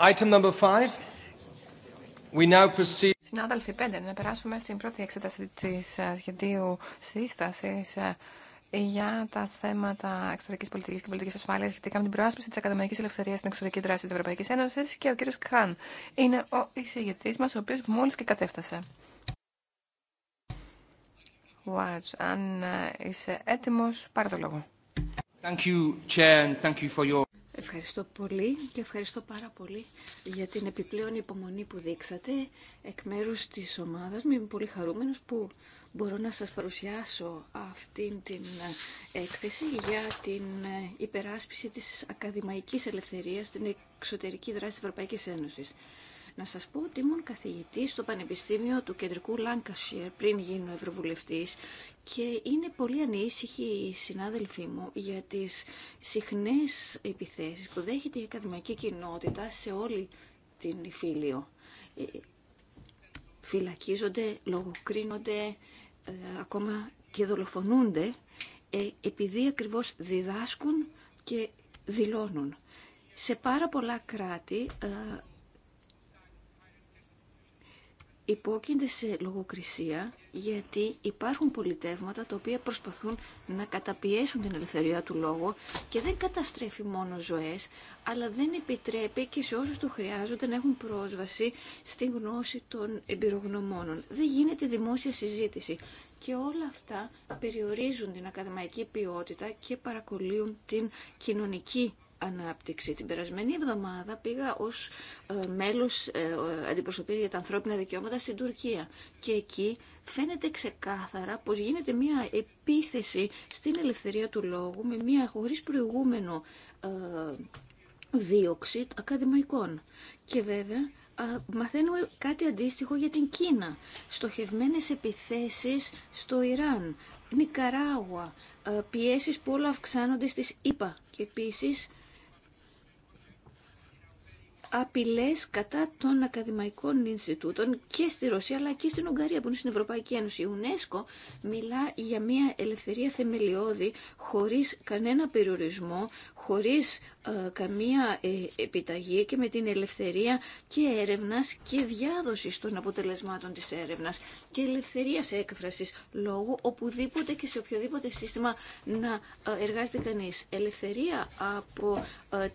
Item number five. We now proceed... Συνάδελφοι, πέντε, να περάσουμε στην πρώτη εξέταση της ε, σχεδίου σύστασης ε, για τα θέματα εξωτερική πολιτική και πολιτική ασφάλεια σχετικά με την προάσπιση τη ακαδημαϊκή ελευθερία στην εξωτερική δράση τη Ευρωπαϊκή Ένωση και ο κύριο Καν είναι ο εισηγητή μα, ο οποίο μόλι και κατέφτασε. Watch. Αν ε, είσαι έτοιμο, πάρε το λόγο. Thank you, Chair, and thank you for your... Ευχαριστώ πολύ και ευχαριστώ πάρα πολύ για την επιπλέον υπομονή που δείξατε εκ μέρους της ομάδας Είμαι πολύ χαρούμενος που μπορώ να σας παρουσιάσω αυτή την έκθεση για την υπεράσπιση της ακαδημαϊκής ελευθερίας στην εξωτερική δράση της Ευρωπαϊκής Ένωσης. Να σας πω ότι ήμουν καθηγητής στο Πανεπιστήμιο του Κεντρικού λάνκασιερ πριν γίνω Ευρωβουλευτής και είναι πολύ ανήσυχοι οι συνάδελφοί μου για τις συχνές επιθέσεις που δέχεται η ακαδημαϊκή κοινότητα σε όλη την Φίλιο. Ε, φυλακίζονται, λογοκρίνονται, ε, ακόμα και δολοφονούνται ε, επειδή ακριβώς διδάσκουν και δηλώνουν. Σε πάρα πολλά κράτη υπόκεινται σε λογοκρισία γιατί υπάρχουν πολιτεύματα τα οποία προσπαθούν να καταπιέσουν την ελευθερία του λόγου και δεν καταστρέφει μόνο ζωές, αλλά δεν επιτρέπει και σε όσους το χρειάζονται να έχουν πρόσβαση στη γνώση των εμπειρογνωμόνων. Δεν γίνεται δημόσια συζήτηση και όλα αυτά περιορίζουν την ακαδημαϊκή ποιότητα και παρακολύουν την κοινωνική ανάπτυξη. Την περασμένη εβδομάδα πήγα ως ε, μέλος ε, αντιπροσωπής για τα ανθρώπινα δικαιώματα στην Τουρκία και εκεί φαίνεται ξεκάθαρα πως γίνεται μια επίθεση στην ελευθερία του λόγου με μια χωρίς προηγούμενο ε, δίωξη ακαδημαϊκών. Και βέβαια μαθαίνουμε κάτι αντίστοιχο για την Κίνα. Στοχευμένες επιθέσεις στο Ιράν, Νικαράγουα, πιέσεις που όλα αυξάνονται στις ΗΠΑ και επίσης απειλές κατά των ακαδημαϊκών Ινστιτούτων και στη Ρωσία αλλά και στην Ουγγαρία που είναι στην Ευρωπαϊκή Ένωση. Η UNESCO μιλά για μια ελευθερία θεμελιώδη χωρίς κανένα περιορισμό, χωρίς ε, καμία ε, επιταγή και με την ελευθερία και έρευνας και διάδοσης των αποτελεσμάτων της έρευνας και ελευθερία έκφραση λόγου οπουδήποτε και σε οποιοδήποτε σύστημα να ε, εργάζεται κανείς. Ελευθερία από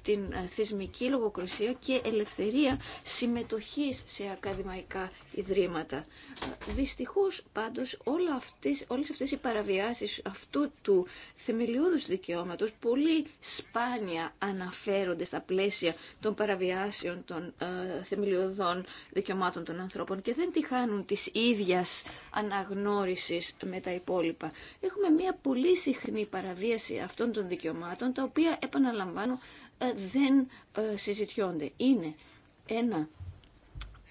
την θεσμική λογοκροσία και ελευθερία συμμετοχής σε ακαδημαϊκά ιδρύματα. Δυστυχώς πάντως όλα αυτές, όλες αυτές οι παραβιάσεις αυτού του θεμελιώδους δικαιώματος πολύ σπάνια αναφέρονται στα πλαίσια των παραβιάσεων των ε, θεμελιωδών δικαιωμάτων των ανθρώπων και δεν τυχάνουν της ίδιας αναγνώρισης με τα υπόλοιπα. Έχουμε μια πολύ συχνή παραβίαση αυτών των δικαιωμάτων τα οποία επαναλαμβάνω ε, δεν ε, συζητιώνται. Είναι ένα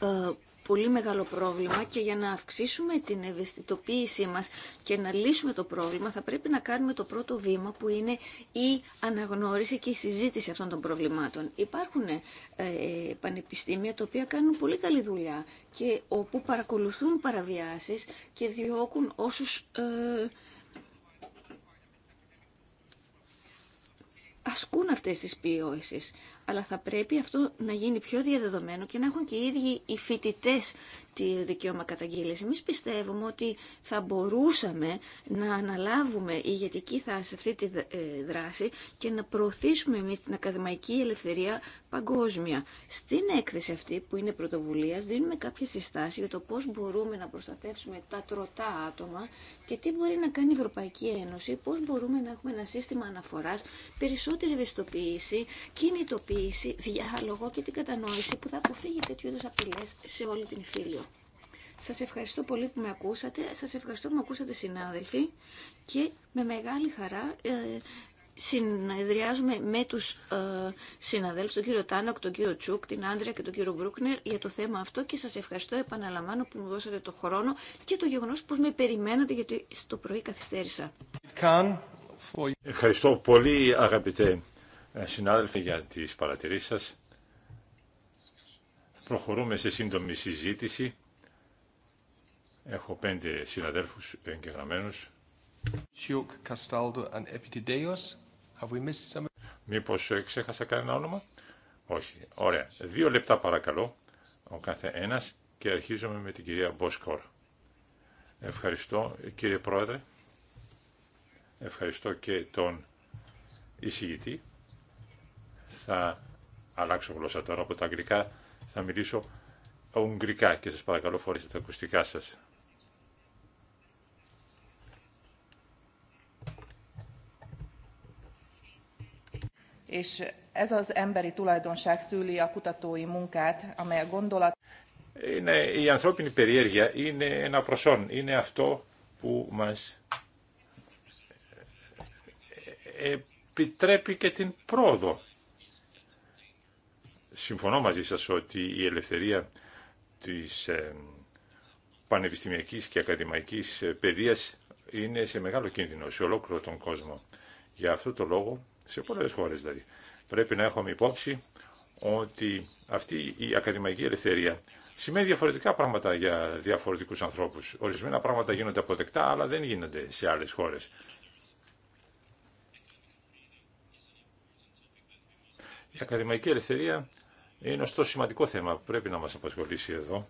ε, πολύ μεγάλο πρόβλημα και για να αυξήσουμε την ευαισθητοποίησή μας και να λύσουμε το πρόβλημα θα πρέπει να κάνουμε το πρώτο βήμα που είναι η αναγνώριση και η συζήτηση αυτών των προβλημάτων. Υπάρχουν πανεπιστήμια τα οποία κάνουν πολύ καλή δουλειά και όπου παρακολουθούν παραβιάσεις και διώκουν όσους... ασκούν αυτές τις ποιότητες, Αλλά θα πρέπει αυτό να γίνει πιο διαδεδομένο και να έχουν και οι ίδιοι οι φοιτητέ τη δικαίωμα καταγγείλες. Εμείς πιστεύουμε ότι θα μπορούσαμε να αναλάβουμε η ηγετική θάση σε αυτή τη ε, δράση και να προωθήσουμε εμείς την ακαδημαϊκή ελευθερία παγκόσμια. Στην έκθεση αυτή που είναι πρωτοβουλία δίνουμε κάποια συστάσεις για το πώς μπορούμε να προστατεύσουμε τα τροτά άτομα και τι μπορεί να κάνει η Ευρωπαϊκή Ένωση, πώς μπορούμε να έχουμε ένα σύστημα αναφοράς, περισσότερη ευαισθητοποίηση, κινητοποίηση, διάλογο και την κατανόηση που θα αποφύγει τέτοιου είδους απειλές σε όλη την φίλη. Σας ευχαριστώ πολύ που με ακούσατε, σας ευχαριστώ που με ακούσατε συνάδελφοι και με μεγάλη χαρά ε, συνεδριάζουμε με τους ε, συναδέλφους, τον κύριο Τάνοκ, τον κύριο Τσούκ, την Άντρια και τον κύριο Μπρούκνερ για το θέμα αυτό και σας ευχαριστώ επαναλαμβάνω που μου δώσατε το χρόνο και το γεγονός πως με περιμένατε γιατί στο πρωί καθυστέρησα. Ευχαριστώ πολύ αγαπητέ ε, συνάδελφοι για τις παρατηρήσεις σας. Προχωρούμε σε σύντομη συζήτηση. Έχω πέντε συναδέλφους εγγεγραμμένους. Σιουκ, Καστάλτο Επιτιδέος. Μήπως ε, ξέχασα κανένα όνομα. Όχι. Ωραία. Δύο λεπτά παρακαλώ ο κάθε ένας και αρχίζουμε με την κυρία Μποσκόρ. Ευχαριστώ κύριε Πρόεδρε. Ευχαριστώ και τον εισηγητή. Θα αλλάξω γλώσσα τώρα από τα αγγλικά. Θα μιλήσω ουγγρικά και σας παρακαλώ φορέστε τα ακουστικά σας. Είναι, η ανθρώπινη περιέργεια είναι ένα προσόν, είναι αυτό που μας ε, επιτρέπει και την πρόοδο. Συμφωνώ μαζί σας ότι η ελευθερία της ε, πανεπιστημιακής και ακαδημαϊκής ε, παιδείας είναι σε μεγάλο κίνδυνο σε ολόκληρο τον κόσμο. Για αυτό το λόγο σε πολλές χώρες δηλαδή. Πρέπει να έχουμε υπόψη ότι αυτή η ακαδημαϊκή ελευθερία σημαίνει διαφορετικά πράγματα για διαφορετικούς ανθρώπους. Ορισμένα πράγματα γίνονται αποδεκτά, αλλά δεν γίνονται σε άλλες χώρες. Η ακαδημαϊκή ελευθερία είναι ωστόσο σημαντικό θέμα που πρέπει να μας απασχολήσει εδώ,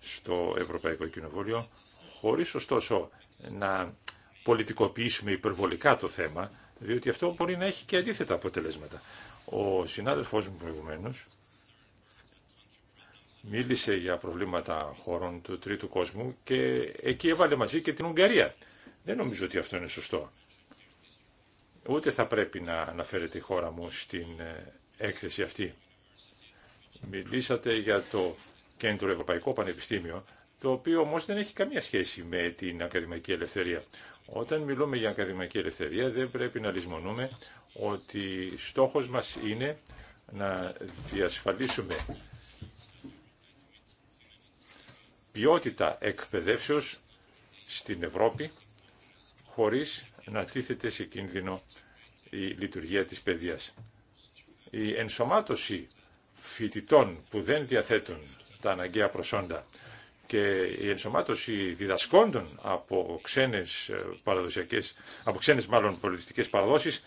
στο Ευρωπαϊκό Κοινοβούλιο, χωρίς ωστόσο να πολιτικοποιήσουμε υπερβολικά το θέμα, διότι αυτό μπορεί να έχει και αντίθετα αποτελέσματα. Ο συνάδελφός μου προηγουμένως μίλησε για προβλήματα χωρών του τρίτου κόσμου και εκεί έβαλε μαζί και την Ουγγαρία. Δεν νομίζω ότι αυτό είναι σωστό. Ούτε θα πρέπει να αναφέρεται η χώρα μου στην ε, έκθεση αυτή. Μιλήσατε για το Κέντρο Ευρωπαϊκό Πανεπιστήμιο, το οποίο όμως δεν έχει καμία σχέση με την ακαδημαϊκή ελευθερία. Όταν μιλούμε για ακαδημαϊκή ελευθερία δεν πρέπει να λησμονούμε ότι στόχος μας είναι να διασφαλίσουμε ποιότητα εκπαιδεύσεως στην Ευρώπη χωρίς να τίθεται σε κίνδυνο η λειτουργία της παιδείας. Η ενσωμάτωση φοιτητών που δεν διαθέτουν τα αναγκαία προσόντα και η ενσωμάτωση διδασκόντων από ξένες, ε, παραδοσιακές, από ξένες μάλλον πολιτιστικές παραδόσεις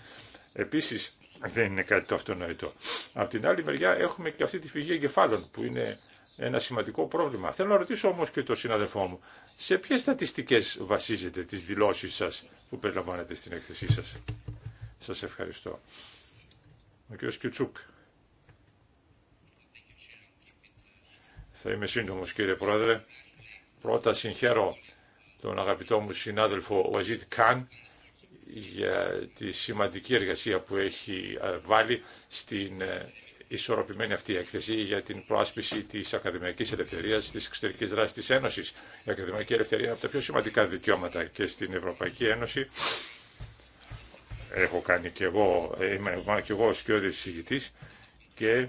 επίσης δεν είναι κάτι το αυτονόητο. Από την άλλη μεριά έχουμε και αυτή τη φυγή εγκεφάλων που είναι ένα σημαντικό πρόβλημα. Θέλω να ρωτήσω όμως και τον συναδελφό μου, σε ποιες στατιστικές βασίζετε τις δηλώσεις σας που περιλαμβάνετε στην έκθεσή σας. Σας ευχαριστώ. Ο κ. Κιουτσούκ. Θα είμαι σύντομο κύριε Πρόεδρε. Πρώτα συγχαίρω τον αγαπητό μου συνάδελφο Ουαζίτ Καν για τη σημαντική εργασία που έχει ε, βάλει στην ε, ισορροπημένη αυτή έκθεση για την προάσπιση τη ακαδημαϊκή ελευθερία, τη εξωτερική δράση τη Ένωση. Η ακαδημαϊκή ελευθερία είναι από τα πιο σημαντικά δικαιώματα και στην Ευρωπαϊκή Ένωση. Έχω κάνει και εγώ, ε, είμαι και εγώ σκιώδη και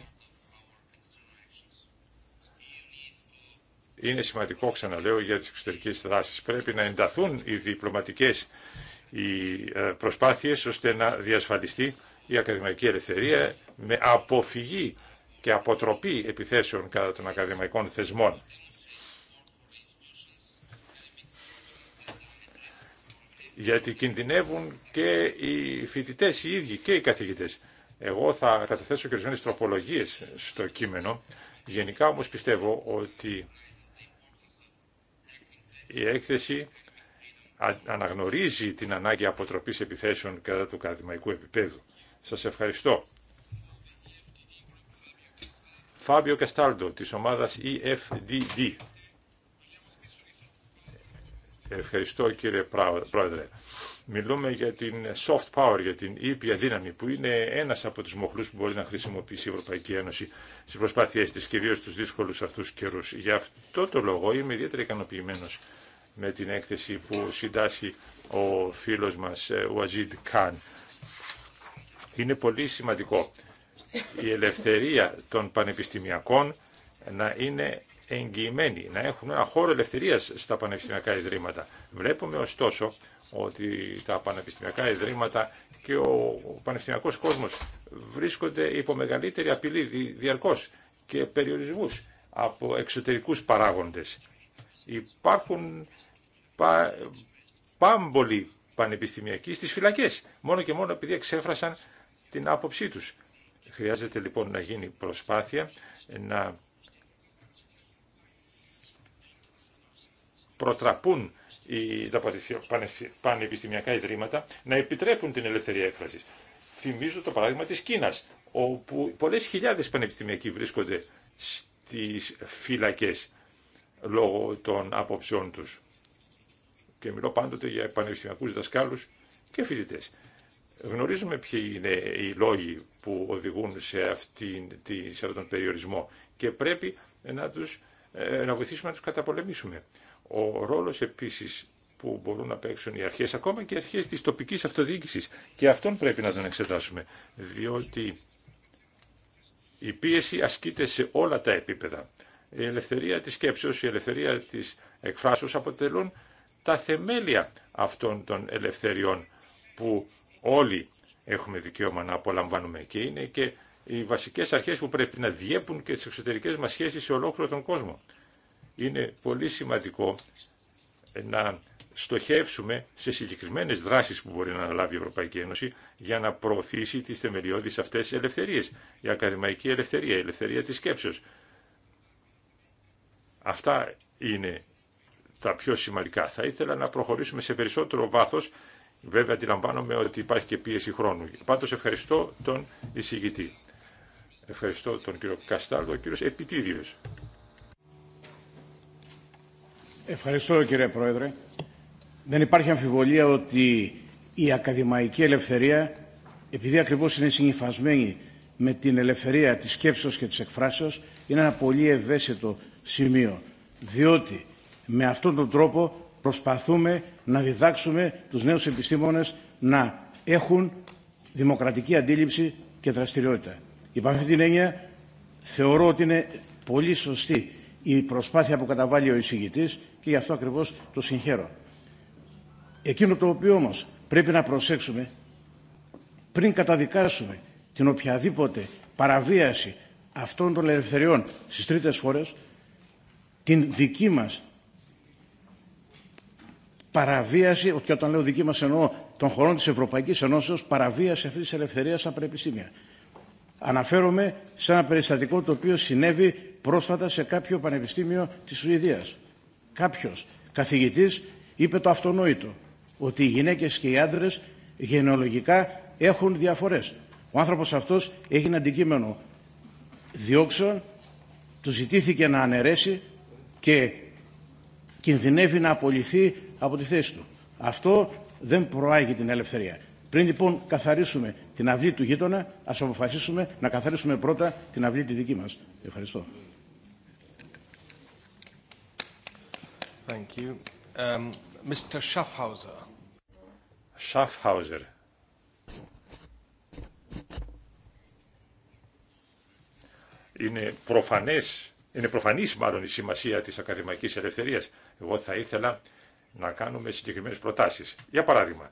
είναι σημαντικό, ξαναλέω, για τις εξωτερικές δράσεις. Πρέπει να ενταθούν οι διπλωματικές οι ε, προσπάθειες ώστε να διασφαλιστεί η ακαδημαϊκή ελευθερία με αποφυγή και αποτροπή επιθέσεων κατά των ακαδημαϊκών θεσμών. Γιατί κινδυνεύουν και οι φοιτητές οι ίδιοι και οι καθηγητές. Εγώ θα καταθέσω και ορισμένε τροπολογίες στο κείμενο. Γενικά όμως πιστεύω ότι η έκθεση αναγνωρίζει την ανάγκη αποτροπής επιθέσεων κατά του καδημαϊκού επίπεδου. Σας ευχαριστώ. Φάμπιο Καστάλντο της ομάδας EFDD. Ευχαριστώ κύριε Πρόεδρε. Μιλούμε για την soft power, για την ήπια δύναμη που είναι ένας από τους μοχλούς που μπορεί να χρησιμοποιήσει η Ευρωπαϊκή Ένωση στις προσπάθειές της, κυρίως στους δύσκολους αυτούς καιρούς. Γι' αυτό το λόγο είμαι ιδιαίτερα ικανοποιημένο με την έκθεση που συντάσσει ο φίλος μας ε, Ουαζίτ Καν. Είναι πολύ σημαντικό η ελευθερία των πανεπιστημιακών να είναι εγγυημένη, να έχουν ένα χώρο ελευθερίας στα πανεπιστημιακά ιδρύματα. Βλέπουμε ωστόσο ότι τα πανεπιστημιακά ιδρύματα και ο πανεπιστημιακός κόσμος βρίσκονται υπό μεγαλύτερη απειλή διαρκώς και περιορισμούς από εξωτερικούς παράγοντες. Υπάρχουν πα, πάμπολοι πανεπιστημιακοί στις φυλακές, μόνο και μόνο επειδή εξέφρασαν την άποψή τους. Χρειάζεται λοιπόν να γίνει προσπάθεια να προτραπούν οι, τα πανεπιστημιακά ιδρύματα να επιτρέπουν την ελευθερία έκφρασης. Θυμίζω το παράδειγμα της Κίνας, όπου πολλές χιλιάδες πανεπιστημιακοί βρίσκονται στις φυλακές λόγω των απόψεών τους. Και μιλώ πάντοτε για πανεπιστημιακούς δασκάλου και φοιτητέ. Γνωρίζουμε ποιοι είναι οι λόγοι που οδηγούν σε, αυτή, σε αυτόν τον περιορισμό και πρέπει να, ε, να βοηθήσουμε να τους καταπολεμήσουμε. Ο ρόλος επίσης που μπορούν να παίξουν οι αρχές, ακόμα και οι αρχές της τοπικής αυτοδιοίκησης. Και αυτόν πρέπει να τον εξετάσουμε, διότι η πίεση ασκείται σε όλα τα επίπεδα η ελευθερία της σκέψης, η ελευθερία της εκφράσεως αποτελούν τα θεμέλια αυτών των ελευθεριών που όλοι έχουμε δικαίωμα να απολαμβάνουμε και είναι και οι βασικές αρχές που πρέπει να διέπουν και τις εξωτερικές μας σχέσεις σε ολόκληρο τον κόσμο. Είναι πολύ σημαντικό να στοχεύσουμε σε συγκεκριμένες δράσεις που μπορεί να αναλάβει η Ευρωπαϊκή Ένωση για να προωθήσει τις θεμελιώδεις αυτές ελευθερίες. Η ακαδημαϊκή ελευθερία, η ελευθερία της σκέψεως, Αυτά είναι τα πιο σημαντικά. Θα ήθελα να προχωρήσουμε σε περισσότερο βάθος. Βέβαια αντιλαμβάνομαι ότι υπάρχει και πίεση χρόνου. Πάντως ευχαριστώ τον εισηγητή. Ευχαριστώ τον κύριο Καστάλδο, ο κύριος Επιτίδιος. Ευχαριστώ κύριε Πρόεδρε. Δεν υπάρχει αμφιβολία ότι η ακαδημαϊκή ελευθερία, επειδή ακριβώς είναι συνειφασμένη με την ελευθερία της σκέψης και της εκφράσεως, είναι ένα πολύ ευαίσθητο σημείο. Διότι με αυτόν τον τρόπο προσπαθούμε να διδάξουμε τους νέους επιστήμονες να έχουν δημοκρατική αντίληψη και δραστηριότητα. Υπ' αυτή την έννοια θεωρώ ότι είναι πολύ σωστή η προσπάθεια που καταβάλει ο εισηγητής και γι' αυτό ακριβώς το συγχαίρω. Εκείνο το οποίο όμως πρέπει να προσέξουμε πριν καταδικάσουμε την οποιαδήποτε παραβίαση αυτών των ελευθεριών στις τρίτες χώρες την δική μας παραβίαση, και όταν λέω δική μας εννοώ των χωρών της Ευρωπαϊκής Ενώσεως, παραβίαση αυτής της ελευθερίας στα πανεπιστήμια. Αναφέρομαι σε ένα περιστατικό το οποίο συνέβη πρόσφατα σε κάποιο πανεπιστήμιο της Σουηδίας. Κάποιος καθηγητής είπε το αυτονόητο, ότι οι γυναίκες και οι άντρες γενεολογικά έχουν διαφορές. Ο άνθρωπος αυτός έγινε αντικείμενο διώξεων, του ζητήθηκε να αναιρέσει και κινδυνεύει να απολυθεί από τη θέση του. Αυτό δεν προάγει την ελευθερία. Πριν λοιπόν καθαρίσουμε την αυλή του γείτονα, ας αποφασίσουμε να καθαρίσουμε πρώτα την αυλή τη δική μας. Ευχαριστώ. Thank um, Είναι προφανές είναι προφανή μάλλον η σημασία της ακαδημαϊκής ελευθερία. Εγώ θα ήθελα να κάνουμε συγκεκριμένες προτάσεις. Για παράδειγμα,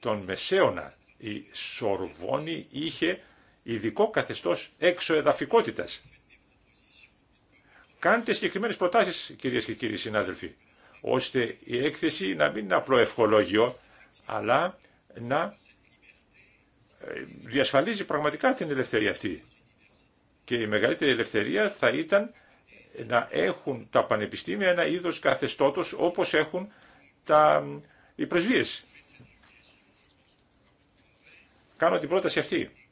τον Μεσαίωνα η Σορβόνη είχε ειδικό καθεστώ έξω εδαφικότητα. Κάντε συγκεκριμένες προτάσεις κυρίες και κύριοι συνάδελφοι, ώστε η έκθεση να μην είναι απλό ευχολόγιο, αλλά να ε, διασφαλίζει πραγματικά την ελευθερία αυτή. Και η μεγαλύτερη ελευθερία θα ήταν να έχουν τα πανεπιστήμια ένα είδος καθεστώτος όπως έχουν τα, οι πρεσβείες. Κάνω την πρόταση αυτή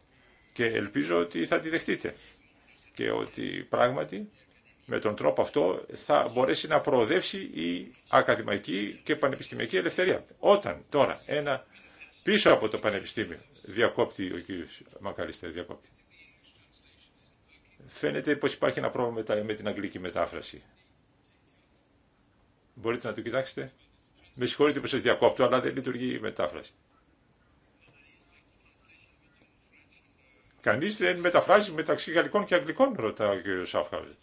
και ελπίζω ότι θα τη δεχτείτε και ότι πράγματι με τον τρόπο αυτό θα μπορέσει να προοδεύσει η ακαδημαϊκή και πανεπιστημιακή ελευθερία. Όταν τώρα ένα πίσω από το πανεπιστήμιο διακόπτει ο κύριος Μακαλίστερ, διακόπτει φαίνεται πως υπάρχει ένα πρόβλημα με την αγγλική μετάφραση. Μπορείτε να το κοιτάξετε. Με συγχωρείτε που σας διακόπτω, αλλά δεν λειτουργεί η μετάφραση. Κανείς δεν μεταφράζει μεταξύ γαλλικών και αγγλικών, ρωτάει ο κ. Σαφχάουζε.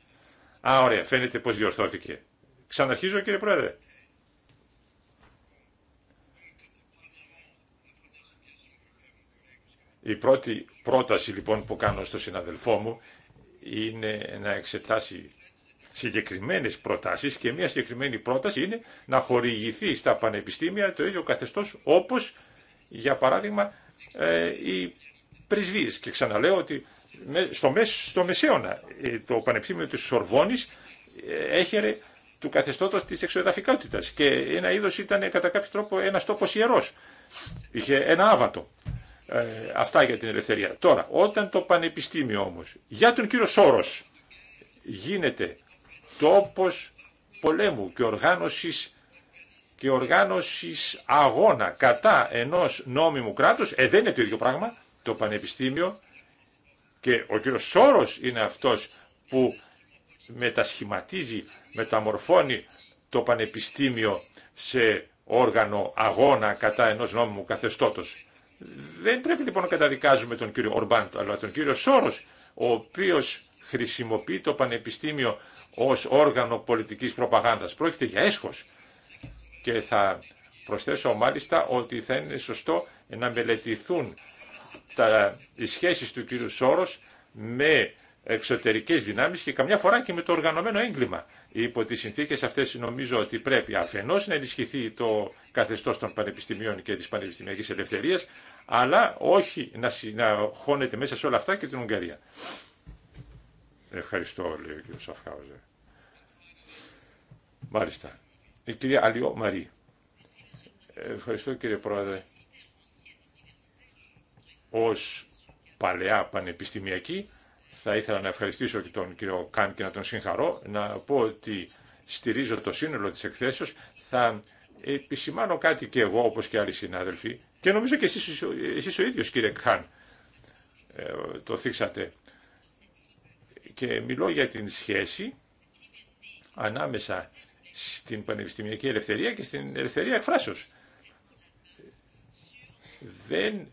Α, ωραία, φαίνεται πως διορθώθηκε. Ξαναρχίζω, κύριε Πρόεδρε. Η πρώτη πρόταση λοιπόν που κάνω στο συναδελφό μου είναι να εξετάσει συγκεκριμένες προτάσεις και μια συγκεκριμένη πρόταση είναι να χορηγηθεί στα πανεπιστήμια το ίδιο καθεστώς όπως για παράδειγμα ε, οι πρεσβείες. Και ξαναλέω ότι στο, μεσ, στο μεσαίωνα ε, το Πανεπιστήμιο της Σορβόνης ε, έχερε του καθεστώτος της εξοδαφικότητας και ένα είδος ήταν κατά κάποιο τρόπο ένας τόπος ιερός. Είχε ένα άβατο. Ε, αυτά για την ελευθερία. Τώρα, όταν το πανεπιστήμιο όμως, για τον κύριο Σόρος, γίνεται τόπος πολέμου και οργάνωσης και οργάνωσης αγώνα κατά ενός νόμιμου κράτους, ε, δεν είναι το ίδιο πράγμα, το πανεπιστήμιο και ο κύριο Σόρος είναι αυτός που μετασχηματίζει, μεταμορφώνει το πανεπιστήμιο σε όργανο αγώνα κατά ενός νόμιμου καθεστώτος. Δεν πρέπει λοιπόν να καταδικάζουμε τον κύριο Ορμπάν, αλλά τον κύριο Σόρο, ο οποίος χρησιμοποιεί το Πανεπιστήμιο ως όργανο πολιτικής προπαγάνδας. Πρόκειται για έσχος. Και θα προσθέσω μάλιστα ότι θα είναι σωστό να μελετηθούν τα, οι σχέσεις του κύριου Σόρος με εξωτερικές δυνάμεις και καμιά φορά και με το οργανωμένο έγκλημα. Υπό τις συνθήκες αυτές νομίζω ότι πρέπει αφενός να ενισχυθεί το καθεστώς των πανεπιστημίων και της πανεπιστημιακής ελευθερίας, αλλά όχι να, χώνεται μέσα σε όλα αυτά και την Ουγγαρία. Ευχαριστώ, λέει ο κ. Σαφχάουζε. Μάλιστα. Η κυρία Αλιό Μαρή. Ευχαριστώ κύριε Πρόεδρε. Ως παλαιά πανεπιστημιακή θα ήθελα να ευχαριστήσω και τον κύριο Καν και να τον συγχαρώ, να πω ότι στηρίζω το σύνολο της εκθέσεως, θα επισημάνω κάτι και εγώ όπως και άλλοι συνάδελφοι και νομίζω και εσείς, εσείς ο ίδιος κύριε Καν ε, το θίξατε και μιλώ για την σχέση ανάμεσα στην πανεπιστημιακή ελευθερία και στην ελευθερία εκφράσεως. Δεν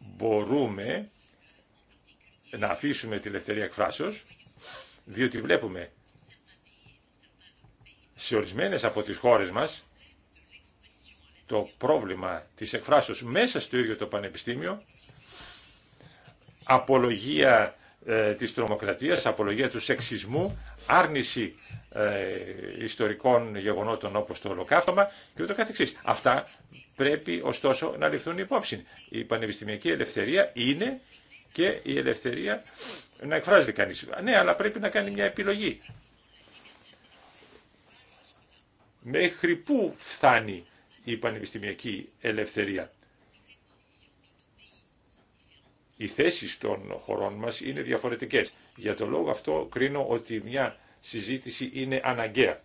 μπορούμε να αφήσουμε τη ελευθερία εκφράσεως, διότι βλέπουμε σε ορισμένες από τις χώρες μας το πρόβλημα της εκφράσεως μέσα στο ίδιο το πανεπιστήμιο, απολογία ε, της τρομοκρατίας, απολογία του σεξισμού, άρνηση ε, ιστορικών γεγονότων όπως το ολοκαύτωμα και ούτω καθεξής. Αυτά πρέπει ωστόσο να ληφθούν υπόψη. Η πανεπιστημιακή ελευθερία είναι και η ελευθερία να εκφράζεται κανείς. Ναι, αλλά πρέπει να κάνει μια επιλογή. Μέχρι πού φτάνει η πανεπιστημιακή ελευθερία. Οι θέσει των χωρών μας είναι διαφορετικές. Για τον λόγο αυτό κρίνω ότι μια συζήτηση είναι αναγκαία.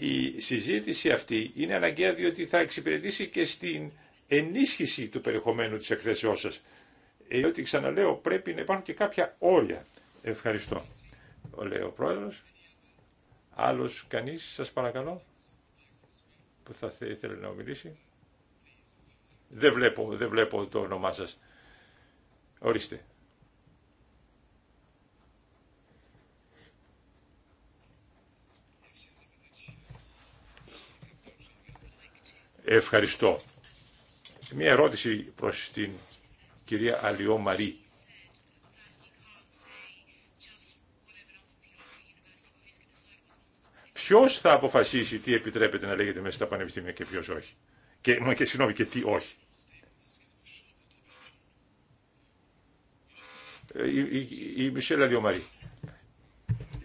Η συζήτηση αυτή είναι αναγκαία διότι θα εξυπηρετήσει και στην ενίσχυση του περιεχομένου της εκθέσεώς σας. Ε, ό,τι ξαναλέω πρέπει να υπάρχουν και κάποια όρια. Ευχαριστώ. Λέει ο Πρόεδρος. Άλλος κανείς, σας παρακαλώ, που θα ήθελε να ομιλήσει. Δεν βλέπω, δεν βλέπω το όνομά σας. Ορίστε. Ευχαριστώ. Μία ερώτηση προς την κυρία Αλιό Μαρή. Ποιο θα αποφασίσει τι επιτρέπεται να λέγεται μέσα στα πανεπιστήμια και ποιο όχι. Και, και συγγνώμη, και τι όχι. Ε, η, η, η Μισελ Αλιομαρή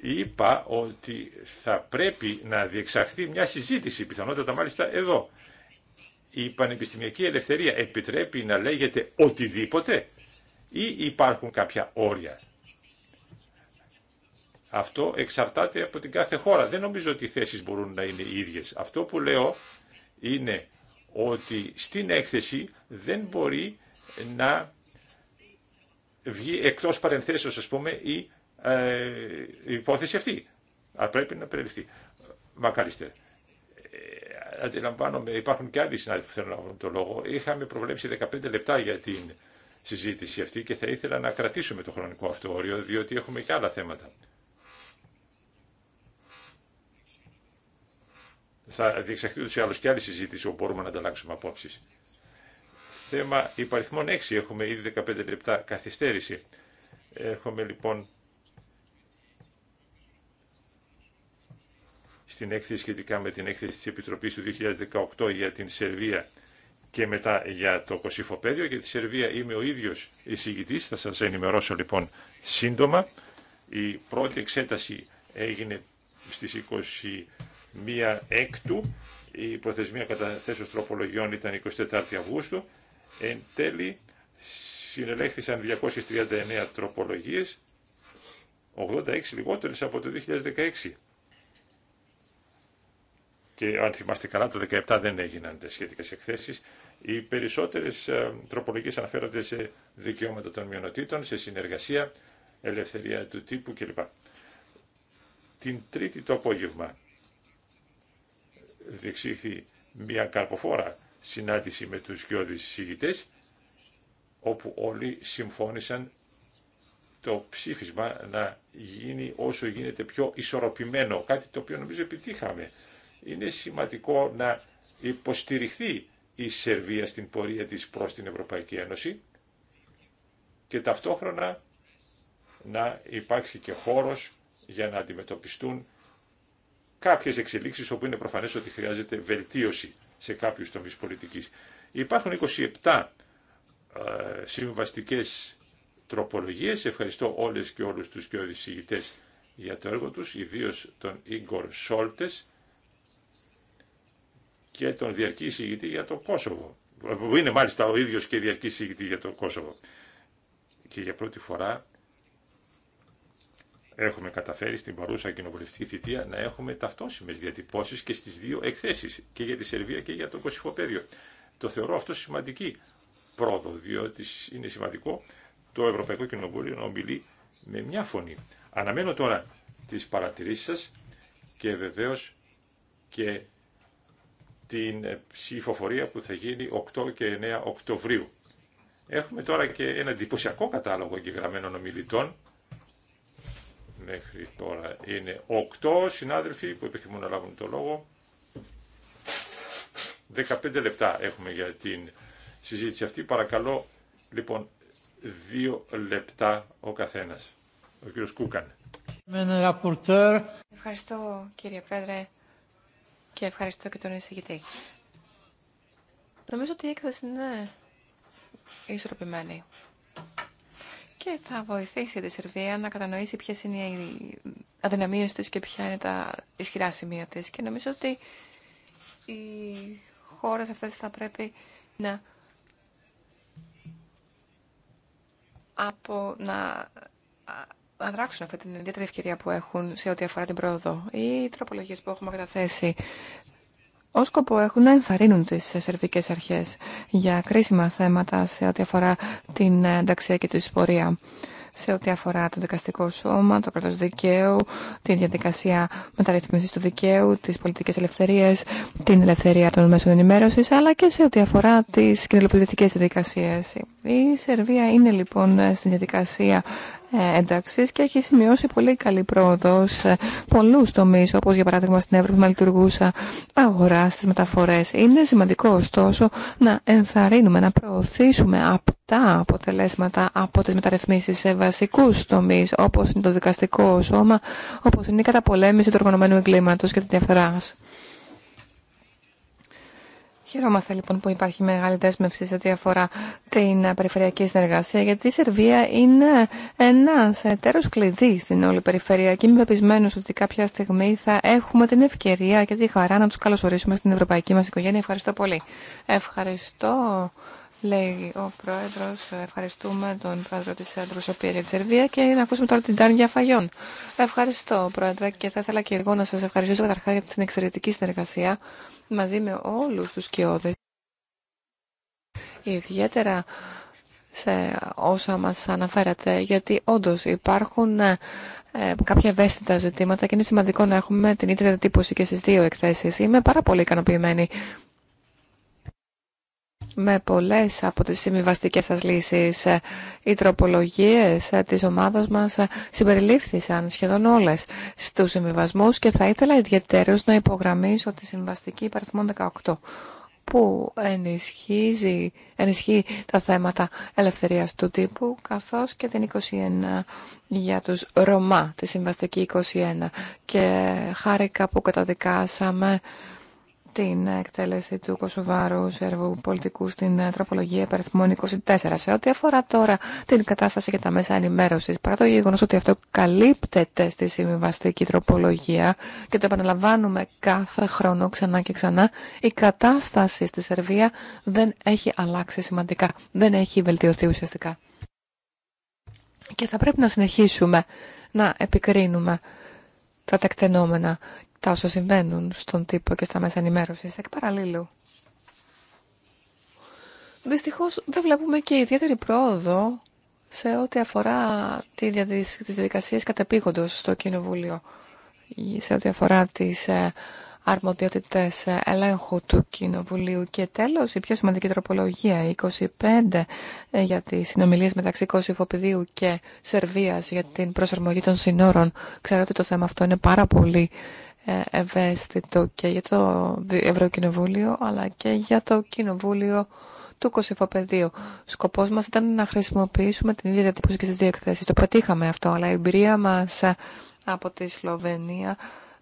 είπα ότι θα πρέπει να διεξαχθεί μια συζήτηση, πιθανότατα μάλιστα εδώ, η πανεπιστημιακή ελευθερία επιτρέπει να λέγεται οτιδήποτε ή υπάρχουν κάποια όρια. Αυτό εξαρτάται από την κάθε χώρα. Δεν νομίζω ότι οι θέσεις μπορούν να είναι οι ίδιες. Αυτό που λέω είναι ότι στην έκθεση δεν μπορεί να βγει εκτός παρενθέσεως, ας πούμε, η, ε, υπόθεση αυτή. Αλλά πρέπει να περιληφθεί. Μακάλιστερ αντιλαμβάνομαι, υπάρχουν και άλλοι συνάδελφοι που θέλουν να βρουν το λόγο. Είχαμε προβλέψει 15 λεπτά για την συζήτηση αυτή και θα ήθελα να κρατήσουμε το χρονικό αυτό όριο, διότι έχουμε και άλλα θέματα. Θα διεξαχθεί ούτω ή άλλω και άλλη συζήτηση όπου μπορούμε να ανταλλάξουμε απόψει. Θέμα υπαριθμών 6 έχουμε ήδη 15 λεπτά καθυστέρηση. Έρχομαι λοιπόν στην έκθεση σχετικά με την έκθεση της Επιτροπής του 2018 για την Σερβία και μετά για το Πέδιο. Για τη Σερβία είμαι ο ίδιος εισηγητής, θα σας ενημερώσω λοιπόν σύντομα. Η πρώτη εξέταση έγινε στις 21 Έκτου, η προθεσμία κατά καταθέσεως τροπολογιών ήταν 24 Αυγούστου. Εν τέλει συνελέχθησαν 239 τροπολογίες, 86 λιγότερες από το 2016 και αν θυμάστε καλά το 2017 δεν έγιναν τα σχετικέ εκθέσεις. Οι περισσότερες ε, τροπολογίες αναφέρονται σε δικαιώματα των μειονοτήτων, σε συνεργασία, ελευθερία του τύπου κλπ. Την τρίτη το απόγευμα διεξήχθη μια καρποφόρα συνάντηση με τους γιώδεις συγητές, όπου όλοι συμφώνησαν το ψήφισμα να γίνει όσο γίνεται πιο ισορροπημένο, κάτι το οποίο νομίζω επιτύχαμε είναι σημαντικό να υποστηριχθεί η Σερβία στην πορεία της προς την Ευρωπαϊκή Ένωση και ταυτόχρονα να υπάρξει και χώρος για να αντιμετωπιστούν κάποιες εξελίξεις όπου είναι προφανές ότι χρειάζεται βελτίωση σε κάποιους τομείς πολιτικής. Υπάρχουν 27 ε, συμβαστικές τροπολογίες. Ευχαριστώ όλες και όλους τους και οδησηγητές για το έργο τους, ιδίως τον Ίγκορ Σόλτες και τον διαρκή εισηγητή για το Κόσοβο, είναι μάλιστα ο ίδιο και διαρκή εισηγητή για το Κόσοβο. Και για πρώτη φορά έχουμε καταφέρει στην παρούσα κοινοβουλευτική θητεία να έχουμε ταυτόσιμε διατυπώσει και στι δύο εκθέσει και για τη Σερβία και για το Κωσυφοπέδιο. Το θεωρώ αυτό σημαντική πρόοδο, διότι είναι σημαντικό το Ευρωπαϊκό Κοινοβούλιο να ομιλεί με μια φωνή. Αναμένω τώρα τις παρατηρήσεις σας και βεβαίως και την ε, ψηφοφορία που θα γίνει 8 και 9 Οκτωβρίου. Έχουμε τώρα και ένα εντυπωσιακό κατάλογο εγγεγραμμένων ομιλητών. Μέχρι τώρα είναι 8 συνάδελφοι που επιθυμούν να λάβουν το λόγο. 15 λεπτά έχουμε για την συζήτηση αυτή. Παρακαλώ, λοιπόν, δύο λεπτά ο καθένας. Ο κύριος Κούκαν. Ευχαριστώ κύριε Πρόεδρε. Και ευχαριστώ και τον εισηγητή. Νομίζω ότι η έκθεση είναι ισορροπημένη και θα βοηθήσει τη Σερβία να κατανοήσει ποιε είναι οι αδυναμίες της και ποια είναι τα ισχυρά σημεία της. Και νομίζω ότι οι χώρε αυτέ θα πρέπει να, από, να να δράξουν αυτή την ιδιαίτερη ευκαιρία που έχουν σε ό,τι αφορά την πρόοδο. Οι τροπολογίε που έχουμε καταθέσει ω σκοπό έχουν να ενθαρρύνουν τι σερβικέ αρχέ για κρίσιμα θέματα σε ό,τι αφορά την ενταξία και τη πορεία. Σε ό,τι αφορά το δικαστικό σώμα, το κράτο δικαίου, τη διαδικασία μεταρρύθμισης του δικαίου, τι πολιτικέ ελευθερίε, την ελευθερία των μέσων ενημέρωση, αλλά και σε ό,τι αφορά τι κοινοβουλευτικέ διαδικασίε. Η Σερβία είναι λοιπόν στην διαδικασία ένταξη ε, και έχει σημειώσει πολύ καλή πρόοδο σε πολλού τομείς, όπως για παράδειγμα στην Ευρώπη με λειτουργούσα αγορά στις μεταφορές. Είναι σημαντικό ωστόσο να ενθαρρύνουμε, να προωθήσουμε τά αποτελέσματα από τις μεταρρυθμίσεις σε βασικούς τομείς, όπως είναι το δικαστικό σώμα, όπως είναι η καταπολέμηση του οργανωμένου εγκλήματος και τη διαφθοράς. Χαιρόμαστε λοιπόν που υπάρχει μεγάλη δέσμευση σε ό,τι αφορά την περιφερειακή συνεργασία, γιατί η Σερβία είναι ένα εταίρο κλειδί στην όλη περιφερειακή και είμαι πεπισμένο ότι κάποια στιγμή θα έχουμε την ευκαιρία και τη χαρά να του καλωσορίσουμε στην ευρωπαϊκή μα οικογένεια. Ευχαριστώ πολύ. Ευχαριστώ, Λέει ο Πρόεδρος, ευχαριστούμε τον πρόεδρο τη Αντιπροσωπεία για τη Σερβία και να ακούσουμε τώρα την Τάνια Φαγιόν. Ευχαριστώ, πρόεδρε, και θα ήθελα και εγώ να σα ευχαριστήσω καταρχά για την εξαιρετική συνεργασία μαζί με όλου του κοιόδες. Ιδιαίτερα σε όσα μας αναφέρατε, γιατί όντως υπάρχουν ε, κάποια ευαίσθητα ζητήματα και είναι σημαντικό να έχουμε την ίδια διατύπωση και στις δύο εκθέσεις. Είμαι πάρα πολύ ικανοποιημένη με πολλές από τις συμβιβαστικέ σας λύσεις. Οι τροπολογίες της ομάδας μας συμπεριλήφθησαν σχεδόν όλες στους συμβιβασμού και θα ήθελα ιδιαίτερως να υπογραμμίσω τη συμβαστική υπαριθμό 18 που ενισχύει τα θέματα ελευθερίας του τύπου καθώς και την 21 για τους Ρωμά, τη συμβαστική 21 και χάρηκα που καταδικάσαμε την εκτέλεση του Κωσοβάρου Σερβού πολιτικού στην ε, τροπολογία περιθμών 24. Σε ό,τι αφορά τώρα την κατάσταση και τα μέσα ενημέρωση, παρά το γεγονό ότι αυτό καλύπτεται στη συμβιβαστική τροπολογία και το επαναλαμβάνουμε κάθε χρόνο ξανά και ξανά, η κατάσταση στη Σερβία δεν έχει αλλάξει σημαντικά. Δεν έχει βελτιωθεί ουσιαστικά. Και θα πρέπει να συνεχίσουμε να επικρίνουμε τα τεκτενόμενα τα όσα συμβαίνουν στον τύπο και στα μέσα ενημέρωση. εκ παραλλήλου. Δυστυχώ, δεν βλέπουμε και ιδιαίτερη πρόοδο σε ό,τι αφορά τι διαδικασίε τις στο Κοινοβούλιο, σε ό,τι αφορά τι ε, αρμοδιότητε ε, ελέγχου του Κοινοβουλίου. Και τέλος, η πιο σημαντική τροπολογία, η 25 ε, για τι συνομιλίε μεταξύ Κωσυφοπηδίου και σερβία για την προσαρμογή των συνόρων. Ξέρω ότι το θέμα αυτό είναι πάρα πολύ ε, ευαίσθητο και για το Ευρωκοινοβούλιο αλλά και για το Κοινοβούλιο του Κωσυφοπεδίου. Σκοπός μας ήταν να χρησιμοποιήσουμε την ίδια διατύπωση και στις δύο Το πετύχαμε αυτό, αλλά η εμπειρία μας ε, από τη Σλοβενία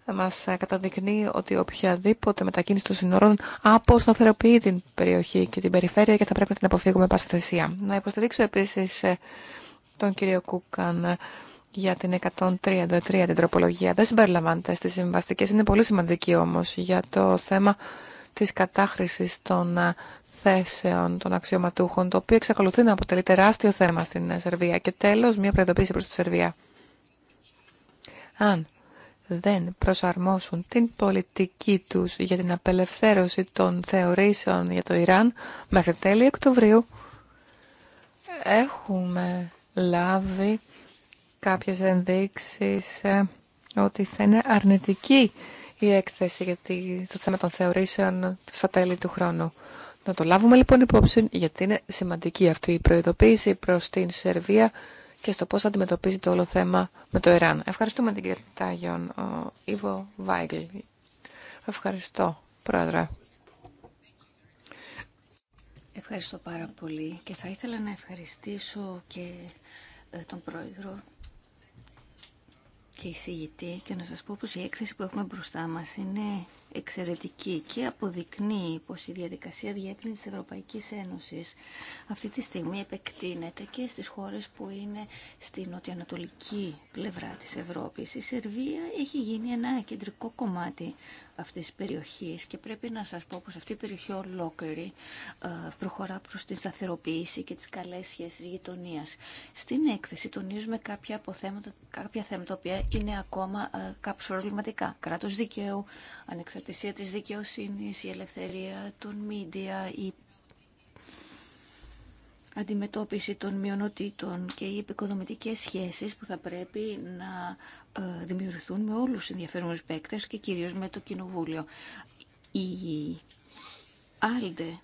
ε, μας καταδεικνύει ότι οποιαδήποτε μετακίνηση των συνόρων αποσταθεροποιεί την περιοχή και την περιφέρεια και θα πρέπει να την αποφύγουμε πάσα θεσία. Να υποστηρίξω επίσης τον κύριο Κούκαν για την 133 την τροπολογία. Δεν συμπεριλαμβάνεται στις συμβαστικές. Είναι πολύ σημαντική όμως για το θέμα της κατάχρησης των ε, θέσεων των αξιωματούχων, το οποίο εξακολουθεί να αποτελεί τεράστιο θέμα στην ε, Σερβία. Και τέλος, μια προειδοποίηση προς τη Σερβία. Αν δεν προσαρμόσουν την πολιτική τους για την απελευθέρωση των θεωρήσεων για το Ιράν μέχρι τέλη Οκτωβρίου, έχουμε λάβει κάποιες ενδείξεις ε, ότι θα είναι αρνητική η έκθεση για το θέμα των θεωρήσεων στα τέλη του χρόνου. Να το λάβουμε λοιπόν υπόψη γιατί είναι σημαντική αυτή η προειδοποίηση προς την Σερβία και στο πώς θα αντιμετωπίζει το όλο θέμα με το Ιράν. Ευχαριστούμε την κυρία Τάγιον, ο Ιβο Βάιγλ. Ευχαριστώ, Πρόεδρε. Ευχαριστώ πάρα πολύ και θα ήθελα να ευχαριστήσω και ε, τον Πρόεδρο και εισηγητή και να σας πω πως η έκθεση που έχουμε μπροστά μας είναι εξαιρετική και αποδεικνύει πως η διαδικασία διεύθυνσης της Ευρωπαϊκής Ένωσης αυτή τη στιγμή επεκτείνεται και στις χώρες που είναι στη νοτιοανατολική πλευρά της Ευρώπης. Η Σερβία έχει γίνει ένα κεντρικό κομμάτι αυτής της περιοχής και πρέπει να σας πω πως αυτή η περιοχή ολόκληρη ε, προχωρά προς τη σταθεροποίηση και τις καλέ σχέσει γειτονία. Στην έκθεση τονίζουμε κάποια, αποθέματα, κάποια θέματα οποία είναι ακόμα ε, κάπω προβληματικά. Κράτο δικαίου, ανεξαρτησία της δικαιοσύνης, η ελευθερία των μίντια, η αντιμετώπιση των μειονοτήτων και οι επικοδομητικές σχέσεις που θα πρέπει να ε, δημιουργηθούν με όλους τους ενδιαφέρουμενους παίκτες και κυρίως με το Κοινοβούλιο. Η Άλντε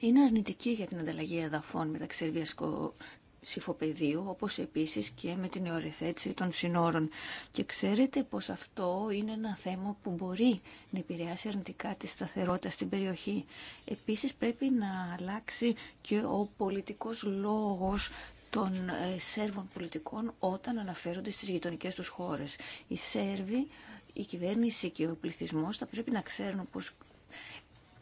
είναι αρνητική για την ανταλλαγή εδαφών μεταξύ Σερβίας Σιφοπεδίου, όπως επίσης και με την οριοθέτηση των συνόρων. Και ξέρετε πως αυτό είναι ένα θέμα που μπορεί να επηρεάσει αρνητικά τη σταθερότητα στην περιοχή. Επίσης πρέπει να αλλάξει και ο πολιτικός λόγος των ε, Σέρβων πολιτικών όταν αναφέρονται στις γειτονικέ τους χώρες. Οι Σέρβοι, η κυβέρνηση και ο πληθυσμός θα πρέπει να ξέρουν πως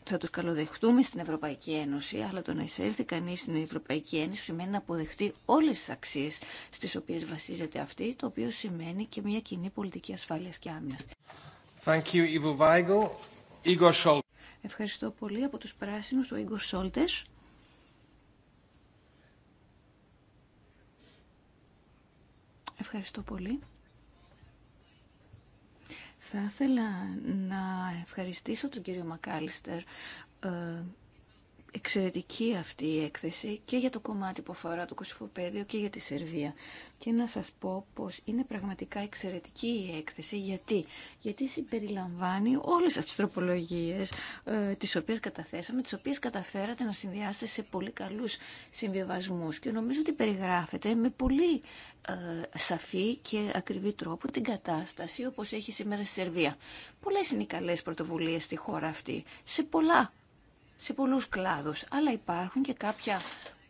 θα τους καλοδεχτούμε στην Ευρωπαϊκή Ένωση, αλλά το να εισέλθει κανείς στην Ευρωπαϊκή Ένωση σημαίνει να αποδεχτεί όλες τις αξίες στις οποίες βασίζεται αυτή, το οποίο σημαίνει και μια κοινή πολιτική ασφάλειας και άμυνας. Ευχαριστώ πολύ από τους πράσινους, ο Ίγκο Σόλτες. Ευχαριστώ πολύ. Θα ήθελα να ευχαριστήσω τον κύριο Μακάλιστερ ε, εξαιρετική αυτή η έκθεση και για το κομμάτι που αφορά το Κωσυφοπαίδιο και για τη Σερβία. Και να σας πω πως είναι πραγματικά εξαιρετική η έκθεση. Γιατί, Γιατί συμπεριλαμβάνει όλες αυτές τις τροπολογίες ε, τις οποίες καταθέσαμε, τις οποίες καταφέρατε να συνδυάσετε σε πολύ καλούς συμβιβασμούς. Και νομίζω ότι περιγράφεται με πολύ ε, σαφή και ακριβή τρόπο την κατάσταση όπως έχει σήμερα στη Σερβία. Πολλές είναι οι καλές πρωτοβουλίες στη χώρα αυτή, σε πολλά σε πολλούς κλάδους. Αλλά υπάρχουν και κάποια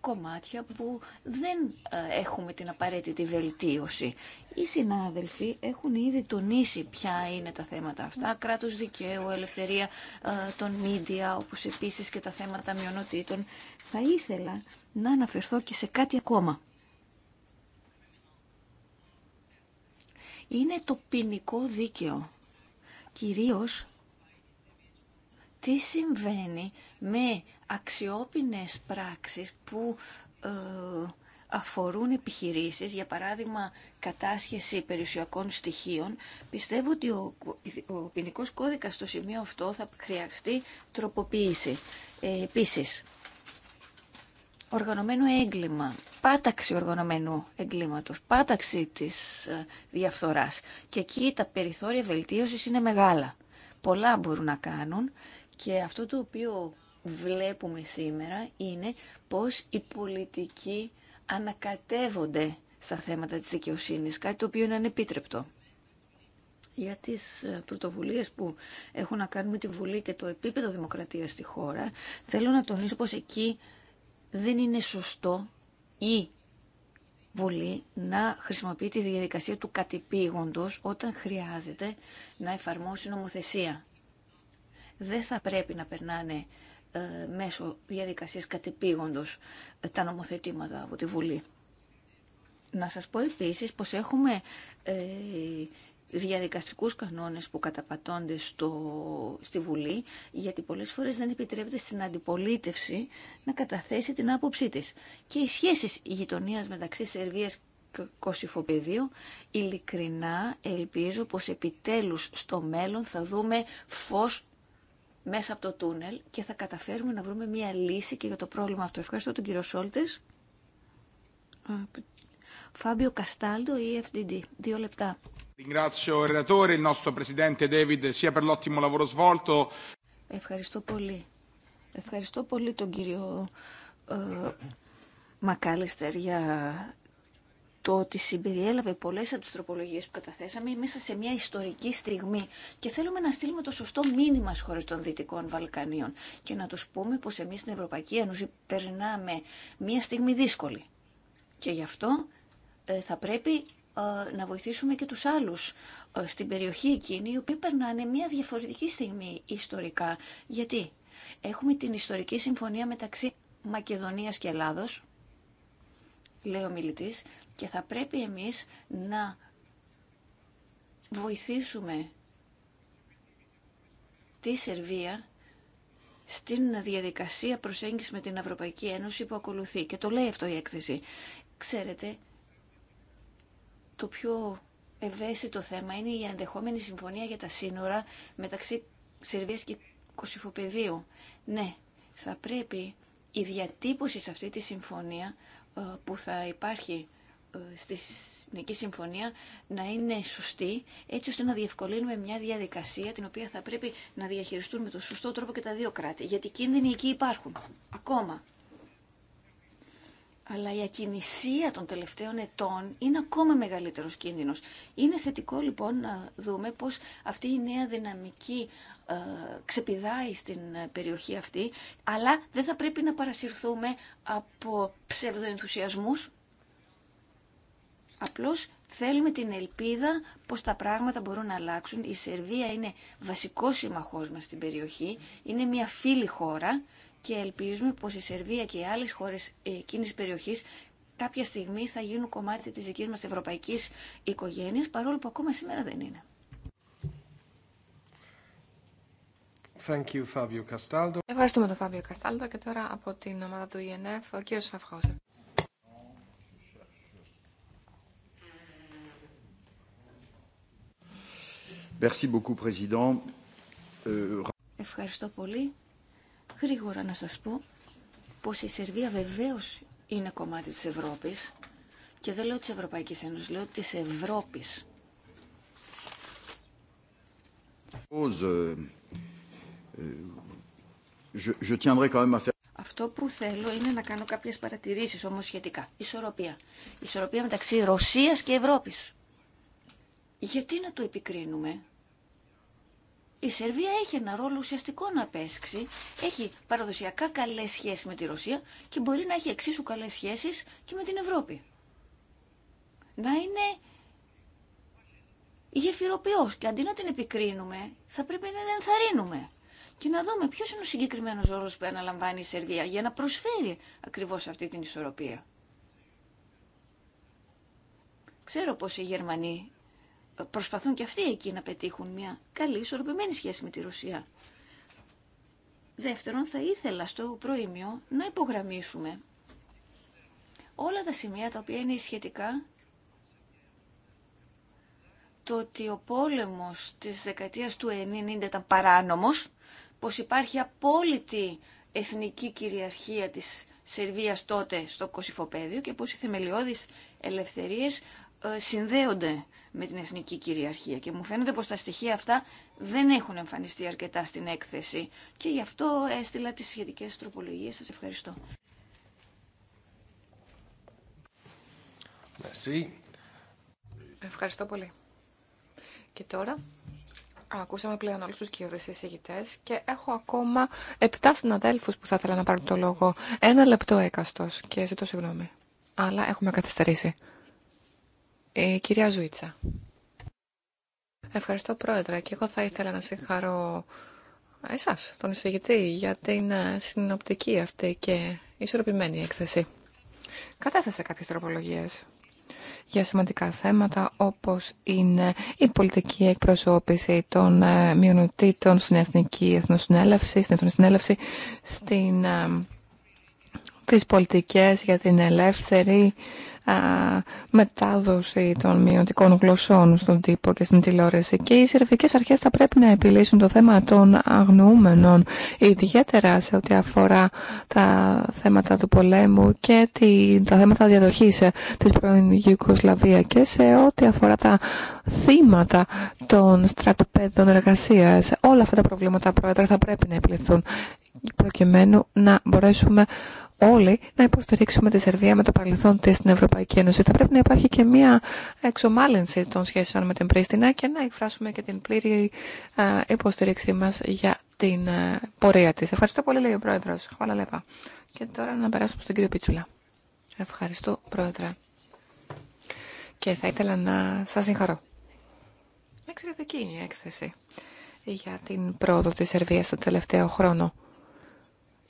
κομμάτια που δεν ε, έχουμε την απαραίτητη βελτίωση. Οι συνάδελφοι έχουν ήδη τονίσει ποια είναι τα θέματα αυτά. Κράτος δικαίου, ελευθερία ε, των μίντια, όπως επίσης και τα θέματα μειονοτήτων. Θα ήθελα να αναφερθώ και σε κάτι ακόμα. Είναι το ποινικό δίκαιο. Κυρίως τι συμβαίνει με αξιόπινες πράξεις που ε, αφορούν επιχειρήσεις, για παράδειγμα κατάσχεση περιουσιακών στοιχείων, πιστεύω ότι ο, ο ποινικό κώδικας στο σημείο αυτό θα χρειαστεί τροποποίηση. Ε, επίσης, οργανωμένο έγκλημα, πάταξη οργανωμένου εγκλήματος, πάταξη της ε, διαφθοράς. Και εκεί τα περιθώρια βελτίωσης είναι μεγάλα. Πολλά μπορούν να κάνουν και αυτό το οποίο βλέπουμε σήμερα είναι πως οι πολιτικοί ανακατεύονται στα θέματα της δικαιοσύνης, κάτι το οποίο είναι ανεπίτρεπτο. Για τις ε, πρωτοβουλίες που έχουν να κάνουν με τη Βουλή και το επίπεδο δημοκρατίας στη χώρα, θέλω να τονίσω πως εκεί δεν είναι σωστό ή Βουλή να χρησιμοποιεί τη διαδικασία του κατεπήγοντος όταν χρειάζεται να εφαρμόσει νομοθεσία δεν θα πρέπει να περνάνε ε, μέσω διαδικασίας κατεπήγοντος ε, τα νομοθετήματα από τη Βουλή. Να σας πω επίσης πως έχουμε ε, διαδικαστικούς κανόνες που καταπατώνται στο, στη Βουλή, γιατί πολλές φορές δεν επιτρέπεται στην αντιπολίτευση να καταθέσει την άποψή της. Και οι σχέσεις γειτονίας μεταξύ Σερβίας και Κωσυφοπεδίου, ειλικρινά ελπίζω πως επιτέλους στο μέλλον θα δούμε φως μέσα από το τούνελ και θα καταφέρουμε να βρούμε μια λύση και για το πρόβλημα αυτό. Ευχαριστώ τον κύριο Σόλτε. Φάμπιο Καστάλτο, EFDD. Δύο λεπτά. Ευχαριστώ πολύ. Ευχαριστώ πολύ τον κύριο ε, Μακάλιστερ για το ότι συμπεριέλαβε πολλές από τις τροπολογίες που καταθέσαμε μέσα σε μια ιστορική στιγμή και θέλουμε να στείλουμε το σωστό μήνυμα στις των Δυτικών Βαλκανίων και να τους πούμε πως εμείς στην Ευρωπαϊκή Ένωση περνάμε μια στιγμή δύσκολη και γι' αυτό ε, θα πρέπει ε, να βοηθήσουμε και τους άλλους ε, στην περιοχή εκείνη οι οποίοι περνάνε μια διαφορετική στιγμή ιστορικά. Γιατί έχουμε την ιστορική συμφωνία μεταξύ Μακεδονίας και Ελλάδος, λέει ο και θα πρέπει εμείς να βοηθήσουμε τη Σερβία στην διαδικασία προσέγγιση με την Ευρωπαϊκή Ένωση που ακολουθεί. Και το λέει αυτό η έκθεση. Ξέρετε, το πιο ευαίσθητο θέμα είναι η ενδεχόμενη συμφωνία για τα σύνορα μεταξύ Σερβίας και Κωσυφοπεδίου. Ναι, θα πρέπει η διατύπωση σε αυτή τη συμφωνία ε, που θα υπάρχει στη νική Συμφωνία να είναι σωστή, έτσι ώστε να διευκολύνουμε μια διαδικασία την οποία θα πρέπει να διαχειριστούν με τον σωστό τρόπο και τα δύο κράτη. Γιατί κίνδυνοι εκεί υπάρχουν. Ακόμα. Αλλά η ακινησία των τελευταίων ετών είναι ακόμα μεγαλύτερος κίνδυνος. Είναι θετικό λοιπόν να δούμε πως αυτή η νέα δυναμική ε, ξεπηδάει στην περιοχή αυτή, αλλά δεν θα πρέπει να παρασυρθούμε από ψευδοενθουσιασμούς Απλώς θέλουμε την ελπίδα πως τα πράγματα μπορούν να αλλάξουν. Η Σερβία είναι βασικό συμμαχός μας στην περιοχή, είναι μια φίλη χώρα και ελπίζουμε πως η Σερβία και οι άλλες χώρες εκείνης της περιοχής κάποια στιγμή θα γίνουν κομμάτι της δικής μας ευρωπαϊκής οικογένειας, παρόλο που ακόμα σήμερα δεν είναι. Ευχαριστούμε τον Φάβιο Καστάλτο και τώρα από την ομάδα του ΙΕΝΕΦ e ο κύριος Σαφχόζε. Euh, Ευχαριστώ πολύ. Γρήγορα να σας πω πως η Σερβία βεβαίως είναι κομμάτι της Ευρώπης και δεν λέω της Ευρωπαϊκής Ένωσης, λέω της Ευρώπης. Euh, Αυτό που θέλω είναι να κάνω κάποιες παρατηρήσεις όμως σχετικά. Ισορροπία. Ισορροπία μεταξύ Ρωσίας και Ευρώπης. Γιατί να το επικρίνουμε η Σερβία έχει ένα ρόλο ουσιαστικό να παίξει. Έχει παραδοσιακά καλές σχέσεις με τη Ρωσία και μπορεί να έχει εξίσου καλέ σχέσεις και με την Ευρώπη. Να είναι γεφυροποιό. και αντί να την επικρίνουμε θα πρέπει να την ενθαρρύνουμε και να δούμε ποιο είναι ο συγκεκριμένος ρόλος που αναλαμβάνει η Σερβία για να προσφέρει ακριβώ αυτή την ισορροπία. Ξέρω πως οι Γερμανοί προσπαθούν και αυτοί εκεί να πετύχουν μια καλή ισορροπημένη σχέση με τη Ρωσία. Δεύτερον, θα ήθελα στο προήμιο να υπογραμμίσουμε όλα τα σημεία τα οποία είναι σχετικά το ότι ο πόλεμος της δεκαετίας του 90 ήταν παράνομος, πως υπάρχει απόλυτη εθνική κυριαρχία της Σερβίας τότε στο Κωσυφοπέδιο και πως οι θεμελιώδεις ελευθερίες ε, συνδέονται με την εθνική κυριαρχία και μου φαίνεται πως τα στοιχεία αυτά δεν έχουν εμφανιστεί αρκετά στην έκθεση και γι' αυτό έστειλα τις σχετικές τροπολογίες. Σας ευχαριστώ. Ευχαριστώ πολύ. Και τώρα ακούσαμε πλέον όλους τους κοιόδες εισηγητές και έχω ακόμα επτά συναδέλφους που θα ήθελα να πάρουν το λόγο. Ένα λεπτό έκαστος και ζητώ συγγνώμη. Αλλά έχουμε καθυστερήσει. Η ε, κυρία Ζουίτσα. Ευχαριστώ πρόεδρε και εγώ θα ήθελα να συγχαρώ εσάς, τον εισηγητή, για την ε, συνοπτική αυτή και ισορροπημένη έκθεση. Κατέθεσα κάποιες τροπολογίες για σημαντικά θέματα όπως είναι η πολιτική εκπροσώπηση των ε, μειονοτήτων στην Εθνική Εθνοσυνέλευση, στην Εθνοσυνέλευση, στην, τις πολιτικές για την ελεύθερη μετάδοση των μειωτικών γλωσσών στον τύπο και στην τηλεόραση και οι σερβικές αρχές θα πρέπει να επιλύσουν το θέμα των αγνοούμενων ιδιαίτερα σε ό,τι αφορά τα θέματα του πολέμου και τη, τα θέματα διαδοχής ε, της πρώην Γιουκοσλαβία και σε ό,τι αφορά τα θύματα των στρατοπέδων εργασίας. Όλα αυτά τα προβλήματα, Πρόεδρε, θα πρέπει να επιληθούν προκειμένου να μπορέσουμε όλοι να υποστηρίξουμε τη Σερβία με το παρελθόν της στην Ευρωπαϊκή Ένωση. Θα πρέπει να υπάρχει και μια εξομάλυνση των σχέσεων με την Πρίστινα και να εκφράσουμε και την πλήρη ε, υποστηρίξη μας για την ε, πορεία της. Ευχαριστώ πολύ, λέει ο Πρόεδρος. Και τώρα να περάσουμε στον κύριο Πίτσουλα. Ευχαριστώ, Πρόεδρε. Και θα ήθελα να σας συγχαρώ. Εξαιρετική είναι η έκθεση για την πρόοδο της Σερβίας τον τελευταίο χρόνο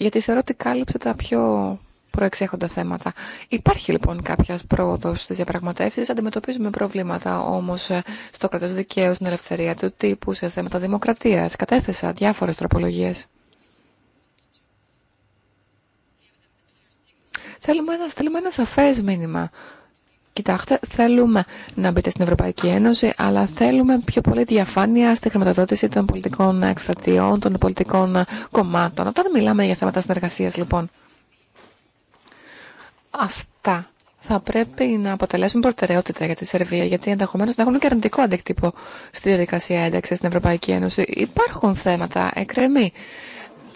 γιατί θεωρώ ότι κάλυψε τα πιο προεξέχοντα θέματα. Υπάρχει λοιπόν κάποια πρόοδο στι διαπραγματεύσει. Αντιμετωπίζουμε προβλήματα όμω ε, στο κρατό δικαίου, στην ελευθερία του τύπου, σε θέματα δημοκρατία. Κατέθεσα διάφορε τροπολογίε. Θέλουμε να στείλουμε ένα σαφέ μήνυμα Κοιτάξτε, θέλουμε να μπείτε στην Ευρωπαϊκή Ένωση, αλλά θέλουμε πιο πολύ διαφάνεια στη χρηματοδότηση των πολιτικών εκστρατιών, των πολιτικών κομμάτων. Όταν μιλάμε για θέματα συνεργασία, λοιπόν, αυτά θα πρέπει να αποτελέσουν προτεραιότητα για τη Σερβία, γιατί ενδεχομένω να έχουν και αρνητικό αντίκτυπο στη διαδικασία ένταξη στην Ευρωπαϊκή Ένωση. Υπάρχουν θέματα εκκρεμή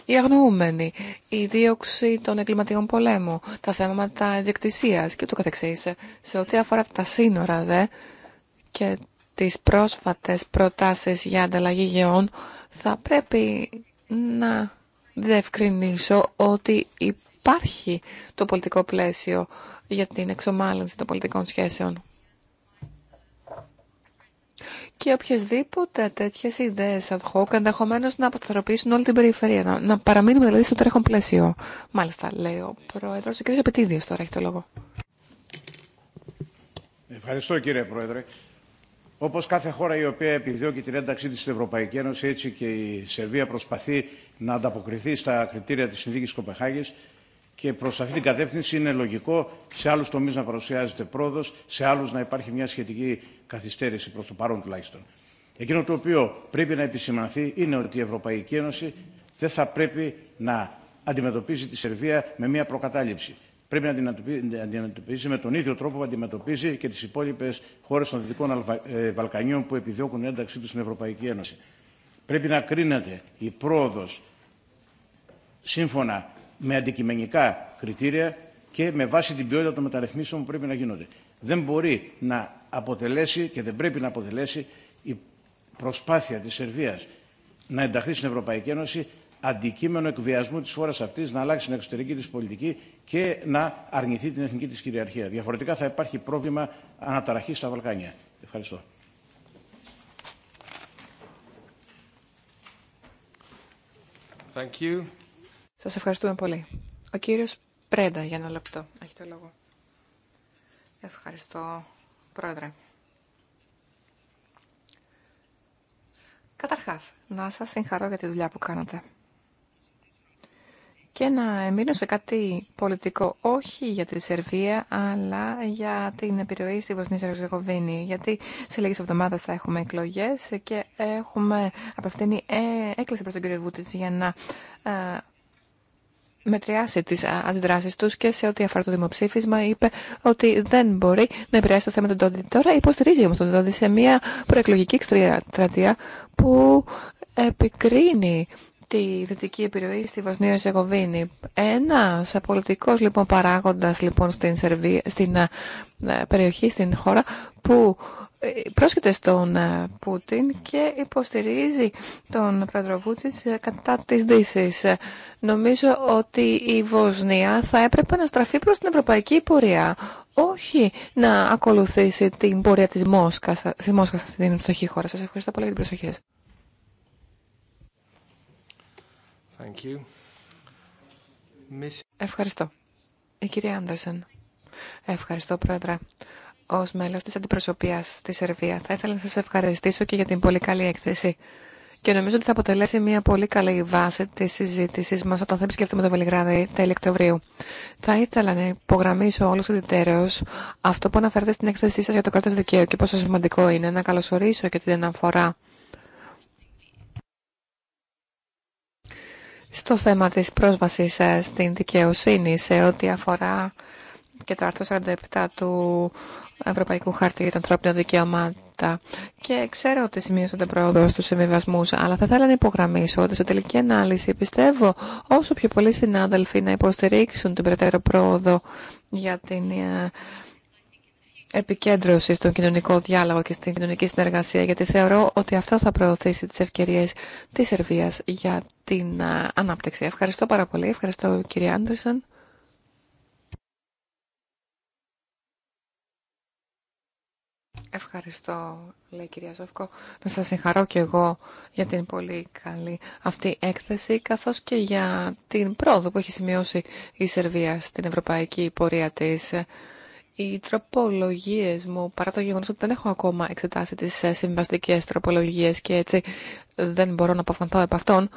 οι αγνοούμενοι, η δίωξη των εγκληματιών πολέμου, τα θέματα ιδιοκτησία και το καθεξής. Σε ό,τι αφορά τα σύνορα δε και τις πρόσφατες προτάσεις για ανταλλαγή γεών, θα πρέπει να διευκρινίσω ότι υπάρχει το πολιτικό πλαίσιο για την εξομάλυνση των πολιτικών σχέσεων και οποιασδήποτε τέτοιε ιδέε ad hoc ενδεχομένω να αποσταθεροποιήσουν όλη την περιφερεια. Να, να παραμείνουμε δηλαδή στο τρέχον πλαίσιο. Μάλιστα, λέει ο Πρόεδρο. Ο κ. Επιτίδιο τώρα έχει το λόγο. Ευχαριστώ κύριε Πρόεδρε. Όπω κάθε χώρα η οποία επιδιώκει την ένταξή τη στην Ευρωπαϊκή Ένωση, έτσι και η Σερβία προσπαθεί να ανταποκριθεί στα κριτήρια τη συνθήκη Κοπεχάγη, και προ αυτή την κατεύθυνση είναι λογικό σε άλλου τομεί να παρουσιάζεται πρόοδο, σε άλλου να υπάρχει μια σχετική καθυστέρηση προ το παρόν τουλάχιστον. Εκείνο το οποίο πρέπει να επισημανθεί είναι ότι η Ευρωπαϊκή Ένωση δεν θα πρέπει να αντιμετωπίζει τη Σερβία με μια προκατάληψη. Πρέπει να την αντιμετωπίζει με τον ίδιο τρόπο που αντιμετωπίζει και τι υπόλοιπε χώρε των Δυτικών ε, Βαλκανίων που επιδιώκουν ένταξή του στην Ευρωπαϊκή Ένωση. Πρέπει να κρίνεται η πρόοδο σύμφωνα με αντικειμενικά κριτήρια και με βάση την ποιότητα των μεταρρυθμίσεων που πρέπει να γίνονται. Δεν μπορεί να αποτελέσει και δεν πρέπει να αποτελέσει η προσπάθεια της Σερβίας να ενταχθεί στην Ευρωπαϊκή Ένωση αντικείμενο εκβιασμού τη χώρα αυτή να αλλάξει την εξωτερική της πολιτική και να αρνηθεί την εθνική τη κυριαρχία. Διαφορετικά θα υπάρχει πρόβλημα αναταραχή στα Βαλκάνια. Ευχαριστώ. Thank you. Σας ευχαριστούμε πολύ. Ο κύριος Πρέντα για ένα λεπτό. Έχει το λόγο. Ευχαριστώ, Πρόεδρε. Καταρχάς, να σας συγχαρώ για τη δουλειά που κάνατε. Και να εμείνω σε κάτι πολιτικό, όχι για τη Σερβία, αλλά για την επιρροή στη Βοσνία Ζεγοβίνη. Γιατί σε λίγες εβδομάδες θα έχουμε εκλογές και έχουμε απευθύνει ε, έκκληση προς τον κύριο Βούτιτς για να ε, μετριάσει τις αντιδράσεις τους και σε ό,τι αφορά το δημοψήφισμα είπε ότι δεν μπορεί να επηρεάσει το θέμα του Ντόντι. Τώρα υποστηρίζει όμως τον Ντόντι σε μια προεκλογική εκστρατεία που επικρίνει τη δυτική επιρροή στη Βοσνία Ερσεγοβίνη. Ένα πολιτικό λοιπόν παράγοντα λοιπόν στην, στην ε, περιοχή, στην χώρα που πρόσκειται στον ε, Πούτιν και υποστηρίζει τον πρόεδρο Βούτσης ε, κατά της δύση. Ε, νομίζω ότι η Βοσνία θα έπρεπε να στραφεί προς την ευρωπαϊκή πορεία, όχι να ακολουθήσει την πορεία της Μόσχας, της Μόσχας στην φτωχή χώρα. Σας ευχαριστώ πολύ για την προσοχή σας. Ευχαριστώ. Η κυρία Άντερσεν. Ευχαριστώ, Πρόεδρε ως μέλος της αντιπροσωπεία στη Σερβία. Θα ήθελα να σας ευχαριστήσω και για την πολύ καλή έκθεση. Και νομίζω ότι θα αποτελέσει μια πολύ καλή βάση τη συζήτηση μα όταν θα επισκεφτούμε το Βελιγράδι τέλη Οκτωβρίου. Θα ήθελα να υπογραμμίσω όλου ιδιαίτερω αυτό που αναφέρετε στην έκθεσή σα για το κράτο δικαίου και πόσο σημαντικό είναι να καλωσορίσω και την αναφορά στο θέμα της πρόσβασης ε, στην δικαιοσύνη σε ό,τι αφορά και το άρθρο 47 του Ευρωπαϊκού Χάρτη για τα ανθρώπινα δικαιώματα. Και ξέρω ότι σημείωσατε πρόοδο στου συμβιβασμού, αλλά θα ήθελα να υπογραμμίσω ότι σε τελική ανάλυση πιστεύω όσο πιο πολλοί συνάδελφοι να υποστηρίξουν την περαιτέρω πρόοδο για την ε, επικέντρωση στον κοινωνικό διάλογο και στην κοινωνική συνεργασία, γιατί θεωρώ ότι αυτό θα προωθήσει τις ευκαιρίες της Σερβίας για την ε, ανάπτυξη. Ευχαριστώ πάρα πολύ. Ευχαριστώ κύριε Άντερσον. Ευχαριστώ, λέει η κυρία Ζωφκό. Να σας συγχαρώ και εγώ για την πολύ καλή αυτή έκθεση, καθώς και για την πρόοδο που έχει σημειώσει η Σερβία στην ευρωπαϊκή πορεία της. Οι τροπολογίες μου, παρά το γεγονός ότι δεν έχω ακόμα εξετάσει τις ε, συμβαστικές τροπολογίες και έτσι δεν μπορώ να αποφανθώ επ' αυτών,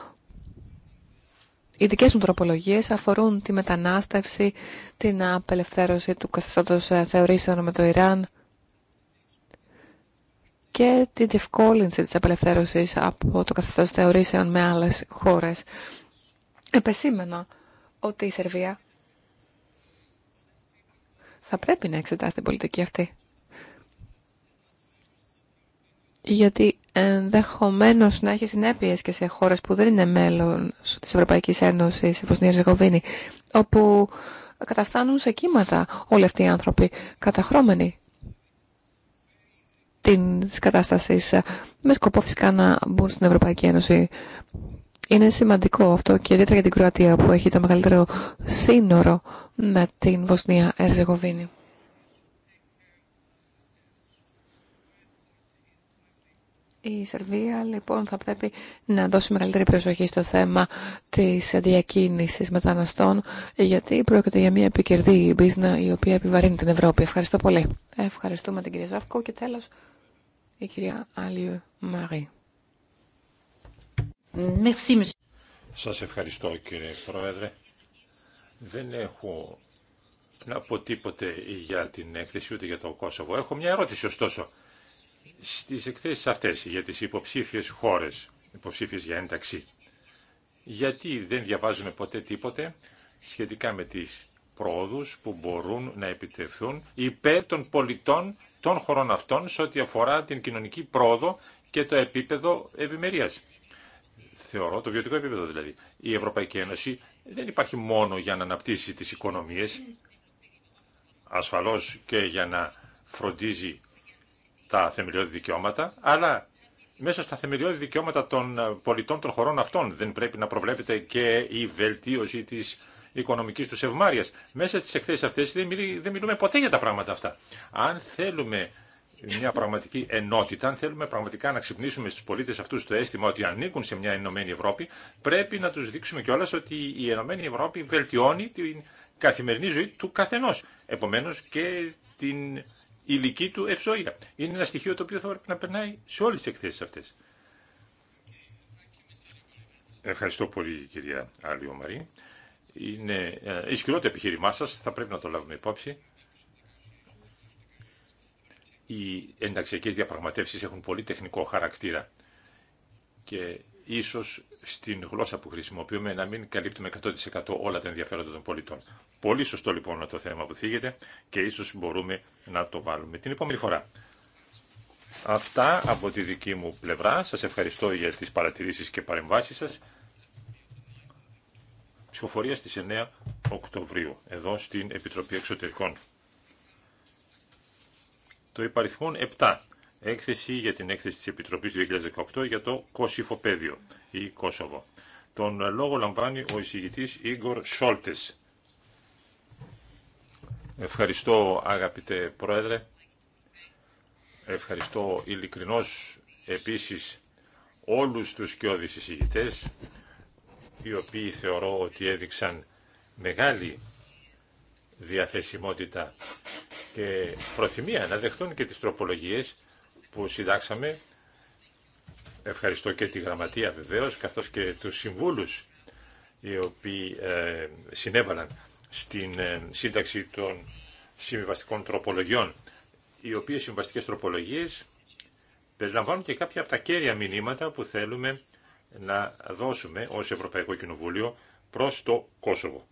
οι δικές μου τροπολογίες αφορούν τη μετανάστευση, την απελευθέρωση του καθεστώτος ε, θεωρήσεων με το Ιράν, και τη διευκόλυνση της απελευθέρωσης από το καθεστώς θεωρήσεων με άλλες χώρες. Επεσήμενα ότι η Σερβία θα πρέπει να εξετάσει την πολιτική αυτή. Γιατί ενδεχομένω να έχει συνέπειε και σε χώρε που δεν είναι μέλο τη Ευρωπαϊκή Ένωση, η Βοσνία Ζεγοβίνη, όπου καταφτάνουν σε κύματα όλοι αυτοί οι άνθρωποι καταχρώμενοι της κατάστασης ε, με σκοπό φυσικά να μπουν στην Ευρωπαϊκή Ένωση. Είναι σημαντικό αυτό και ιδιαίτερα για την Κροατία που έχει το μεγαλύτερο σύνορο με την Βοσνία Ερζεγοβίνη. Η Σερβία λοιπόν θα πρέπει να δώσει μεγαλύτερη προσοχή στο θέμα της διακίνησης μεταναστών γιατί πρόκειται για μια επικερδή μπίζνα η οποία επιβαρύνει την Ευρώπη. Ευχαριστώ πολύ. Ευχαριστούμε την κυρία Ζαφκό και τέλος η κυρία Άλιου Μαρή. Σας ευχαριστώ κύριε Πρόεδρε. Δεν έχω να πω τίποτε για την έκθεση ούτε για το Κόσοβο. Έχω μια ερώτηση ωστόσο. Στις εκθέσεις αυτές για τις υποψήφιες χώρες, υποψήφιες για ένταξη, γιατί δεν διαβάζουμε ποτέ τίποτε σχετικά με τις πρόοδους που μπορούν να επιτευχθούν υπέρ των πολιτών των χωρών αυτών σε ό,τι αφορά την κοινωνική πρόοδο και το επίπεδο ευημερία. Θεωρώ, το βιωτικό επίπεδο δηλαδή. Η Ευρωπαϊκή Ένωση δεν υπάρχει μόνο για να αναπτύσσει τις οικονομίες, ασφαλώς και για να φροντίζει τα θεμελιώδη δικαιώματα, αλλά μέσα στα θεμελιώδη δικαιώματα των πολιτών των χωρών αυτών δεν πρέπει να προβλέπεται και η βελτίωση της οικονομική του ευμάρεια. Μέσα στις εκθέσει αυτέ δεν μιλούμε ποτέ για τα πράγματα αυτά. Αν θέλουμε μια πραγματική ενότητα, αν θέλουμε πραγματικά να ξυπνήσουμε στου πολίτε αυτού το αίσθημα ότι ανήκουν σε μια Ενωμένη Ευρώπη, πρέπει να του δείξουμε κιόλα ότι η Ενωμένη Ευρώπη βελτιώνει την καθημερινή ζωή του καθενό, επομένω και την ηλική του ευζοία. Είναι ένα στοιχείο το οποίο θα πρέπει να περνάει σε όλε τι εκθέσει αυτέ. Ευχαριστώ πολύ κυρία άλλη Μαρή είναι ε, ισχυρό το επιχείρημά σας, θα πρέπει να το λάβουμε υπόψη. Οι ενταξιακές διαπραγματεύσεις έχουν πολύ τεχνικό χαρακτήρα και ίσως στην γλώσσα που χρησιμοποιούμε να μην καλύπτουμε 100% όλα τα ενδιαφέροντα των πολιτών. Πολύ σωστό λοιπόν το θέμα που θίγεται και ίσως μπορούμε να το βάλουμε την επόμενη φορά. Αυτά από τη δική μου πλευρά. Σας ευχαριστώ για τις παρατηρήσεις και παρεμβάσεις σας ψηφοφορία στις 9 Οκτωβρίου, εδώ στην Επιτροπή Εξωτερικών. Το υπαριθμόν 7. Έκθεση για την έκθεση της Επιτροπής 2018 για το Κωσυφοπέδιο ή Κόσοβο. Τον λόγο λαμβάνει ο εισηγητής Ίγκορ Σόλτες. Ευχαριστώ αγαπητέ Πρόεδρε. Ευχαριστώ ειλικρινώς επίσης όλους τους κοιόδης εισηγητές οι οποίοι θεωρώ ότι έδειξαν μεγάλη διαθεσιμότητα και προθυμία να δεχτούν και τις τροπολογίες που συντάξαμε. Ευχαριστώ και τη Γραμματεία βεβαίως, καθώς και τους συμβούλους οι οποίοι ε, συνέβαλαν στην ε, σύνταξη των συμβιβαστικών τροπολογιών, οι οποίες συμβαστικές τροπολογίες περιλαμβάνουν και κάποια από τα κέρια μηνύματα που θέλουμε να δώσουμε ως Ευρωπαϊκό Κοινοβούλιο προς το Κόσοβο.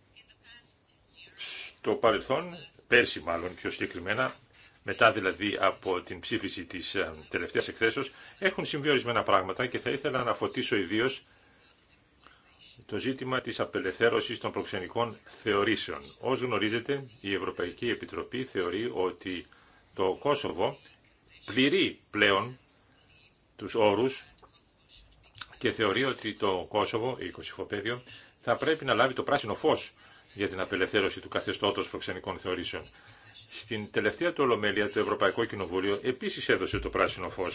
Στο παρελθόν, πέρσι μάλλον πιο συγκεκριμένα, μετά δηλαδή από την ψήφιση της ε, τελευταίας εκθέσεως, έχουν συμβεί ορισμένα πράγματα και θα ήθελα να φωτίσω ιδίω το ζήτημα της απελευθέρωσης των προξενικών θεωρήσεων. Ως γνωρίζετε, η Ευρωπαϊκή Επιτροπή θεωρεί ότι το Κόσοβο πληρεί πλέον τους όρους και θεωρεί ότι το Κόσοβο, η Κωσυφοπαίδιο, θα πρέπει να λάβει το πράσινο φω για την απελευθέρωση του καθεστώτος προξενικών θεωρήσεων. Στην τελευταία του ολομέλεια το Ευρωπαϊκό Κοινοβούλιο επίση έδωσε το πράσινο φω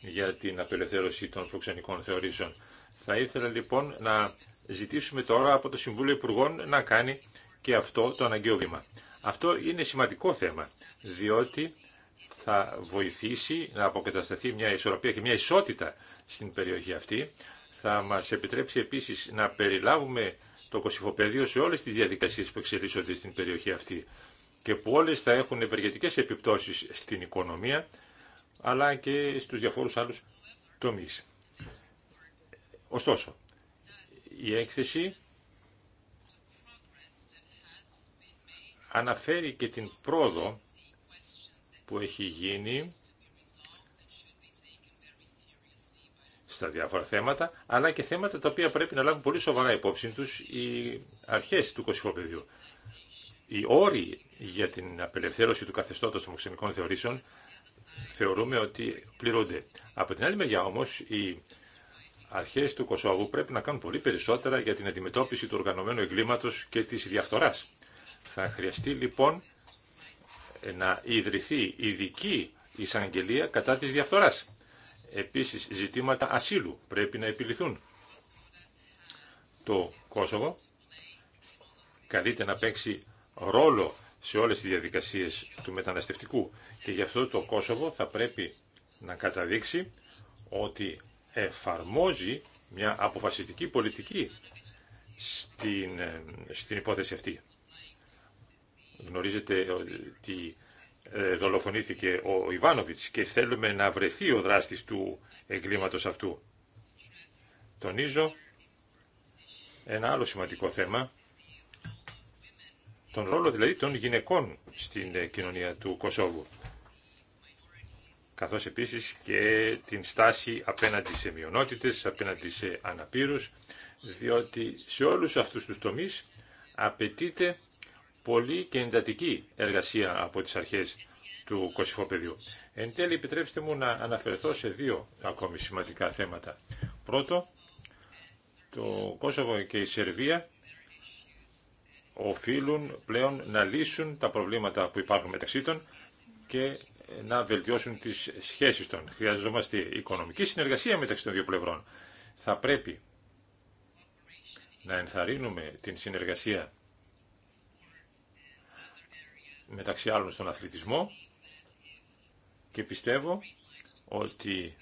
για την απελευθέρωση των προξενικών θεωρήσεων. Θα ήθελα λοιπόν να ζητήσουμε τώρα από το Συμβούλιο Υπουργών να κάνει και αυτό το αναγκαίο βήμα. Αυτό είναι σημαντικό θέμα, διότι θα βοηθήσει να αποκατασταθεί μια ισορροπία και μια ισότητα στην περιοχή αυτή. Θα μας επιτρέψει επίσης να περιλάβουμε το κοσυφοπεδίο σε όλες τις διαδικασίες που εξελίσσονται στην περιοχή αυτή και που όλες θα έχουν ευεργετικές επιπτώσεις στην οικονομία αλλά και στους διαφόρους άλλους τομείς. Ωστόσο, η έκθεση αναφέρει και την πρόοδο που έχει γίνει στα διάφορα θέματα, αλλά και θέματα τα οποία πρέπει να λάβουν πολύ σοβαρά υπόψη του, οι αρχέ του κοσυφοπεδίου. Οι όροι για την απελευθέρωση του καθεστώτο των μοξενικών θεωρήσεων θεωρούμε ότι πληρούνται. Από την άλλη μεριά όμως οι αρχέ του Κωσόβου πρέπει να κάνουν πολύ περισσότερα για την αντιμετώπιση του οργανωμένου εγκλήματο και τη διαφθορά. Θα χρειαστεί λοιπόν να ιδρυθεί ειδική εισαγγελία κατά της διαφθοράς Επίσης ζητήματα ασύλου πρέπει να επιληθούν. Το Κόσοβο καλείται να παίξει ρόλο σε όλες τις διαδικασίες του μεταναστευτικού και γι' αυτό το Κόσοβο θα πρέπει να καταδείξει ότι εφαρμόζει μια αποφασιστική πολιτική στην, ε, στην υπόθεση αυτή. Γνωρίζετε ότι ε, δολοφονήθηκε ο Ιβάνοβιτς και θέλουμε να βρεθεί ο δράστης του εγκλήματος αυτού. Τονίζω ένα άλλο σημαντικό θέμα, τον ρόλο δηλαδή των γυναικών στην ε, κοινωνία του Κωσόβου, καθώς επίσης και την στάση απέναντι σε μειονότητες, απέναντι σε αναπήρους, διότι σε όλους αυτούς τους τομείς απαιτείται πολύ και εντατική εργασία από τις αρχές του Κωσυχοπεδιού. Εν τέλει, επιτρέψτε μου να αναφερθώ σε δύο ακόμη σημαντικά θέματα. Πρώτο, το Κόσοβο και η Σερβία οφείλουν πλέον να λύσουν τα προβλήματα που υπάρχουν μεταξύ των και να βελτιώσουν τις σχέσεις των. Χρειαζόμαστε οικονομική συνεργασία μεταξύ των δύο πλευρών. Θα πρέπει να ενθαρρύνουμε την συνεργασία μεταξύ άλλων στον αθλητισμό και πιστεύω ότι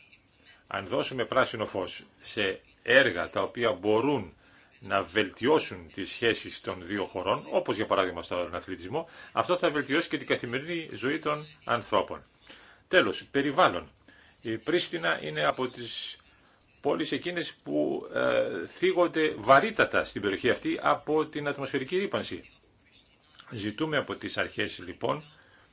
αν δώσουμε πράσινο φως σε έργα τα οποία μπορούν να βελτιώσουν τις σχέσεις των δύο χωρών, όπως για παράδειγμα στον αθλητισμό, αυτό θα βελτιώσει και την καθημερινή ζωή των ανθρώπων. Τέλος, περιβάλλον. Η Πρίστινα είναι από τις πόλεις εκείνες που ε, θίγονται βαρύτατα στην περιοχή αυτή από την ατμοσφαιρική ρήπανση. Ζητούμε από τις αρχές λοιπόν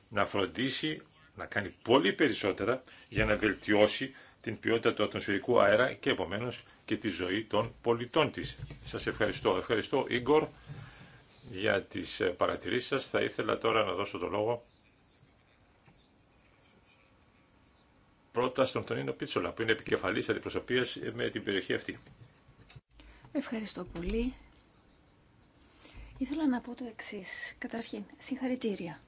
να φροντίσει να κάνει πολύ περισσότερα για να βελτιώσει την ποιότητα του ατμοσφαιρικού αέρα και επομένως και τη ζωή των πολιτών της. Σας ευχαριστώ. Ευχαριστώ Ίγκορ για τις ε, παρατηρήσεις σας. Θα ήθελα τώρα να δώσω το λόγο πρώτα στον Τονίνο Πίτσολα που είναι επικεφαλής αντιπροσωπείας με την περιοχή αυτή. Ευχαριστώ πολύ. Ήθελα να πω το εξή. Καταρχήν, συγχαρητήρια.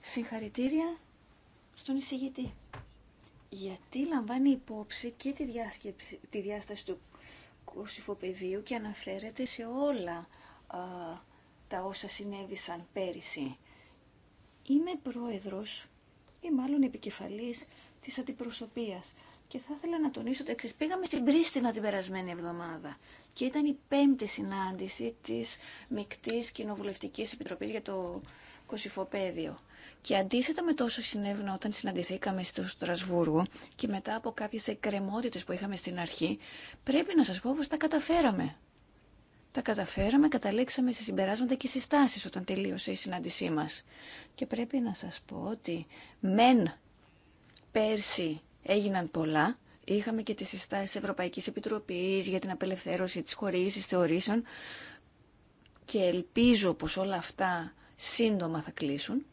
Συγχαρητήρια στον εισηγητή. Γιατί λαμβάνει υπόψη και τη, διάσκεψη, τη διάσταση του κοσυφοπεδίου και αναφέρεται σε όλα τα όσα συνέβησαν πέρυσι. Είμαι πρόεδρος ή μάλλον επικεφαλής της αντιπροσωπείας και θα ήθελα να τονίσω το εξής. Πήγαμε στην Πρίστινα την περασμένη εβδομάδα και ήταν η πέμπτη συνάντηση της Μικτής Κοινοβουλευτικής Επιτροπής για το Κωσυφοπαίδιο. Και αντίθετα με τόσο συνέβηνα όταν συναντηθήκαμε στο Στρασβούργο και μετά από κάποιες εκκρεμότητες που είχαμε στην αρχή, πρέπει να σας πω πως τα καταφέραμε. Τα καταφέραμε, καταλήξαμε σε συμπεράσματα και συστάσεις όταν τελείωσε η συνάντησή μας. Και πρέπει να σας πω ότι μεν πέρσι έγιναν πολλά, Είχαμε και τις συστάσεις Ευρωπαϊκής Επιτροπής για την απελευθέρωση της χορήγησης θεωρήσεων και ελπίζω πως όλα αυτά σύντομα θα κλείσουν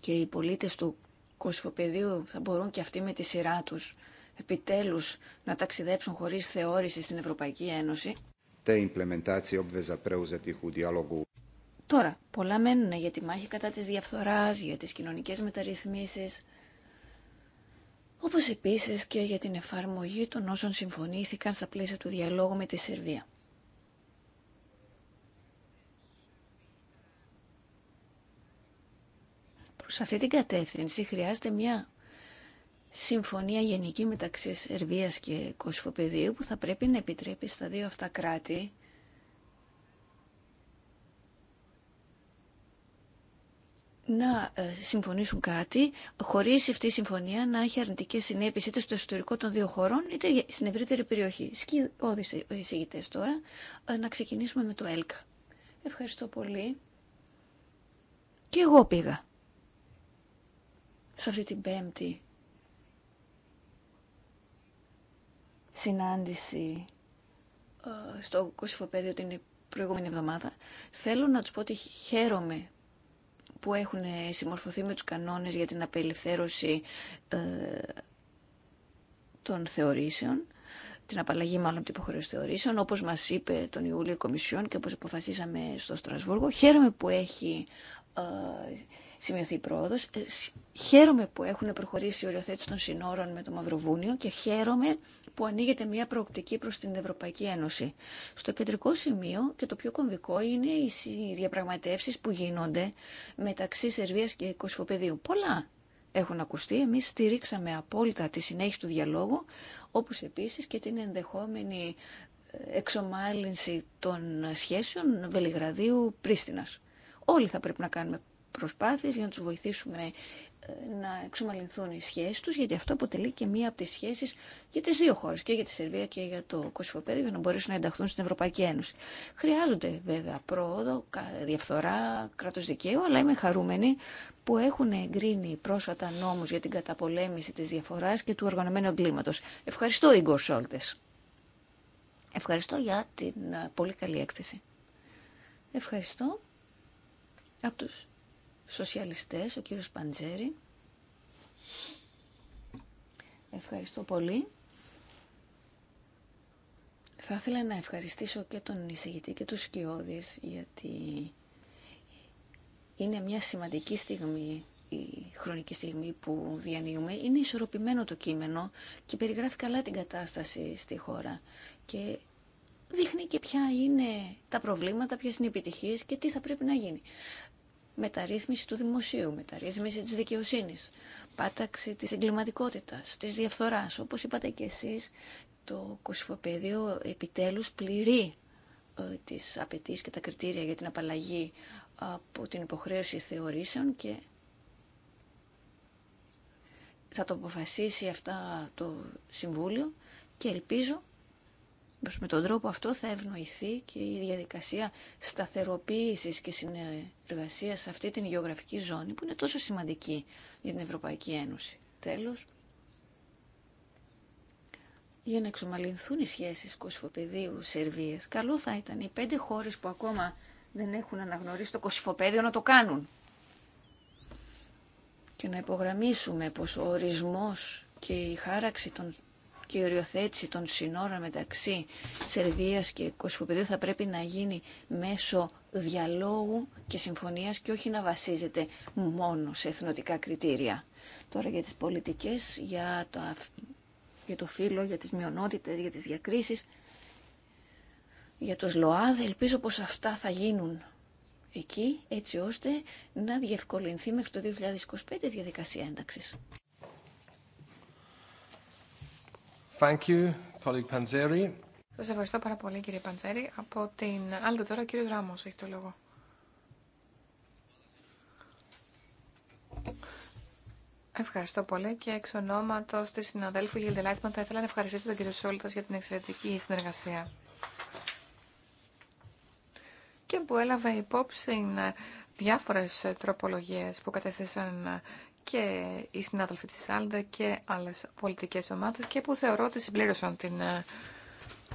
και οι πολίτες του κοσφοπεδίου θα μπορούν και αυτοί με τη σειρά τους επιτέλους να ταξιδέψουν χωρίς θεώρηση στην Ευρωπαϊκή Ένωση. Τώρα, πολλά μένουν για τη μάχη κατά της διαφθοράς, για τις κοινωνικές μεταρρυθμίσεις, όπως επίσης και για την εφαρμογή των όσων συμφωνήθηκαν στα πλαίσια του διαλόγου με τη Σερβία. Προς αυτή την κατεύθυνση χρειάζεται μια συμφωνία γενική μεταξύ Σερβίας και Κοσφοπεδίου που θα πρέπει να επιτρέπει στα δύο αυτά κράτη να ε, συμφωνήσουν κάτι χωρίς αυτή η συμφωνία να έχει αρνητικές συνέπειες είτε στο εσωτερικό των δύο χωρών είτε στην ευρύτερη περιοχή. Σκιώδεις εισηγητές τώρα. Ε, να ξεκινήσουμε με το ΕΛΚΑ. Ευχαριστώ πολύ. Και εγώ πήγα σε αυτή την πέμπτη συνάντηση ε, στο Κωσυφοπέδιο την προηγούμενη εβδομάδα. Θέλω να τους πω ότι χαίρομαι που έχουν ε, συμμορφωθεί με τους κανόνες για την απελευθέρωση ε, των θεωρήσεων, την απαλλαγή μάλλον από την υποχρέωση θεωρήσεων, όπως μας είπε τον Ιούλιο Κομισιόν και όπως αποφασίσαμε στο Στρασβούργο. Χαίρομαι που έχει ε, σημειωθεί πρόοδο. Χαίρομαι που έχουν προχωρήσει οι οριοθέτηση των συνόρων με το Μαυροβούνιο και χαίρομαι που ανοίγεται μια προοπτική προς την Ευρωπαϊκή Ένωση. Στο κεντρικό σημείο και το πιο κομβικό είναι οι διαπραγματεύσεις που γίνονται μεταξύ Σερβίας και Κοσφοπεδίου. Πολλά έχουν ακουστεί. Εμείς στηρίξαμε απόλυτα τη συνέχιση του διαλόγου, όπως επίσης και την ενδεχόμενη ε, εξομάλυνση των σχέσεων Βελιγραδίου-Πρίστινας. Όλοι θα πρέπει να κάνουμε προσπάθειες για να τους βοηθήσουμε να εξομαλυνθούν οι σχέσει του γιατί αυτό αποτελεί και μία από τι σχέσει για τι δύο χώρε και για τη Σερβία και για το Κωσυφοπέδιο, για να μπορέσουν να ενταχθούν στην Ευρωπαϊκή Ένωση. Χρειάζονται βέβαια πρόοδο, διαφθορά, κράτος δικαίου, αλλά είμαι χαρούμενη που έχουν εγκρίνει πρόσφατα νόμου για την καταπολέμηση τη διαφορά και του οργανωμένου εγκλήματο. Ευχαριστώ, Ιγκορ Σόλτε. Ευχαριστώ για την πολύ καλή έκθεση. Ευχαριστώ. Από σοσιαλιστές, ο κύριος Παντζέρη. Ευχαριστώ πολύ. Θα ήθελα να ευχαριστήσω και τον εισηγητή και τους σκιώδεις γιατί είναι μια σημαντική στιγμή η χρονική στιγμή που διανύουμε. Είναι ισορροπημένο το κείμενο και περιγράφει καλά την κατάσταση στη χώρα και δείχνει και ποια είναι τα προβλήματα, ποιες είναι οι επιτυχίες και τι θα πρέπει να γίνει μεταρρύθμιση του δημοσίου, μεταρρύθμιση της δικαιοσύνης, πάταξη της εγκληματικότητας, της διαφθοράς. Όπως είπατε και εσείς, το κοσυφοπέδιο επιτέλους πληρεί ε, τις απαιτήσεις και τα κριτήρια για την απαλλαγή από την υποχρέωση θεωρήσεων και θα το αποφασίσει αυτά το Συμβούλιο και ελπίζω με τον τρόπο αυτό θα ευνοηθεί και η διαδικασία σταθεροποίησης και συνεργασίας σε αυτή την γεωγραφική ζώνη που είναι τόσο σημαντική για την Ευρωπαϊκή Ένωση. Τέλος, για να εξομαλυνθούν οι σχέσεις Κωσυφοπεδίου-Σερβίας, καλό θα ήταν οι πέντε χώρες που ακόμα δεν έχουν αναγνωρίσει το Κωσυφοπέδιο να το κάνουν. Και να υπογραμμίσουμε πως ο ορισμός και η χάραξη των και η οριοθέτηση των συνόρων μεταξύ Σερβίας και Κοσμοπεδίου θα πρέπει να γίνει μέσω διαλόγου και συμφωνίας και όχι να βασίζεται μόνο σε εθνοτικά κριτήρια. Τώρα για τις πολιτικές, για το, για το φύλλο, για τις μειονότητες, για τις διακρίσεις, για τους λόάδ ελπίζω πως αυτά θα γίνουν εκεί έτσι ώστε να διευκολυνθεί μέχρι το 2025 η διαδικασία ένταξης. Thank Σας ευχαριστώ πάρα πολύ κύριε Παντζέρη. Από την άλλη τώρα ο κύριος Ράμος έχει το λόγο. Ευχαριστώ πολύ και εξ ονόματο τη συναδέλφου Γιλντε Λάιτμαν θα ήθελα να ευχαριστήσω τον κύριο Σόλτα για την εξαιρετική συνεργασία. Και που έλαβε υπόψη διάφορε τροπολογίε που κατέθεσαν και οι συνάδελφοι της Άλντα και άλλες πολιτικές ομάδες και που θεωρώ ότι συμπλήρωσαν την ε,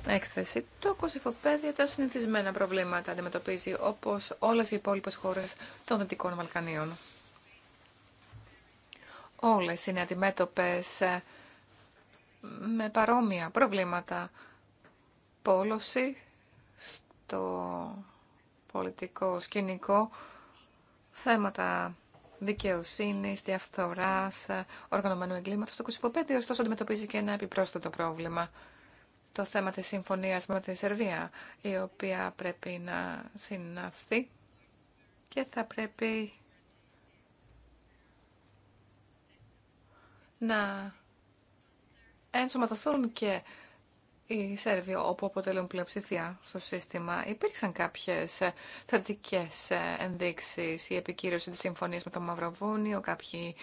έκθεση. Το κοσυφοπέδιο τα συνηθισμένα προβλήματα αντιμετωπίζει όπως όλες οι υπόλοιπες χώρες των Δυτικών Βαλκανίων. Όλες είναι αντιμέτωπες ε, με παρόμοια προβλήματα πόλωση στο πολιτικό σκηνικό, θέματα δικαιοσύνη, διαφθορά, ε, οργανωμένου εγκλήματο. Το Κωσυφοπέδιο, ωστόσο, αντιμετωπίζει και ένα επιπρόσθετο πρόβλημα. Το θέμα τη συμφωνία με τη Σερβία, η οποία πρέπει να συναυθεί και θα πρέπει να ενσωματωθούν και οι Σέρβοι όπου αποτελούν πλειοψηφία στο σύστημα, υπήρξαν κάποιες ε, θετικέ ε, ενδείξει η επικύρωση της συμφωνίας με το Μαυροβούνιο, κάποιοι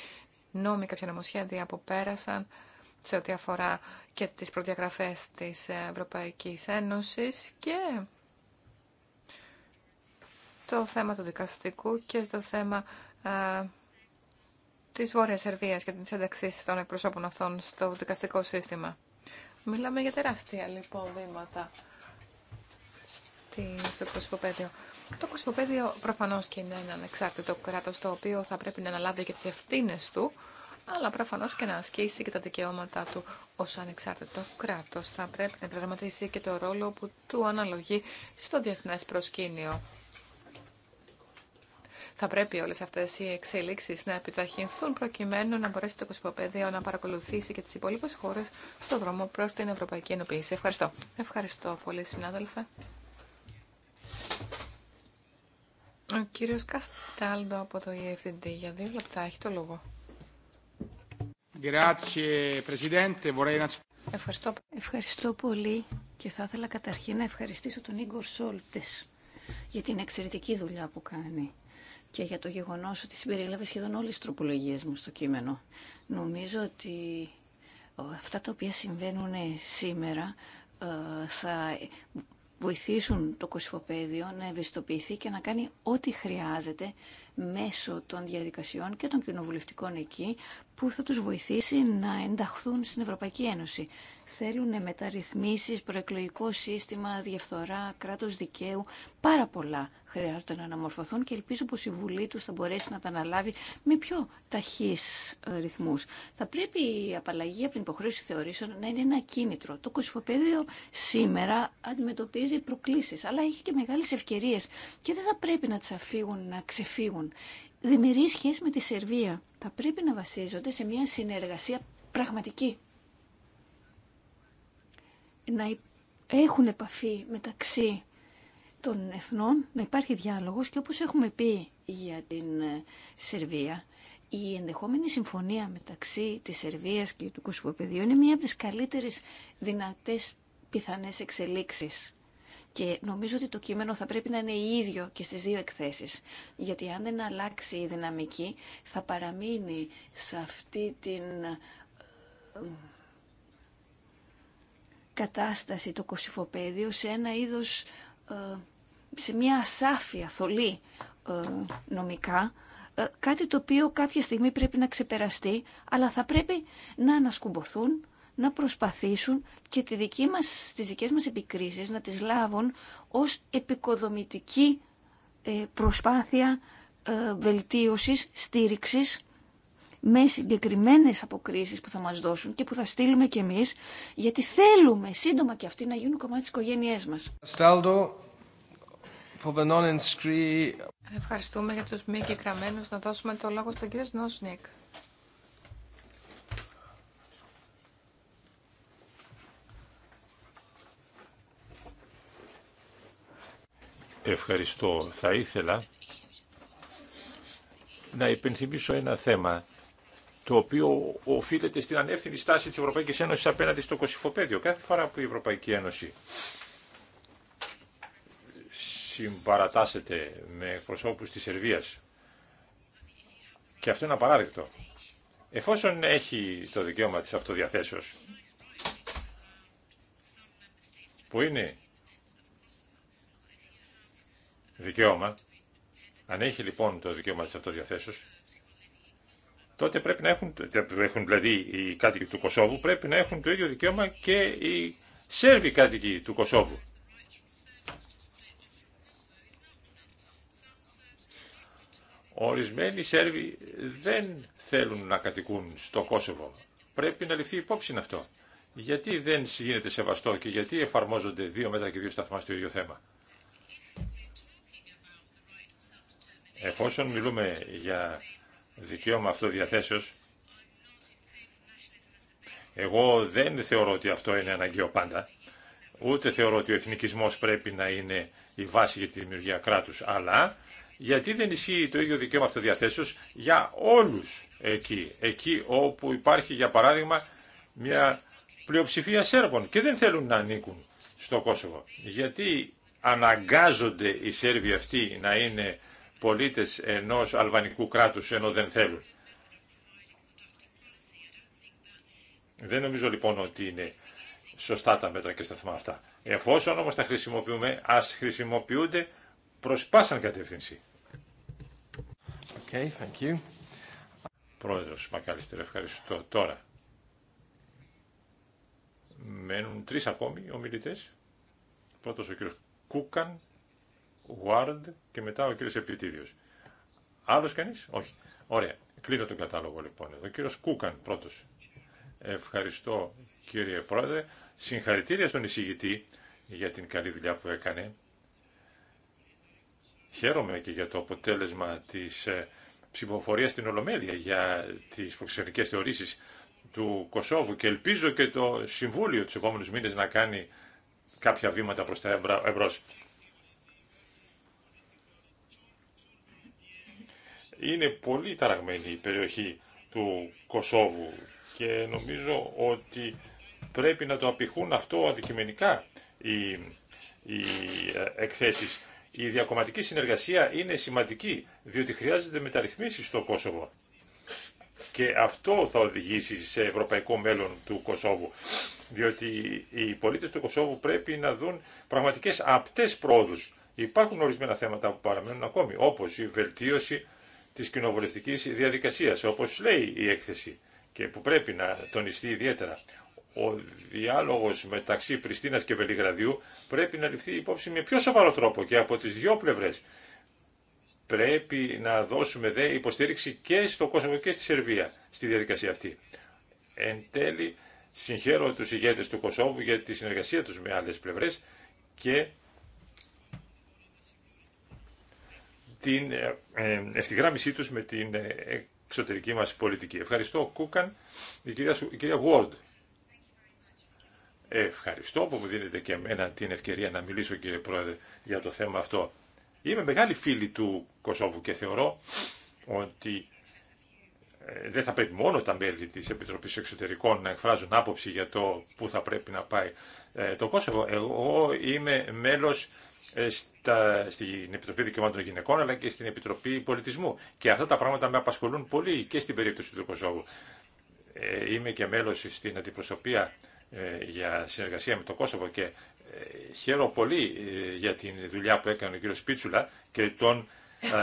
νόμοι, κάποια νομοσχέδια που πέρασαν σε ό,τι αφορά και τις προδιαγραφέ της Ευρωπαϊκής Ένωσης και το θέμα του δικαστικού και το θέμα α, ε, της Βόρειας Σερβίας και της ένταξης των εκπροσώπων αυτών στο δικαστικό σύστημα. Μιλάμε για τεράστια λοιπόν βήματα στο κοσμοπέδιο. Το κοσμοπέδιο προφανώς και είναι ένα ανεξάρτητο κράτος το οποίο θα πρέπει να αναλάβει και τις ευθύνε του αλλά προφανώς και να ασκήσει και τα δικαιώματα του ως ανεξάρτητο κράτος. Θα πρέπει να δραματίσει και το ρόλο που του αναλογεί στο διεθνές προσκήνιο. Θα πρέπει όλες αυτές οι εξελίξεις να επιταχυνθούν προκειμένου να μπορέσει το κοσμοπέδιο να παρακολουθήσει και τις υπόλοιπες χώρες στον δρόμο προς την Ευρωπαϊκή Ενωποίηση. Ευχαριστώ. Ευχαριστώ πολύ συνάδελφε. Ο κύριος Καστάλντο από το EFTD για δύο λεπτά έχει το λόγο. Ευχαριστώ. Ευχαριστώ πολύ και θα ήθελα καταρχήν να ευχαριστήσω τον Ίγκορ Σόλτες για την εξαιρετική δουλειά που κάνει και για το γεγονός ότι συμπεριέλαβε σχεδόν όλες τις τροπολογίες μου στο κείμενο. Νομίζω ότι ε, αυτά τα οποία συμβαίνουν ε, σήμερα ε, θα βοηθήσουν το κοσυφοπαίδιο να ευαισθητοποιηθεί και να κάνει ό,τι χρειάζεται μέσω των διαδικασιών και των κοινοβουλευτικών εκεί που θα τους βοηθήσει να ενταχθούν στην Ευρωπαϊκή Ένωση. Θέλουν μεταρρυθμίσεις, προεκλογικό σύστημα, διαφθορά, κράτος δικαίου. Πάρα πολλά χρειάζονται να αναμορφωθούν και ελπίζω πως η Βουλή τους θα μπορέσει να τα αναλάβει με πιο ταχύς ε, ρυθμούς. Θα πρέπει η απαλλαγή από την υποχρέωση θεωρήσεων να είναι ένα κίνητρο. Το κοσφοπέδιο σήμερα αντιμετωπίζει προκλήσεις, αλλά έχει και μεγάλες ευκαιρίες και δεν θα πρέπει να τις αφήγουν να ξεφύγουν εταίρων. Λοιπόν, με τη Σερβία θα πρέπει να βασίζονται σε μια συνεργασία πραγματική. Να έχουν επαφή μεταξύ των εθνών, να υπάρχει διάλογος και όπως έχουμε πει για την ε, Σερβία, η ενδεχόμενη συμφωνία μεταξύ της Σερβίας και του Κουσουβοπαιδίου είναι μία από τις καλύτερες δυνατές πιθανές εξελίξεις. Και νομίζω ότι το κείμενο θα πρέπει να είναι ίδιο και στις δύο εκθέσεις. Γιατί αν δεν αλλάξει η δυναμική θα παραμείνει σε αυτή την ε, κατάσταση το κοσυφοπαίδιο σε ένα είδος, ε, σε μια ασάφεια θολή ε, νομικά, κάτι το οποίο κάποια στιγμή πρέπει να ξεπεραστεί, αλλά θα πρέπει να ανασκουμποθούν να προσπαθήσουν και τη δική μας, τις δικές μας επικρίσεις να τις λάβουν ως επικοδομητική ε, προσπάθεια ε, βελτίωσης, στήριξης με συγκεκριμένε αποκρίσεις που θα μας δώσουν και που θα στείλουμε κι εμείς, γιατί θέλουμε σύντομα και αυτοί να γίνουν κομμάτι της οικογένειές μας. Ευχαριστούμε για τους μη κεκραμένους να δώσουμε το λόγο στον κύριο Σνόσνικ. Ευχαριστώ. Θα ήθελα να υπενθυμίσω ένα θέμα το οποίο οφείλεται στην ανεύθυνη στάση της Ευρωπαϊκής Ένωσης απέναντι στο Κωσυφοπέδιο. Κάθε φορά που η Ευρωπαϊκή Ένωση συμπαρατάσσεται με προσώπους της Σερβίας και αυτό είναι απαράδεκτο. Εφόσον έχει το δικαίωμα της αυτοδιαθέσεως που είναι δικαίωμα, αν έχει λοιπόν το δικαίωμα της αυτοδιαθέσεω, τότε πρέπει να έχουν, έχουν δηλαδή οι κάτοικοι του Κωσόβου, πρέπει να έχουν το ίδιο δικαίωμα και οι Σέρβοι κάτοικοι του Κωσόβου. Ορισμένοι Σέρβοι δεν θέλουν να κατοικούν στο Κόσοβο. Πρέπει να ληφθεί υπόψη αυτό. Γιατί δεν γίνεται σεβαστό και γιατί εφαρμόζονται δύο μέτρα και δύο σταθμά στο ίδιο θέμα. Εφόσον μιλούμε για δικαίωμα αυτοδιαθέσεως, εγώ δεν θεωρώ ότι αυτό είναι αναγκαίο πάντα, ούτε θεωρώ ότι ο εθνικισμός πρέπει να είναι η βάση για τη δημιουργία κράτους, αλλά γιατί δεν ισχύει το ίδιο δικαίωμα αυτοδιαθέσεως για όλους εκεί, εκεί όπου υπάρχει για παράδειγμα μια πλειοψηφία Σέρβων και δεν θέλουν να ανήκουν στο Κόσοβο. Γιατί αναγκάζονται οι Σέρβοι αυτοί να είναι πολίτες ενός αλβανικού κράτους ενώ δεν θέλουν. Δεν νομίζω λοιπόν ότι είναι σωστά τα μέτρα και σταθμά αυτά. Εφόσον όμως τα χρησιμοποιούμε, ας χρησιμοποιούνται προς πάσαν κατεύθυνση. Okay, thank you. Πρόεδρος Μακάλιστερ, ευχαριστώ. Τώρα, μένουν τρεις ακόμη ομιλητές. Πρώτος ο κύριος Κούκαν, Ward και μετά ο κύριο επιτήριο. Άλλο κανείς? Όχι. Ωραία. Κλείνω τον κατάλογο λοιπόν εδώ. Ο Κούκαν πρώτος. Ευχαριστώ κύριε Πρόεδρε. Συγχαρητήρια στον εισηγητή για την καλή δουλειά που έκανε. Χαίρομαι και για το αποτέλεσμα της ε, ψηφοφορίας στην Ολομέλεια για τις προξενικές θεωρήσεις του Κωσόβου και ελπίζω και το Συμβούλιο τους επόμενους μήνες να κάνει κάποια βήματα προς τα εμπρός. Είναι πολύ ταραγμένη η περιοχή του Κωσόβου και νομίζω ότι πρέπει να το απηχούν αυτό αντικειμενικά οι, οι ε, εκθέσεις. Η διακομματική συνεργασία είναι σημαντική, διότι χρειάζεται μεταρρυθμίσεις στο Κωσόβο Και αυτό θα οδηγήσει σε ευρωπαϊκό μέλλον του Κωσόβου. Διότι οι πολίτες του Κωσόβου πρέπει να δουν πραγματικές απτές πρόοδους. Υπάρχουν ορισμένα θέματα που παραμένουν ακόμη, όπως η βελτίωση Τη κοινοβουλευτικής διαδικασία, όπως λέει η έκθεση και που πρέπει να τονιστεί ιδιαίτερα. Ο διάλογος μεταξύ Πριστίνας και Βελιγραδιού πρέπει να ληφθεί υπόψη με πιο σοβαρό τρόπο και από τις δύο πλευρές. Πρέπει να δώσουμε δε υποστήριξη και στο Κόσμο και στη Σερβία στη διαδικασία αυτή. Εν τέλει, συγχαίρω τους ηγέτες του Κωσόβου για τη συνεργασία τους με άλλες πλευρές και την ε, ε, ευθυγράμμισή τους με την ε, εξωτερική μας πολιτική. Ευχαριστώ, Κούκαν, η κυρία, η κυρία Ευχαριστώ που μου δίνετε και εμένα την ευκαιρία να μιλήσω, κύριε Πρόεδρε, για το θέμα αυτό. Είμαι μεγάλη φίλη του Κωσόβου και θεωρώ ότι δεν θα πρέπει μόνο τα μέλη της Επιτροπής Εξωτερικών να εκφράζουν άποψη για το πού θα πρέπει να πάει το Κόσοβο. Εγώ είμαι μέλος ε, στην Επιτροπή Δικαιωμάτων Γυναικών αλλά και στην Επιτροπή Πολιτισμού. Και αυτά τα πράγματα με απασχολούν πολύ και στην περίπτωση του Κωσόβου. Ε, είμαι και μέλος στην αντιπροσωπεία ε, για συνεργασία με το Κόσοβο και χαίρομαι πολύ για την δουλειά που έκανε ο κύριος Σπίτσουλα και τον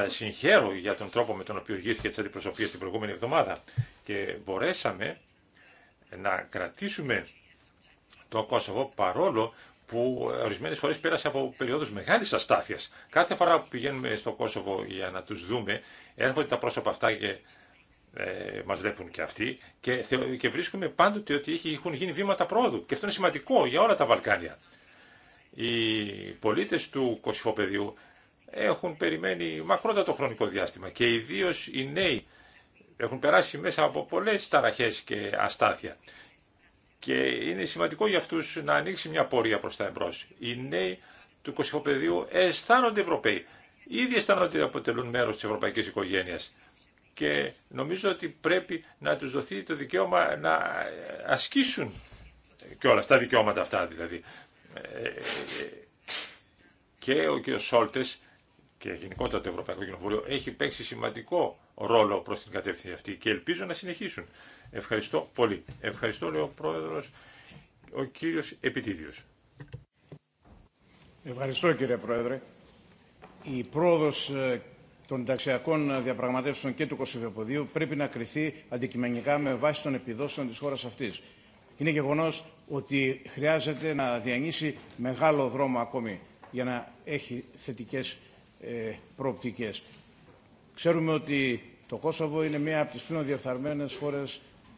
συγχαίρω για τον τρόπο με τον οποίο γύρθηκε τη αντιπροσωπεία την προηγούμενη εβδομάδα. Και μπορέσαμε να κρατήσουμε το Κόσοβο παρόλο που ορισμένε φορές πέρασε από περιόδου μεγάλη αστάθειας. Κάθε φορά που πηγαίνουμε στο Κόσοβο για να του δούμε, έρχονται τα πρόσωπα αυτά και ε, μας βλέπουν και αυτοί και, βρίσκουμε πάντοτε ότι έχουν γίνει βήματα πρόοδου. Και αυτό είναι σημαντικό για όλα τα Βαλκάνια. Οι πολίτες του Κωσυφοπεδίου έχουν περιμένει μακρότατο χρονικό διάστημα και ιδίω οι νέοι έχουν περάσει μέσα από πολλέ ταραχέ και αστάθεια και είναι σημαντικό για αυτούς να ανοίξει μια πορεία προς τα εμπρός. Οι νέοι του κοσυφοπεδίου αισθάνονται Ευρωπαίοι. Ήδη αισθάνονται ότι αποτελούν μέρος της ευρωπαϊκής οικογένειας. Και νομίζω ότι πρέπει να τους δοθεί το δικαίωμα να ασκήσουν και όλα αυτά δικαιώματα αυτά δηλαδή. Και ο κ. Σόλτες και γενικότερα το Ευρωπαϊκό Κοινοβούλιο έχει παίξει σημαντικό ρόλο προς την κατεύθυνση αυτή και ελπίζω να συνεχίσουν. Ευχαριστώ πολύ. Ευχαριστώ, λέει ο Πρόεδρος, ο κύριος Επιτίδιος. Ευχαριστώ, κύριε Πρόεδρε. Η πρόοδο ε, των ενταξιακών διαπραγματεύσεων και του Κωσυβεποδίου πρέπει να κριθεί αντικειμενικά με βάση των επιδόσεων της χώρας αυτής. Είναι γεγονός ότι χρειάζεται να διανύσει μεγάλο δρόμο ακόμη για να έχει θετικέ ε, προοπτικές. Ξέρουμε ότι το Κόσοβο είναι μία από τι πλέον διεφθαρμένε χώρε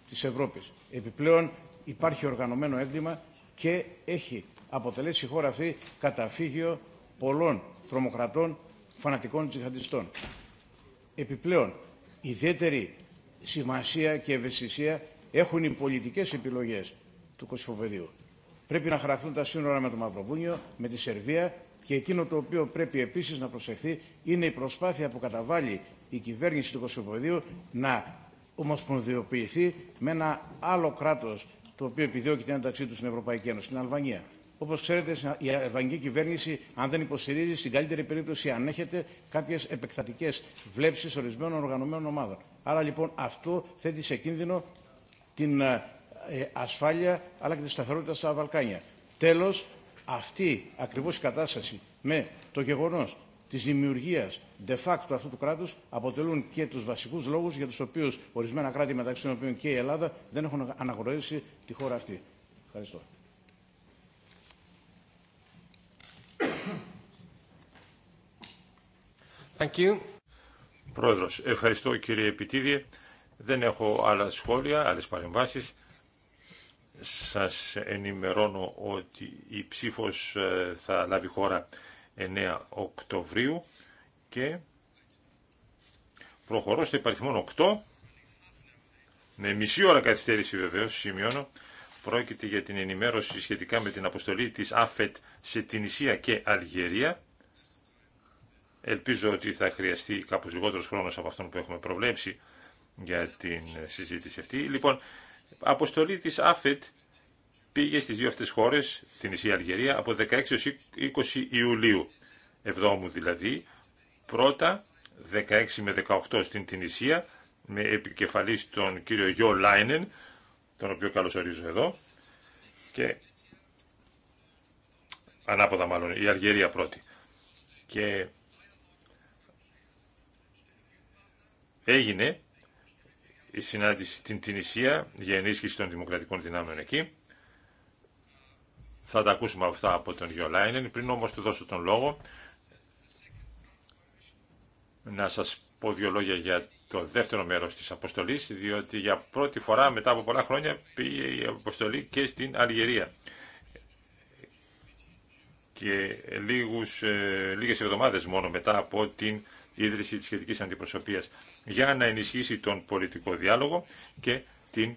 της Ευρώπης. Επιπλέον υπάρχει οργανωμένο έγκλημα και έχει αποτελέσει η χώρα αυτή καταφύγιο πολλών τρομοκρατών φανατικών τζιχαντιστών. Επιπλέον, ιδιαίτερη σημασία και ευαισθησία έχουν οι πολιτικές επιλογές του Κωσυφοπεδίου. Πρέπει να χαραχθούν τα σύνορα με το Μαυροβούνιο, με τη Σερβία και εκείνο το οποίο πρέπει επίσης να προσεχθεί είναι η προσπάθεια που καταβάλει η κυβέρνηση του Κωσυφοπεδίου να ομοσπονδιοποιηθεί με ένα άλλο κράτο το οποίο επιδιώκει την ένταξή του στην Ευρωπαϊκή Ένωση, την Αλβανία. Όπω ξέρετε, η αλβανική κυβέρνηση, αν δεν υποστηρίζει, στην καλύτερη περίπτωση ανέχεται κάποιε επεκτατικέ βλέψει ορισμένων οργανωμένων ομάδων. Άρα λοιπόν αυτό θέτει σε κίνδυνο την ε, ε, ασφάλεια αλλά και τη σταθερότητα στα Βαλκάνια. Τέλο, αυτή ακριβώ η κατάσταση με το γεγονό της δημιουργίας de facto αυτού του κράτους αποτελούν και τους βασικούς λόγους για τους οποίους ορισμένα κράτη μεταξύ των οποίων και η Ελλάδα δεν έχουν αναγνωρίσει τη χώρα αυτή. Ευχαριστώ. Thank you. Πρόεδρος, ευχαριστώ κύριε Επιτίδη. Δεν έχω άλλα σχόλια, άλλες παρεμβάσεις. Σας ενημερώνω ότι η ψήφος ε, θα λάβει χώρα 9 Οκτωβρίου και προχωρώ στο υπαριθμό 8 με μισή ώρα καθυστέρηση βεβαίως σημειώνω πρόκειται για την ενημέρωση σχετικά με την αποστολή της ΑΦΕΤ σε Τινησία και Αλγερία ελπίζω ότι θα χρειαστεί κάπως λιγότερος χρόνος από αυτόν που έχουμε προβλέψει για την συζήτηση αυτή λοιπόν αποστολή της ΑΦΕΤ πήγε στις δύο αυτές χώρες, την Ισία Αλγερία, από 16 έως 20 Ιουλίου, εβδόμου δηλαδή, πρώτα 16 με 18 στην Ισία, με επικεφαλής τον κύριο Γιώ Λάινεν, τον οποίο καλωσορίζω εδώ, και ανάποδα μάλλον, η Αλγερία πρώτη. Και έγινε η συνάντηση στην Τινησία για ενίσχυση των δημοκρατικών δυνάμεων εκεί. Θα τα ακούσουμε αυτά από τον Γιό Λάινεν. Πριν όμως του δώσω τον λόγο, να σας πω δύο λόγια για το δεύτερο μέρος της αποστολής, διότι για πρώτη φορά μετά από πολλά χρόνια πήγε η αποστολή και στην Αλγερία. Και λίγους, ε, λίγες εβδομάδες μόνο μετά από την ίδρυση της σχετικής αντιπροσωπείας για να ενισχύσει τον πολιτικό διάλογο και την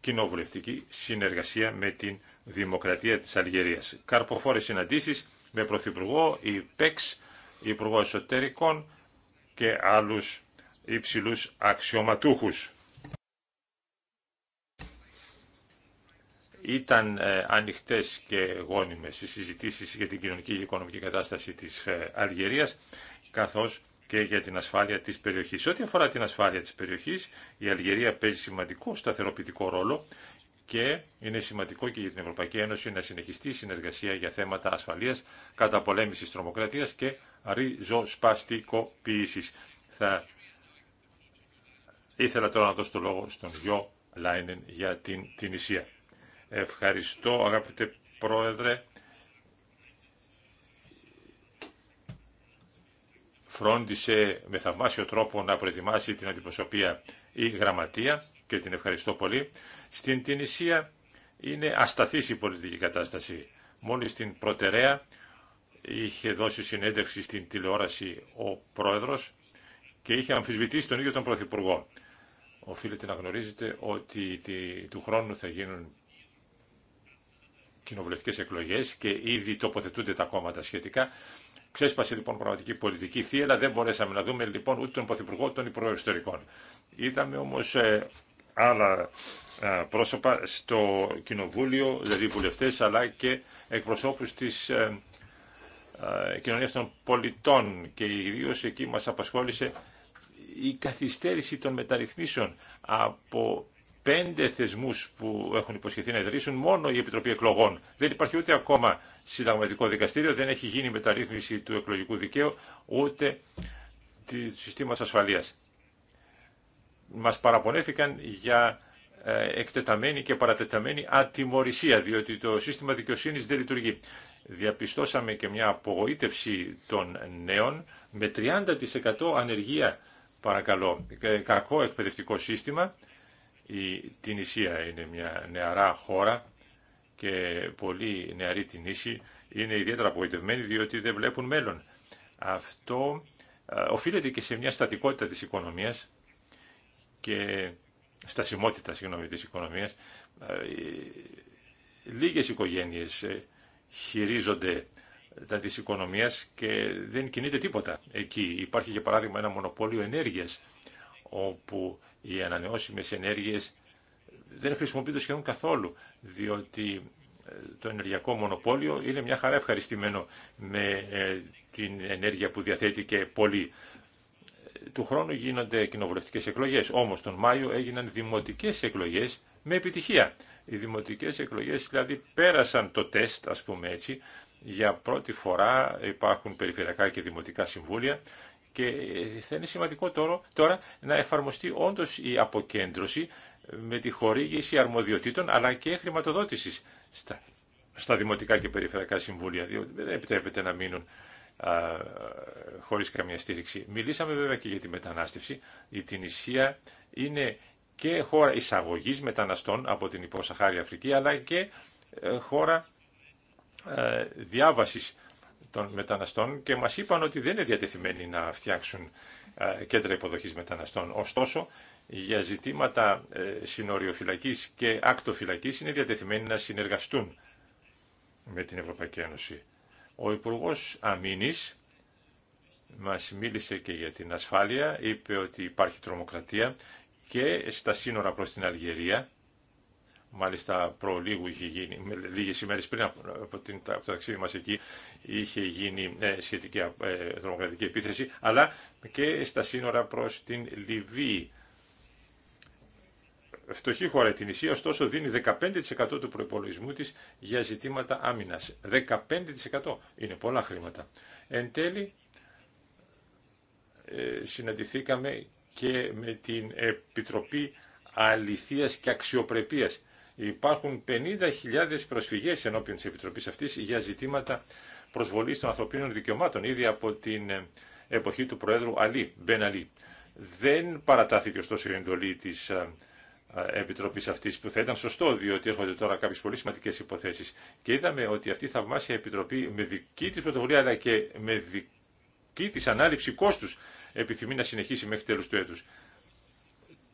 κοινοβουλευτική συνεργασία με την Δημοκρατία της Αλγερίας. Καρποφόρες συναντήσεις με Πρωθυπουργό, η Υπουργό Εσωτερικών και άλλους υψηλούς αξιωματούχους. Ήταν ε, ανοιχτές και γόνιμες οι συζητήσεις για την κοινωνική και οικονομική κατάσταση της ε, Αλγερίας, καθώς και για την ασφάλεια της περιοχής. Ό,τι αφορά την ασφάλεια της περιοχής, η Αλγερία παίζει σημαντικό σταθεροποιητικό ρόλο και είναι σημαντικό και για την Ευρωπαϊκή Ένωση να συνεχιστεί η συνεργασία για θέματα ασφαλείας, καταπολέμηση τρομοκρατίας και ριζοσπαστικοποίηση. Θα ήθελα τώρα να δώσω το λόγο στον Γιώ Λάινεν για την Τινησία. Ευχαριστώ αγαπητέ Πρόεδρε. Φρόντισε με θαυμάσιο τρόπο να προετοιμάσει την αντιπροσωπεία η Γραμματεία και την ευχαριστώ πολύ. Στην Τινησία είναι ασταθής η πολιτική κατάσταση. Μόλις στην Προτεραία είχε δώσει συνέντευξη στην τηλεόραση ο πρόεδρος και είχε αμφισβητήσει τον ίδιο τον Πρωθυπουργό. Οφείλετε να γνωρίζετε ότι του χρόνου θα γίνουν κοινοβουλευτικές εκλογές και ήδη τοποθετούνται τα κόμματα σχετικά. Ξέσπασε λοιπόν πραγματική πολιτική θύελα, δεν μπορέσαμε να δούμε λοιπόν ούτε τον Πρωθυπουργό ούτε τον Υπουργό Ιστορικών. Είδαμε όμω ε, άλλα ε, πρόσωπα στο Κοινοβούλιο, δηλαδή βουλευτέ, αλλά και εκπροσώπους της ε, ε, Κοινωνία των πολιτών και ιδίω εκεί μα απασχόλησε η καθυστέρηση των μεταρρυθμίσεων από πέντε θεσμούς που έχουν υποσχεθεί να ιδρύσουν μόνο η Επιτροπή Εκλογών. Δεν υπάρχει ούτε ακόμα συνταγματικό δικαστήριο, δεν έχει γίνει μεταρρύθμιση του εκλογικού δικαίου, ούτε του συστήματος ασφαλεία μας παραπονέθηκαν για ε, εκτεταμένη και παρατεταμένη ατιμορρησία, διότι το σύστημα δικαιοσύνης δεν λειτουργεί. Διαπιστώσαμε και μια απογοήτευση των νέων με 30% ανεργία, παρακαλώ, ε, κακό εκπαιδευτικό σύστημα. Η Τινησία είναι μια νεαρά χώρα και πολύ νεαροί Τινήσοι είναι ιδιαίτερα απογοητευμένοι διότι δεν βλέπουν μέλλον. Αυτό ε, οφείλεται και σε μια στατικότητα της οικονομίας και στασιμότητα συγγνώμη, της οικονομίας. Ε, λίγες οικογένειες ε, χειρίζονται τα της οικονομίας και δεν κινείται τίποτα εκεί. Υπάρχει για παράδειγμα ένα μονοπόλιο ενέργειας όπου οι ανανεώσιμες ενέργειες δεν χρησιμοποιούνται σχεδόν καθόλου διότι ε, το ενεργειακό μονοπόλιο είναι μια χαρά ευχαριστημένο με την ενέργεια που διαθέτει και πολύ του χρόνου γίνονται κοινοβουλευτικές εκλογές, όμως τον Μάιο έγιναν δημοτικές εκλογές με επιτυχία. Οι δημοτικές εκλογές δηλαδή πέρασαν το τεστ, ας πούμε έτσι, για πρώτη φορά υπάρχουν περιφερειακά και δημοτικά συμβούλια και ε, θα είναι σημαντικό τώρα, τώρα να εφαρμοστεί όντως η αποκέντρωση με τη χορήγηση αρμοδιοτήτων αλλά και χρηματοδότησης στα, στα δημοτικά και περιφερειακά συμβούλια, διότι δεν επιτρέπεται να μείνουν χωρίς καμία στήριξη. Μιλήσαμε βέβαια και για τη μετανάστευση. Η Τινησία είναι και χώρα εισαγωγή μεταναστών από την υποσαχάρη Αφρική, αλλά και ε, χώρα ε, διάβασης των μεταναστών και μας είπαν ότι δεν είναι διατεθειμένοι να φτιάξουν ε, κέντρα υποδοχής μεταναστών. Ωστόσο, για ζητήματα συνοριοφυλακής και ακτοφυλακής είναι διατεθειμένοι να συνεργαστούν με την Ευρωπαϊκή Ένωση. Ο Υπουργός Αμήνης μας μίλησε και για την ασφάλεια, είπε ότι υπάρχει τρομοκρατία και στα σύνορα προς την Αλγερία, μάλιστα προ λίγου είχε γίνει, λίγες ημέρες πριν από, την, από το ταξίδι μας εκεί, είχε γίνει ε, σχετική ε, τρομοκρατική επίθεση, αλλά και στα σύνορα προς την Λιβύη φτωχή χώρα την Ισία, ωστόσο δίνει 15% του προπολογισμού της για ζητήματα άμυνας. 15% είναι πολλά χρήματα. Εν τέλει, ε, συναντηθήκαμε και με την Επιτροπή Αληθείας και Αξιοπρεπίας. Υπάρχουν 50.000 προσφυγές ενώπιον της Επιτροπής αυτής για ζητήματα προσβολής των ανθρωπίνων δικαιωμάτων, ήδη από την ε, εποχή του Προέδρου Αλή, Μπεν Αλή. Δεν παρατάθηκε ωστόσο η εντολή της ε, ε, επιτροπής αυτής που θα ήταν σωστό διότι έρχονται τώρα κάποιες πολύ σημαντικέ υποθέσεις και είδαμε ότι αυτή η θαυμάσια Επιτροπή με δική τη πρωτοβουλία αλλά και με δική τη ανάληψη κόστους επιθυμεί να συνεχίσει μέχρι τέλου του έτους.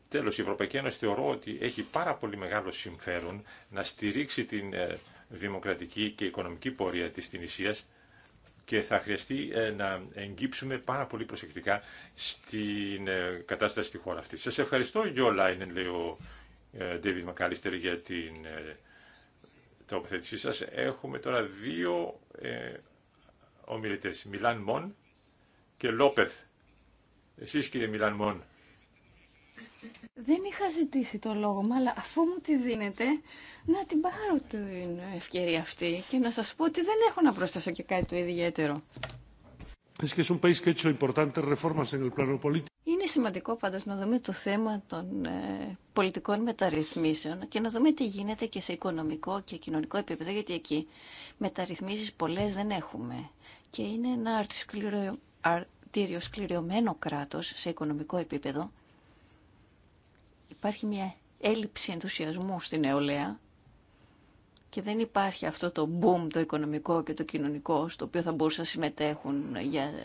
Τέλος, η Ευρωπαϊκή Ένωση θεωρώ ότι έχει πάρα πολύ μεγάλο συμφέρον να στηρίξει την ε, δημοκρατική και οικονομική πορεία τη Τινησία, και θα χρειαστεί ε, να εγγύψουμε πάρα πολύ προσεκτικά στην ε, κατάσταση στη χώρα αυτή. Σα ευχαριστώ Γιώλα, Λάινεν, λέει ο Ντέβιν ε, Μακάλιστερ για την τοποθέτησή σας. Έχουμε τώρα δύο ε, ομιλητές, Μιλάν Μον και Λόπεθ. Εσείς κύριε Μιλάν Μον. Δεν είχα ζητήσει το λόγο μου, αλλά αφού μου τη δίνετε, να την πάρω την ευκαιρία αυτή και να σας πω ότι δεν έχω να προσθέσω και κάτι το ιδιαίτερο. Είναι σημαντικό πάντως να δούμε το θέμα των ε, πολιτικών μεταρρυθμίσεων και να δούμε τι γίνεται και σε οικονομικό και κοινωνικό επίπεδο, γιατί εκεί μεταρρυθμίσεις πολλές δεν έχουμε. Και είναι ένα αρτήριο σκληριωμένο κράτος σε οικονομικό επίπεδο. Υπάρχει μια έλλειψη ενθουσιασμού στην νεολαία και δεν υπάρχει αυτό το boom το οικονομικό και το κοινωνικό στο οποίο θα μπορούσαν να συμμετέχουν γιατί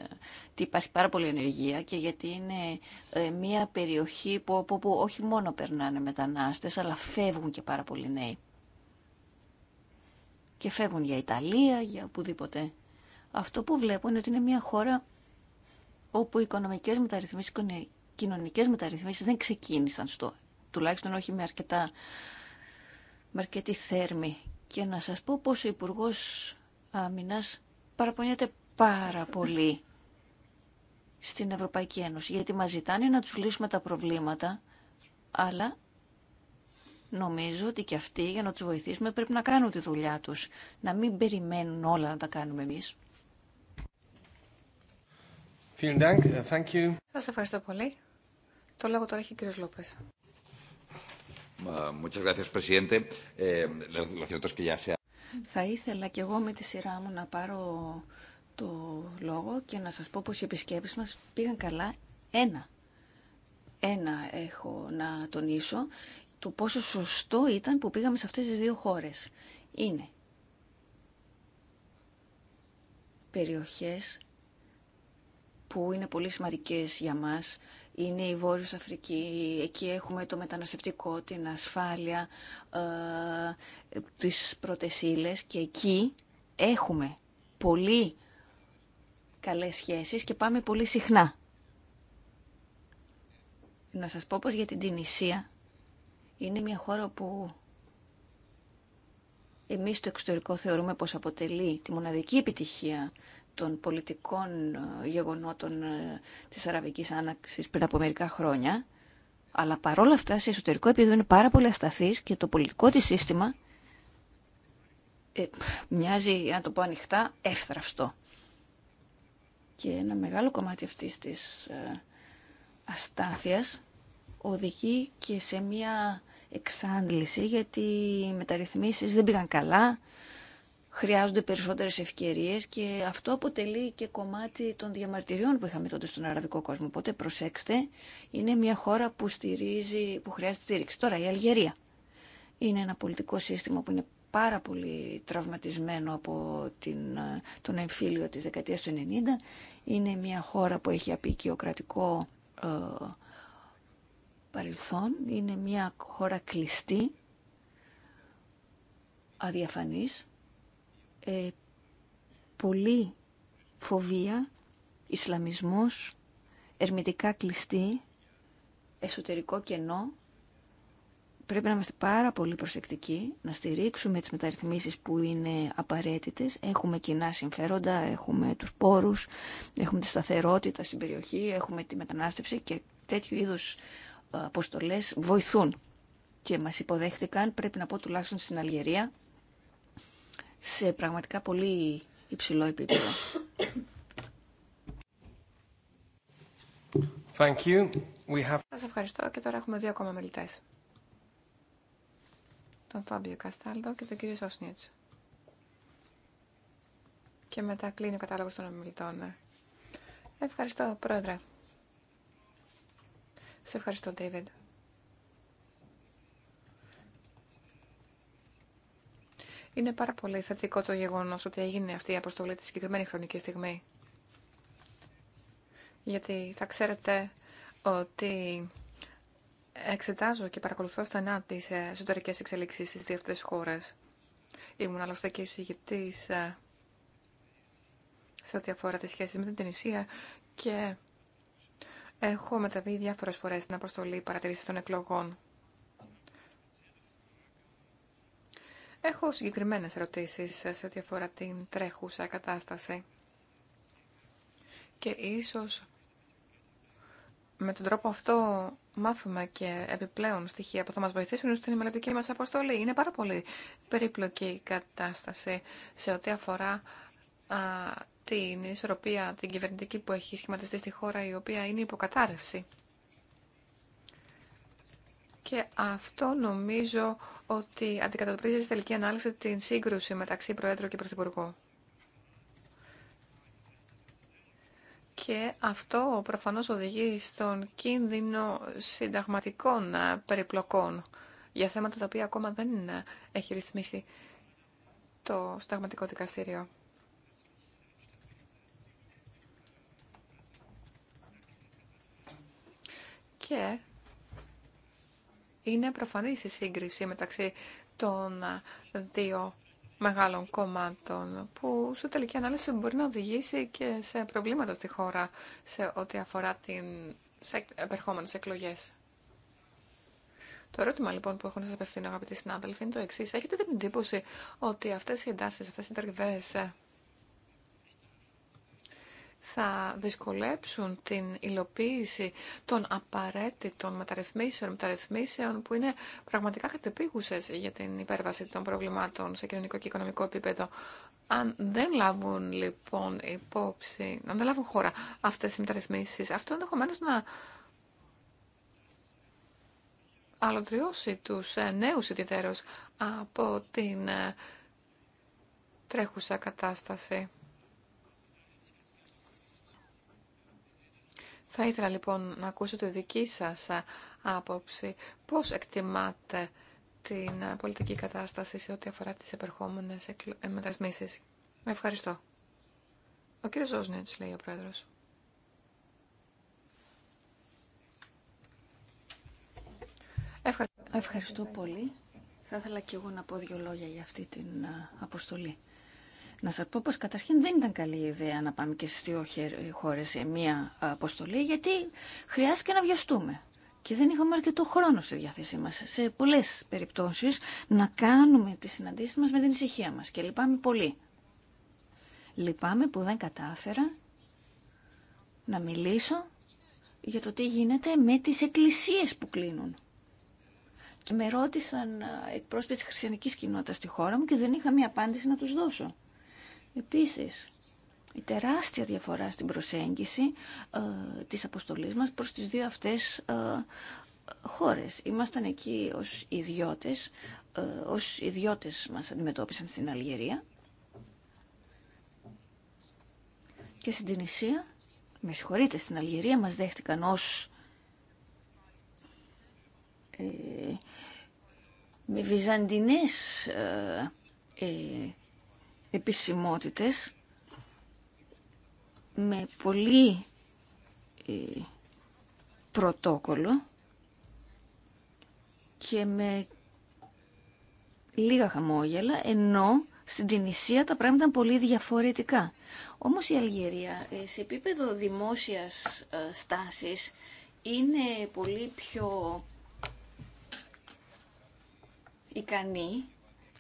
υπάρχει πάρα πολλή ενεργεία και γιατί είναι ε, μια περιοχή που, από που όχι μόνο περνάνε μετανάστες αλλά φεύγουν και πάρα πολλοί νέοι. Και φεύγουν για Ιταλία, για οπουδήποτε. Αυτό που βλέπω είναι ότι είναι μια χώρα όπου οι οικονομικές μεταρρυθμίσεις, οι κοινωνικές μεταρρυθμίσεις δεν ξεκίνησαν στο, τουλάχιστον όχι με αρκετά με αρκετή θέρμη και να σας πω πως ο υπουργό Άμυνας παραπονιέται πάρα πολύ στην Ευρωπαϊκή Ένωση, γιατί μας ζητάνε να τους λύσουμε τα προβλήματα, αλλά νομίζω ότι και αυτοί για να τους βοηθήσουμε πρέπει να κάνουν τη δουλειά τους, να μην περιμένουν όλα να τα κάνουμε εμείς. Σας ευχαριστώ πολύ. Το λόγο τώρα έχει ο κ. Λόπες. Muchas gracias, presidente. Ε, Θα ήθελα κι εγώ με τη σειρά μου να πάρω το λόγο και να σας πω πως οι επισκέψεις μας πήγαν καλά ένα. Ένα έχω να τονίσω, το πόσο σωστό ήταν που πήγαμε σε αυτές τις δύο χώρες. Είναι περιοχές που είναι πολύ σημαντικές για μας είναι η Βόρειο Αφρική. Εκεί έχουμε το μεταναστευτικό, την ασφάλεια, ε, τις και εκεί έχουμε πολύ καλές σχέσεις και πάμε πολύ συχνά. Να σας πω πως για την Τινησία είναι μια χώρα που εμείς το εξωτερικό θεωρούμε πως αποτελεί τη μοναδική επιτυχία των πολιτικών ε, γεγονότων ε, της Αραβικής Άναξης πριν από μερικά χρόνια, αλλά παρόλα αυτά σε εσωτερικό επίπεδο είναι πάρα πολύ ασταθής και το πολιτικό της σύστημα ε, μοιάζει, αν το πω ανοιχτά, εύθραυστο. Και ένα μεγάλο κομμάτι αυτής της αστάθειας οδηγεί και σε μία εξάντληση γιατί οι μεταρρυθμίσεις δεν πήγαν καλά, χρειάζονται περισσότερες ευκαιρίες και αυτό αποτελεί και κομμάτι των διαμαρτυριών που είχαμε τότε στον αραβικό κόσμο. Οπότε προσέξτε, είναι μια χώρα που, στηρίζει, που χρειάζεται στήριξη. Τώρα η Αλγερία είναι ένα πολιτικό σύστημα που είναι πάρα πολύ τραυματισμένο από την, τον εμφύλιο της δεκαετίας του 90. Είναι μια χώρα που έχει απεικιοκρατικό ε, παρελθόν. Είναι μια χώρα κλειστή, αδιαφανής ε, φοβία, Ισλαμισμός, ερμητικά κλειστή, εσωτερικό κενό. Πρέπει να είμαστε πάρα πολύ προσεκτικοί, να στηρίξουμε τις μεταρρυθμίσεις που είναι απαραίτητες. Έχουμε κοινά συμφέροντα, έχουμε τους πόρους, έχουμε τη σταθερότητα στην περιοχή, έχουμε τη μετανάστευση και τέτοιου είδους ε, αποστολές βοηθούν και μας υποδέχτηκαν, πρέπει να πω τουλάχιστον στην Αλγερία, σε πραγματικά πολύ υψηλό επίπεδο. Thank have... ευχαριστώ και τώρα έχουμε δύο ακόμα μελητές. Τον Φάμπιο Καστάλδο και τον κύριο Σόσνιετς. Και μετά κλείνει ο τον των ομιλητών. Ευχαριστώ, Πρόεδρε. Σε ευχαριστώ, David. Είναι πάρα πολύ θετικό το γεγονό ότι έγινε αυτή η αποστολή τη συγκεκριμένη χρονική στιγμή. Γιατί θα ξέρετε ότι εξετάζω και παρακολουθώ στενά τι εσωτερικέ εξελίξει στι δύο αυτέ χώρε. Ήμουν άλλωστε και εισηγητή ε, σε ό,τι αφορά τις σχέσεις με την Τινησία και έχω μεταβεί διάφορες φορές στην αποστολή παρατηρήσεις των εκλογών. Έχω συγκεκριμένες ερωτήσεις σε ό,τι αφορά την τρέχουσα κατάσταση. Και ίσως με τον τρόπο αυτό μάθουμε και επιπλέον στοιχεία που θα μας βοηθήσουν στην μελλοντική μας αποστολή. Είναι πάρα πολύ περίπλοκη η κατάσταση σε ό,τι αφορά α, την ισορροπία, την κυβερνητική που έχει σχηματιστεί στη χώρα, η οποία είναι υποκατάρρευση. Και αυτό νομίζω ότι αντικατοπτρίζει στη τελική ανάλυση την σύγκρουση μεταξύ Προέδρου και Πρωθυπουργού. Και αυτό προφανώς οδηγεί στον κίνδυνο συνταγματικών ε, περιπλοκών για θέματα τα οποία ακόμα δεν ε, έχει ρυθμίσει το συνταγματικό δικαστήριο. Και είναι προφανής η σύγκριση μεταξύ των δύο μεγάλων κομμάτων που σε τελική ανάλυση μπορεί να οδηγήσει και σε προβλήματα στη χώρα σε ό,τι αφορά την σε εκλογέ. Το ερώτημα λοιπόν που έχω να σα απευθύνω αγαπητοί συνάδελφοι είναι το εξή, Έχετε την εντύπωση ότι αυτές οι εντάσει, αυτές οι τερβέ θα δυσκολέψουν την υλοποίηση των απαραίτητων μεταρρυθμίσεων, μεταρρυθμίσεων που είναι πραγματικά κατεπίγουσες για την υπέρβαση των προβλημάτων σε κοινωνικό και οικονομικό επίπεδο. Αν δεν λάβουν λοιπόν υπόψη, αν δεν λάβουν χώρα αυτές οι μεταρρυθμίσεις, αυτό ενδεχομένω να αλωτριώσει τους ε, νέους ιδιαίτερους από την ε, τρέχουσα κατάσταση. Θα ήθελα λοιπόν να ακούσω τη δική σας ε, άποψη. Πώς εκτιμάτε την ε, πολιτική κατάσταση σε ό,τι αφορά τις επερχόμενες ε, μεταρρυθμίσεις. Ευχαριστώ. Ο κύριος Ζόσνετς, λέει ο πρόεδρος. Ευχαριστώ πολύ. Θα ήθελα και εγώ να πω δύο λόγια για αυτή την αποστολή. Να σα πω πω καταρχήν δεν ήταν καλή ιδέα να πάμε και στι δύο χώρε σε μία αποστολή, γιατί χρειάστηκε να βιαστούμε. Και δεν είχαμε αρκετό χρόνο στη διάθεσή μα, σε πολλέ περιπτώσει να κάνουμε τι συναντήσει μα με την ησυχία μα. Και λυπάμαι πολύ. Λυπάμαι που δεν κατάφερα να μιλήσω για το τι γίνεται με τις εκκλησίες που κλείνουν. Και με ρώτησαν ε, εκπρόσωποι της χριστιανικής κοινότητας στη χώρα μου και δεν είχα μία απάντηση να τους δώσω. Επίσης, η τεράστια διαφορά στην προσέγγιση ε, της αποστολής μας προς τις δύο αυτές ε, χώρες. Ήμασταν εκεί ως ιδιώτες, ε, ως ιδιώτες μας αντιμετώπισαν στην Αλγερία και στην Τινησία, με συγχωρείτε, στην Αλγερία μας δέχτηκαν ως ε, με βυζαντινές ε, ε επισημότητες με πολύ ε, πρωτόκολλο και με λίγα χαμόγελα, ενώ στην Τινησία τα πράγματα ήταν πολύ διαφορετικά. Όμως η Αλγερία ε, σε επίπεδο δημόσιας ε, στάσης είναι πολύ πιο ικανή,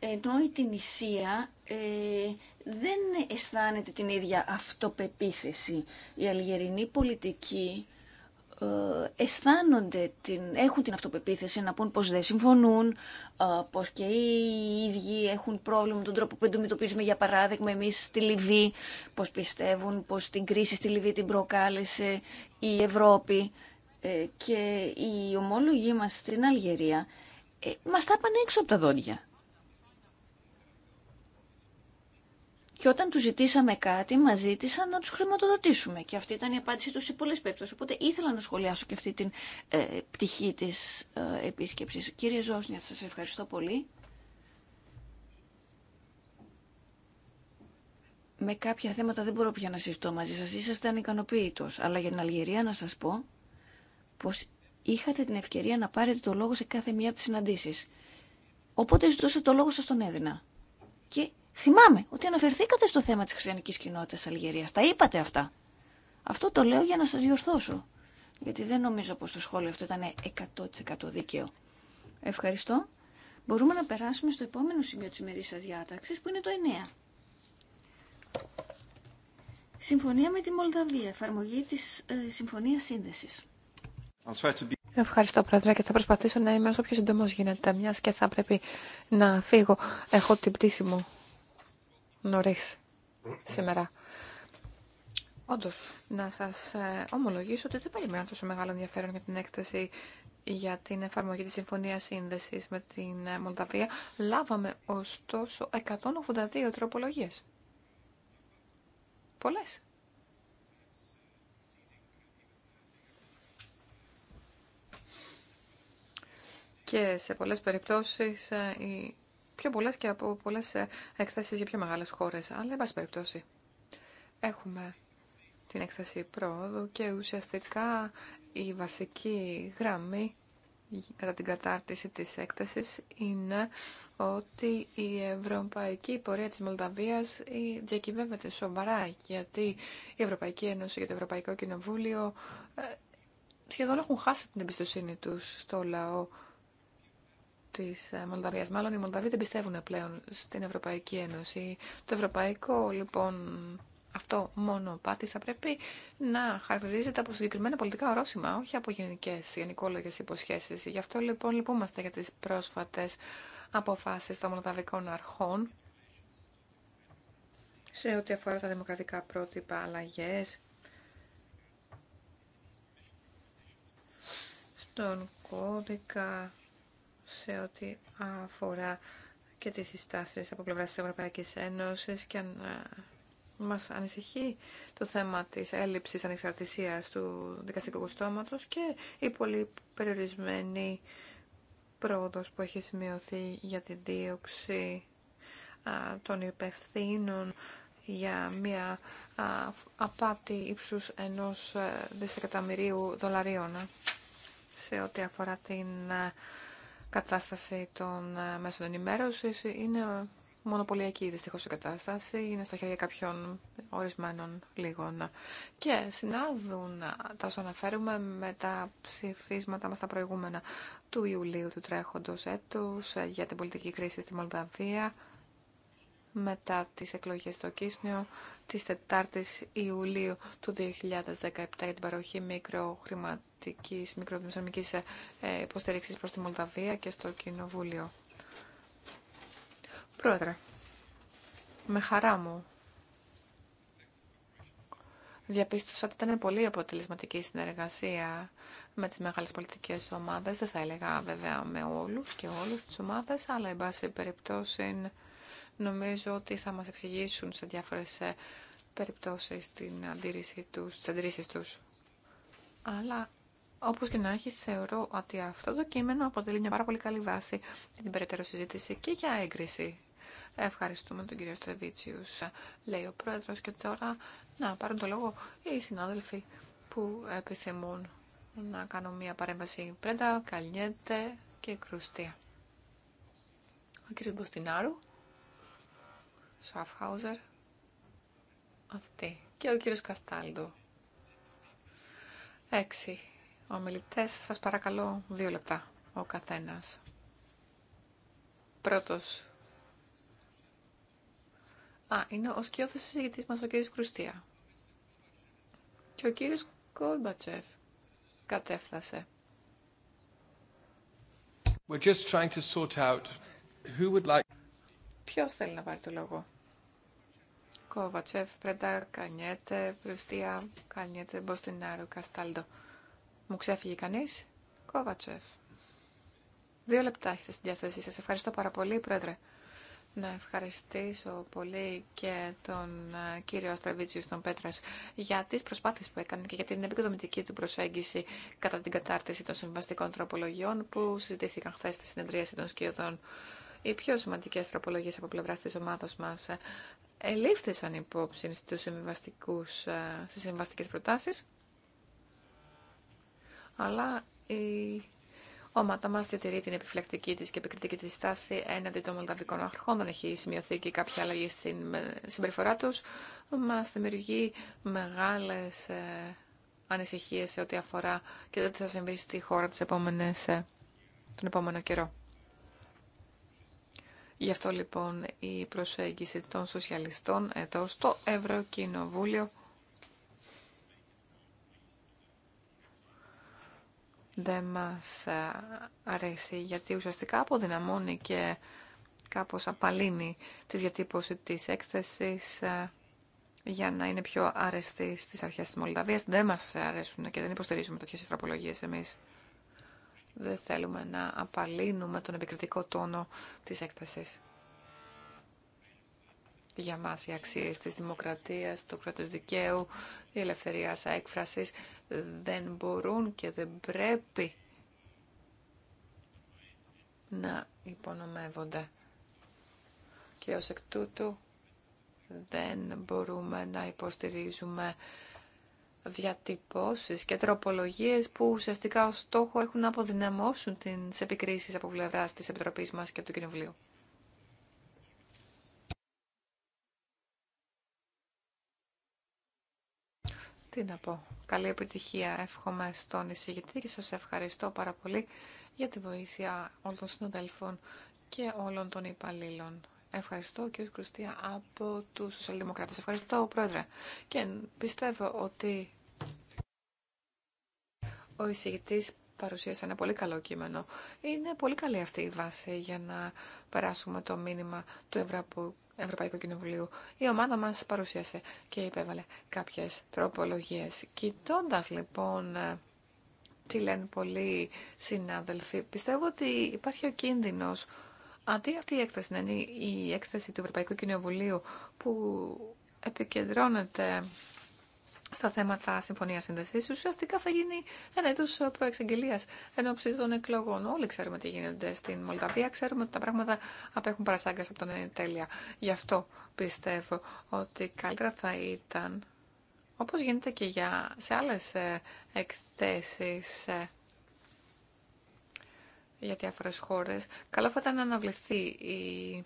ενώ η Τινησία ε, δεν αισθάνεται την ίδια αυτοπεποίθηση. Οι αλγερινή πολιτικοί ε, αισθάνονται, την, έχουν την αυτοπεποίθηση να πούν πως δεν συμφωνούν, ε, πως και οι ίδιοι έχουν πρόβλημα με τον τρόπο που αντιμετωπίζουμε για παράδειγμα εμείς στη Λιβύη, πως πιστεύουν πως την κρίση στη Λιβύη την προκάλεσε η Ευρώπη ε, και οι ομόλογοι μας στην Αλγερία μας τα έξω από τα δόντια. Και όταν του ζητήσαμε κάτι, μα ζήτησαν να του χρηματοδοτήσουμε. Και αυτή ήταν η απάντησή του σε πολλέ περιπτώσει. Οπότε ήθελα να σχολιάσω και αυτή την ε, πτυχή τη ε, επίσκεψη. Κύριε Ζώσνια, σα ευχαριστώ πολύ. Με κάποια θέματα δεν μπορώ πια να συζητώ μαζί σας, Είσαστε ανικανοποιητό. Αλλά για την Αλγερία να σα πω πώ είχατε την ευκαιρία να πάρετε το λόγο σε κάθε μία από τι συναντήσει. Οπότε ζητούσα το λόγο σα τον έδινα. Και Θυμάμαι ότι αναφερθήκατε στο θέμα της χριστιανικής κοινότητας Αλγερίας. Τα είπατε αυτά. Αυτό το λέω για να σας διορθώσω. Γιατί δεν νομίζω πως το σχόλιο αυτό ήταν 100% δίκαιο. Ευχαριστώ. Μπορούμε να περάσουμε στο επόμενο σημείο της σας διάταξης που είναι το 9. Συμφωνία με τη Μολδαβία. Εφαρμογή της ε, Συμφωνίας Σύνδεσης. Ευχαριστώ, Πρόεδρε, και θα προσπαθήσω να είμαι όσο πιο σύντομο γίνεται, μια και θα πρέπει να φύγω. Έχω την πτήση μου. Νωρί σήμερα. Όντω, να σα ε, ομολογήσω ότι δεν περίμενα τόσο μεγάλο ενδιαφέρον για την έκθεση για την εφαρμογή τη συμφωνία Σύνδεσης με την ε, Μολδαβία. Λάβαμε ωστόσο 182 τροπολογίες. Πολλέ. Και σε πολλές περιπτώσεις ε, η πιο πολλέ και από πολλές ε, εκθέσεις για πιο μεγάλες χώρες. Αλλά, εν πάση περιπτώσει, έχουμε την έκθεση πρόοδου και ουσιαστικά η βασική γραμμή κατά την κατάρτιση της έκθεσης είναι ότι η ευρωπαϊκή πορεία της Μολδαβίας ε, διακυβεύεται σοβαρά γιατί η Ευρωπαϊκή Ένωση και το Ευρωπαϊκό Κοινοβούλιο ε, σχεδόν έχουν χάσει την εμπιστοσύνη τους στο λαό τη ε, Μολδαβία. Μάλλον οι Μολδαβοί δεν πιστεύουν πλέον στην Ευρωπαϊκή Ένωση. Το ευρωπαϊκό λοιπόν αυτό μόνο πάτη θα πρέπει να χαρακτηρίζεται από συγκεκριμένα πολιτικά ορόσημα, όχι από γενικέ γενικόλογε υποσχέσει. Γι' αυτό λοιπόν λυπούμαστε για τι πρόσφατε αποφάσει των Μολδαβικών αρχών σε ό,τι αφορά τα δημοκρατικά πρότυπα, αλλαγέ στον κώδικα σε ό,τι αφορά και τις συστάσεις από πλευράς της Ευρωπαϊκής Ένωσης και αν ε, μας ανησυχεί το θέμα της έλλειψης ανεξαρτησίας του δικαστικού στόματος και η πολύ περιορισμένη πρόοδος που έχει σημειωθεί για τη δίωξη των υπευθύνων για μια απάτη ύψους ενός ε, δισεκατομμυρίου δολαρίων ε, σε ό,τι αφορά την κατάσταση των ε, μέσων ενημέρωση. είναι μονοπωλιακή δυστυχώ η κατάσταση, είναι στα χέρια κάποιων ορισμένων λίγων. Και συνάδουν, τα όσα αναφέρουμε, με τα ψηφίσματα μας τα προηγούμενα του Ιουλίου του τρέχοντος έτους ε, για την πολιτική κρίση στη Μολδαβία, μετά τις εκλογές στο Κίσνιο, της 4 η Ιουλίου του 2017 για την παροχή μικροχρηματικών πολιτικής ε, ε υποστήριξη προ τη Μολδαβία και στο Κοινοβούλιο. Πρόεδρε, με χαρά μου διαπίστωσα ότι ήταν πολύ αποτελεσματική η συνεργασία με τις μεγάλες πολιτικές ομάδες. Δεν θα έλεγα βέβαια με όλους και όλες τις ομάδες, αλλά εν πάση περιπτώσει νομίζω ότι θα μας εξηγήσουν σε διάφορες ε, περιπτώσεις την αντίρρηση τους, Αλλά όπως και να έχει, θεωρώ ότι αυτό το κείμενο αποτελεί μια πάρα πολύ καλή βάση για την περαιτέρω συζήτηση και για έγκριση. Ευχαριστούμε τον κύριο Στρεβίτσιους, λέει ο πρόεδρος και τώρα να πάρουν το λόγο οι συνάδελφοι που επιθυμούν να κάνουν μια παρέμβαση πρέντα, καλνιέται και κρουστία. Ο κύριος Μποστινάρου, Σαφχάουζερ, αυτή και ο κύριος Καστάλντο. Έξι Ομιλητές, σας παρακαλώ δύο λεπτά ο καθένας. Πρώτος. Α, είναι ο σκιώδη συζητητή μας ο κύριος Κρουστία. Και ο κύριος Κόλμπατσεφ κατέφθασε. We're just trying to sort out who would like... Ποιος θέλει να πάρει το λόγο. Κόβατσεφ, Πρέντα, Κανιέτε, Κρουστία, Κανιέτε, Μποστινάρου, Καστάλντο. Μου ξέφυγε κανεί, Κόβατσεφ. Δύο λεπτά έχετε στην διάθεσή σα. Ευχαριστώ πάρα πολύ, Πρόεδρε. Να ευχαριστήσω πολύ και τον ε, κύριο Αστραβίτσιου τον Πέτρα για τι προσπάθειε που έκανε και για την επικοδομητική του προσέγγιση κατά την κατάρτιση των συμβαστικών τροπολογιών που συζητήθηκαν χθε στη συνεδρίαση των σκιωδών. Οι πιο σημαντικέ τροπολογίε από πλευρά τη ομάδα μα ε, ελήφθησαν υπόψη στους συμβαστικούς, ε, στις αλλά η ομάδα μα διατηρεί την επιφυλακτική τη και επικριτική τη στάση έναντι των μολδαβικών αρχών. Δεν έχει σημειωθεί και κάποια αλλαγή στην συμπεριφορά του, μα δημιουργεί μεγάλες ε, ανησυχίε σε ό,τι αφορά και το τι θα συμβεί στη χώρα τις επόμενες, ε, τον επόμενο καιρό. Γι' αυτό λοιπόν η προσέγγιση των σοσιαλιστών εδώ στο Ευρωκοινοβούλιο δεν μας ε, αρέσει γιατί ουσιαστικά αποδυναμώνει και κάπως απαλύνει τη διατύπωση της έκθεσης ε, για να είναι πιο αρεστή στις αρχές της Μολδαβίας. Δεν μας αρέσουν και δεν υποστηρίζουμε τέτοιες ιστραπολογίες εμείς. Δεν θέλουμε να απαλύνουμε τον επικριτικό τόνο της έκθεσης για μας οι αξίες της δημοκρατίας, του κράτος δικαίου, η ελευθερία έκφραση δεν μπορούν και δεν πρέπει να υπονομεύονται. Και ως εκ τούτου δεν μπορούμε να υποστηρίζουμε διατυπώσεις και τροπολογίες που ουσιαστικά ως στόχο έχουν να αποδυναμώσουν τις επικρίσεις από πλευράς της Επιτροπής μας και του Κοινοβουλίου. Τι να πω. Καλή επιτυχία εύχομαι στον εισηγητή και σας ευχαριστώ πάρα πολύ για τη βοήθεια όλων των συναδέλφων και όλων των υπαλλήλων. Ευχαριστώ και Κρουστία από τους Σοσιαλδημοκράτες. Ευχαριστώ Πρόεδρε. Και πιστεύω ότι ο εισηγητή παρουσίασε ένα πολύ καλό κείμενο. Είναι πολύ καλή αυτή η βάση για να περάσουμε το μήνυμα του Ευρωπαϊκού Ευρωπαϊκού Κοινοβουλίου, η ομάδα μας παρουσίασε και υπέβαλε κάποιες τροπολογίες. Κοιτώντα λοιπόν ε, τι λένε πολλοί συνάδελφοι, πιστεύω ότι υπάρχει ο κίνδυνος Αντί αυτή η έκθεση να είναι η έκθεση του Ευρωπαϊκού Κοινοβουλίου που επικεντρώνεται στα θέματα συμφωνία σύνδεση, ουσιαστικά θα γίνει ένα είδο προεξαγγελία εν των εκλογών. Όλοι ξέρουμε τι γίνονται στην Μολδαβία, ξέρουμε ότι τα πράγματα απέχουν παρασάγκα από τον τέλεια. Γι' αυτό πιστεύω ότι καλύτερα θα ήταν, όπω γίνεται και για, σε άλλε εκθέσει ε, για διάφορε χώρε, καλό θα ήταν να αναβληθεί η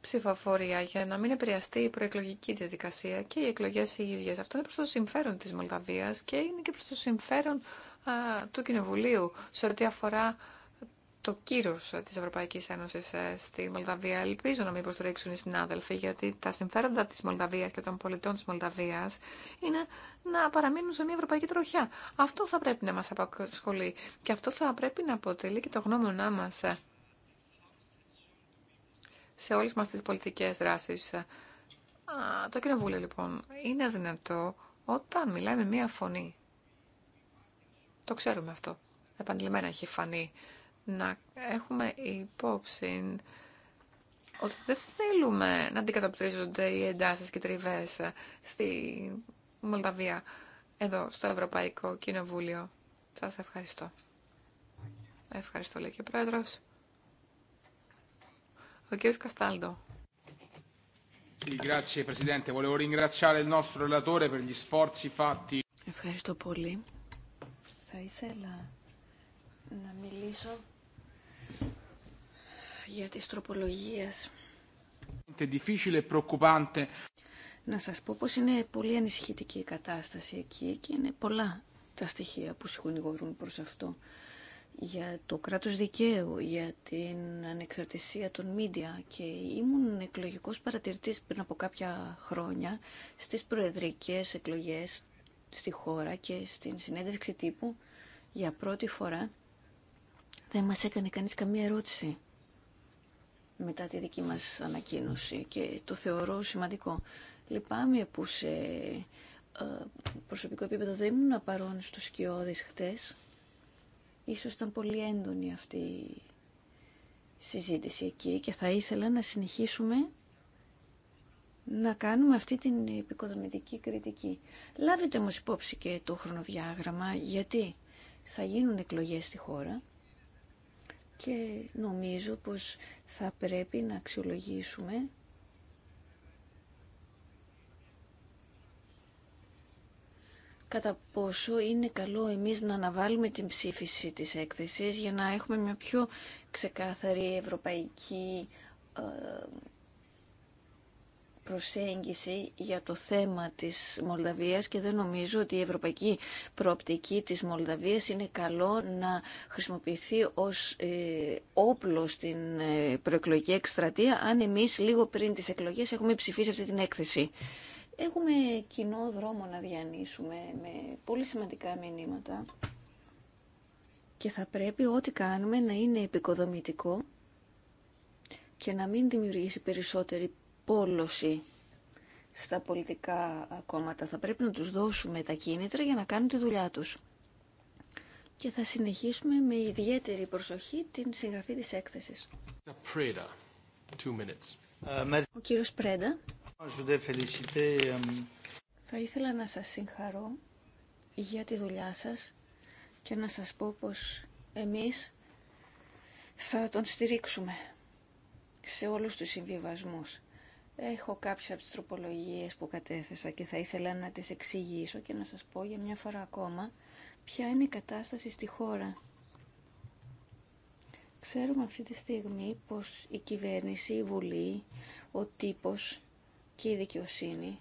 ψηφοφορία για να μην επηρεαστεί η προεκλογική διαδικασία και οι εκλογέ οι ίδιε. Αυτό είναι προ το συμφέρον τη Μολδαβία και είναι και προ το συμφέρον α, του Κοινοβουλίου σε ό,τι αφορά το κύρο τη Ευρωπαϊκή Ένωση ε, στη Μολδαβία. Ελπίζω να μην υποστηρίξουν οι συνάδελφοι, γιατί τα συμφέροντα τη Μολδαβία και των πολιτών τη Μολδαβία είναι να παραμείνουν σε μια ευρωπαϊκή τροχιά. Αυτό θα πρέπει να μα απασχολεί και αυτό θα πρέπει να αποτελεί και το γνώμονά μα ε, σε όλες μας τις πολιτικές δράσεις. το Κοινοβούλιο λοιπόν είναι δυνατό όταν μιλάμε μία φωνή. Το ξέρουμε αυτό. Επανειλημμένα έχει φανεί. Να έχουμε υπόψη ότι δεν θέλουμε να αντικαταπτρίζονται οι εντάσεις και τριβές στη Μολδαβία, εδώ στο Ευρωπαϊκό Κοινοβούλιο. Σας ευχαριστώ. Ευχαριστώ λέει και ο κύριο Καστάλντο. Ευχαριστώ πολύ. Θα ήθελα να μιλήσω για τις τροπολογίες. E να σας πω πως είναι πολύ ανησυχητική η κατάσταση εκεί και είναι πολλά τα στοιχεία που συγχωνιγόρουν προς αυτό για το κράτος δικαίου, για την ανεξαρτησία των μίντια και ήμουν εκλογικός παρατηρητής πριν από κάποια χρόνια στις προεδρικές εκλογές στη χώρα και στην συνέντευξη τύπου για πρώτη φορά δεν μας έκανε κανείς καμία ερώτηση μετά τη δική μας ανακοίνωση και το θεωρώ σημαντικό. Λυπάμαι που σε ε, προσωπικό επίπεδο δεν ήμουν παρόν στους σκιώδεις χτες Ίσως ήταν πολύ έντονη αυτή η συζήτηση εκεί και θα ήθελα να συνεχίσουμε να κάνουμε αυτή την επικοδομητική κριτική. Λάβετε όμως υπόψη και το χρονοδιάγραμμα γιατί θα γίνουν εκλογές στη χώρα και νομίζω πως θα πρέπει να αξιολογήσουμε κατά πόσο είναι καλό εμείς να αναβάλουμε την ψήφιση της έκθεσης για να έχουμε μια πιο ξεκάθαρη ευρωπαϊκή ε, προσέγγιση για το θέμα της Μολδαβίας και δεν νομίζω ότι η ευρωπαϊκή προοπτική της Μολδαβίας είναι καλό να χρησιμοποιηθεί ως ε, όπλο στην ε, προεκλογική εκστρατεία αν εμείς λίγο πριν τις εκλογές έχουμε ψηφίσει αυτή την έκθεση. Έχουμε κοινό δρόμο να διανύσουμε με πολύ σημαντικά μηνύματα και θα πρέπει ό,τι κάνουμε να είναι επικοδομητικό και να μην δημιουργήσει περισσότερη πόλωση στα πολιτικά κόμματα. Θα πρέπει να τους δώσουμε τα κίνητρα για να κάνουν τη δουλειά τους. Και θα συνεχίσουμε με ιδιαίτερη προσοχή την συγγραφή της έκθεσης. Ε, Ο κύριος Πρέντα. Euh, θα ήθελα να σας συγχαρώ για τη δουλειά σας και να σας πω πως εμείς θα τον στηρίξουμε σε όλους τους συμβιβασμούς. Έχω κάποιες από τις τροπολογίες που κατέθεσα και θα ήθελα να τις εξηγήσω και να σας πω για μια φορά ακόμα ποια είναι η κατάσταση στη χώρα. Ξέρουμε αυτή τη στιγμή πως η κυβέρνηση, η Βουλή, ο τύπος και η δικαιοσύνη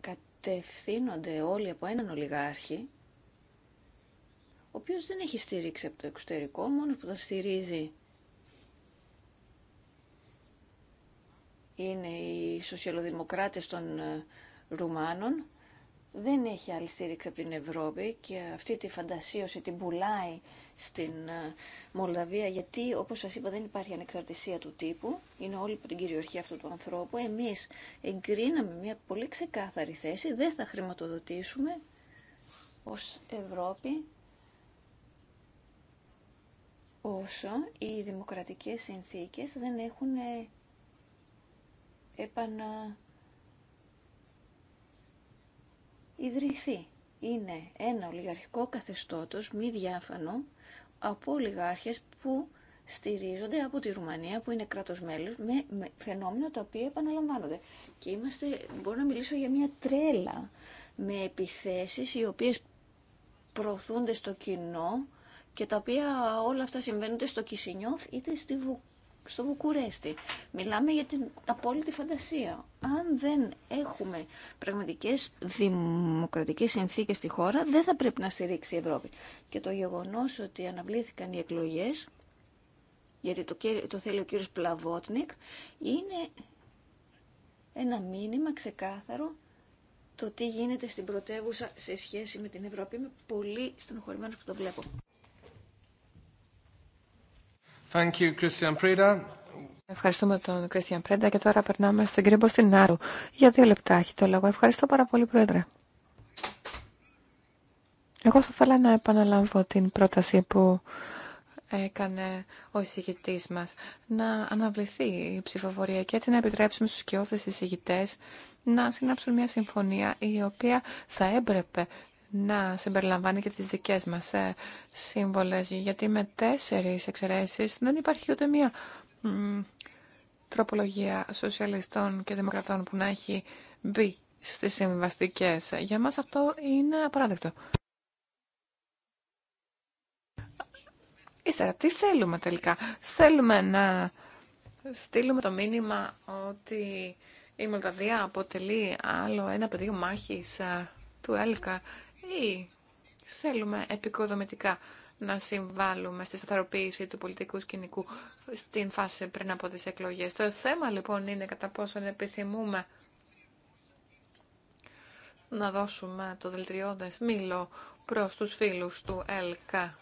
κατευθύνονται όλοι από έναν ολιγάρχη ο οποίος δεν έχει στηρίξει από το εξωτερικό, μόνος που τον στηρίζει είναι οι σοσιαλοδημοκράτες των ε, Ρουμάνων δεν έχει άλλη στήριξη από την Ευρώπη και αυτή τη φαντασίωση την πουλάει στην ε, Μολδαβία, γιατί όπως σα είπα δεν υπάρχει ανεξαρτησία του τύπου, είναι όλη από την κυριαρχία αυτού του ανθρώπου. Εμείς εγκρίναμε μια πολύ ξεκάθαρη θέση, δεν θα χρηματοδοτήσουμε ως Ευρώπη όσο οι δημοκρατικές συνθήκες δεν έχουν ε, επανα ιδρυθεί είναι ένα ολιγαρχικό καθεστώτος μη διάφανο από ολιγάρχες που στηρίζονται από τη Ρουμανία που είναι κράτος μέλος με φαινόμενα τα οποία επαναλαμβάνονται. Και είμαστε, μπορώ να μιλήσω για μια τρέλα με επιθέσεις οι οποίες προωθούνται στο κοινό και τα οποία όλα αυτά συμβαίνονται στο Κισινιόφ είτε στη Βούκ στο Βουκουρέστι. Μιλάμε για την απόλυτη φαντασία. Αν δεν έχουμε πραγματικές δημοκρατικές συνθήκες στη χώρα, δεν θα πρέπει να στηρίξει η Ευρώπη. Και το γεγονός ότι αναβλήθηκαν οι εκλογές, γιατί το, το θέλει ο κύριος Πλαβότνικ, είναι ένα μήνυμα ξεκάθαρο το τι γίνεται στην πρωτεύουσα σε σχέση με την Ευρώπη. Είμαι πολύ στενοχωρημένος που το βλέπω. Ευχαριστούμε τον Κρίστιαν Πρέντα και τώρα περνάμε στον κύριο Μποστινάρου. Για δύο λεπτά έχει το λόγο. Ευχαριστώ πάρα πολύ, Πρόεδρε. Εγώ θα ήθελα να επαναλάβω την πρόταση που έκανε ο εισηγητή μας να αναβληθεί η ψηφοφορία και έτσι να επιτρέψουμε στους κοιόδε εισηγητέ να συνάψουν μια συμφωνία η οποία θα έπρεπε να συμπεριλαμβάνει και τις δικές μας ε, σύμβολες, γιατί με τέσσερις εξαιρέσεις δεν υπάρχει ούτε μία τροπολογία σοσιαλιστών και δημοκρατών που να έχει μπει στις συμβαστικές. Για μας αυτό είναι απαράδεκτο. Ύστερα, τι θέλουμε τελικά. Θέλουμε να στείλουμε το μήνυμα ότι η Μολδαβία αποτελεί άλλο ένα πεδίο μάχης ε, του ΕΛΚΑ ή θέλουμε επικοδομητικά να συμβάλλουμε στη σταθεροποίηση του πολιτικού σκηνικού στην φάση πριν από τις εκλογές. Το θέμα λοιπόν είναι κατά πόσον επιθυμούμε να δώσουμε το δελτριώδες μήλο προς τους φίλους του ΕΛΚΑ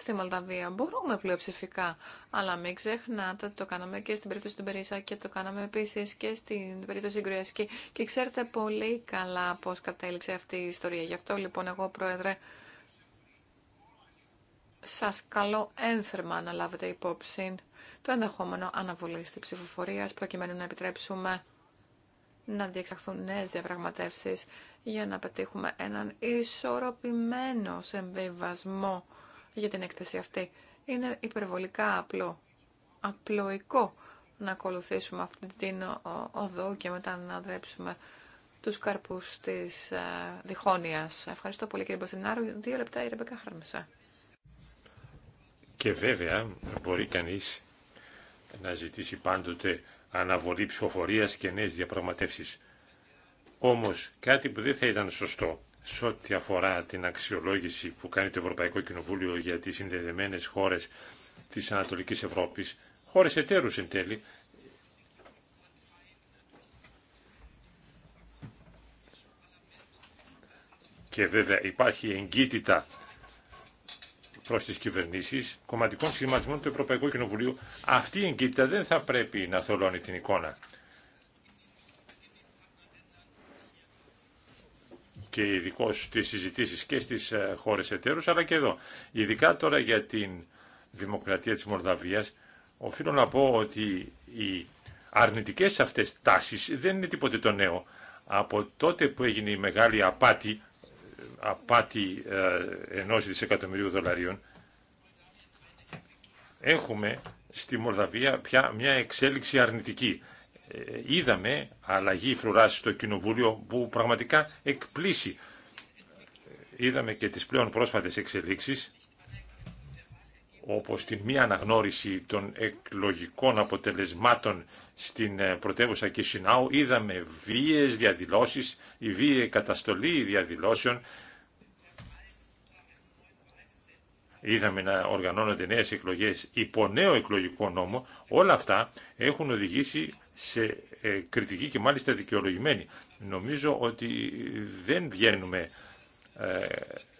στη Μολδαβία. Μπορούμε πλειοψηφικά, αλλά μην ξεχνάτε ότι το κάναμε και στην περίπτωση του Περίσα και το κάναμε επίση και στην περίπτωση του Και ξέρετε πολύ καλά πώ κατέληξε αυτή η ιστορία. Γι' αυτό λοιπόν εγώ, Πρόεδρε, Σα καλώ ένθερμα να λάβετε υπόψη το ενδεχόμενο αναβολή τη ψηφοφορία προκειμένου να επιτρέψουμε να διεξαχθούν νέε διαπραγματεύσει για να πετύχουμε έναν ισορροπημένο συμβιβασμό για την έκθεση αυτή. Είναι υπερβολικά απλό, απλοϊκό να ακολουθήσουμε αυτή την οδό και μετά να δρέψουμε τους καρπούς της ε, διχόνοιας. Ευχαριστώ πολύ κύριε Μποστινάρου. Δύο λεπτά η Ρεμπέκα Χαρμεσά. Και βέβαια μπορεί κανείς να ζητήσει πάντοτε αναβολή ψηφοφορία και νέες διαπραγματεύσεις. Όμως κάτι που δεν θα ήταν σωστό σε ό,τι αφορά την αξιολόγηση που κάνει το Ευρωπαϊκό Κοινοβούλιο για τις συνδεδεμένες χώρες της Ανατολικής Ευρώπης, χώρες εταίρους εν τέλει, και βέβαια υπάρχει εγκύτητα προς τις κυβερνήσεις κομματικών σχηματισμών του Ευρωπαϊκού Κοινοβουλίου, αυτή η εγκύτητα δεν θα πρέπει να θολώνει την εικόνα. και ειδικώ στις συζητήσεις και στις ε, χώρες εταίρους, αλλά και εδώ. Ειδικά τώρα για την δημοκρατία της Μορδαβίας οφείλω να πω ότι οι αρνητικές αυτές τάσεις δεν είναι τίποτε το νέο. Από τότε που έγινε η μεγάλη απάτη, απάτη ε, ενός δισεκατομμυρίου δολαρίων, έχουμε στη Μολδαβία πια μια εξέλιξη αρνητική. Ε, είδαμε αλλαγή φρουράς στο Κοινοβούλιο που πραγματικά εκπλήσει. Είδαμε και τις πλέον πρόσφατες εξελίξεις, όπως τη μία αναγνώριση των εκλογικών αποτελεσμάτων στην ε, πρωτεύουσα Κισινάου, είδαμε βίες διαδηλώσεις, η βίαιη καταστολή διαδηλώσεων, είδαμε να οργανώνονται νέες εκλογές υπό νέο εκλογικό νόμο, όλα αυτά έχουν οδηγήσει σε ε, κριτική και μάλιστα δικαιολογημένη. Νομίζω ότι δεν βγαίνουμε ε,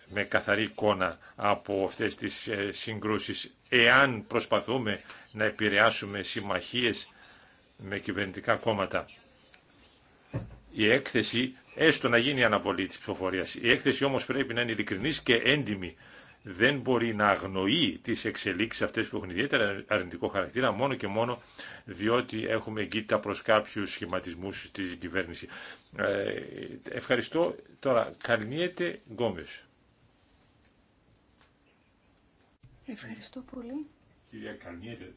με καθαρή εικόνα από αυτές τις ε, συγκρούσεις εάν προσπαθούμε να επηρεάσουμε συμμαχίες με κυβερνητικά κόμματα. Η έκθεση, έστω να γίνει αναβολή της ψηφοφορίας, η έκθεση όμως πρέπει να είναι ειλικρινής και έντιμη δεν μπορεί να αγνοεί τις εξελίξεις αυτές που έχουν ιδιαίτερα αρνητικό χαρακτήρα μόνο και μόνο διότι έχουμε εγκύτητα προς κάποιου σχηματισμούς στην κυβέρνηση. Ε, ευχαριστώ. Τώρα, Καρνιέτε Γκόμες. Ευχαριστώ πολύ. Κυρία Καρνιέτε.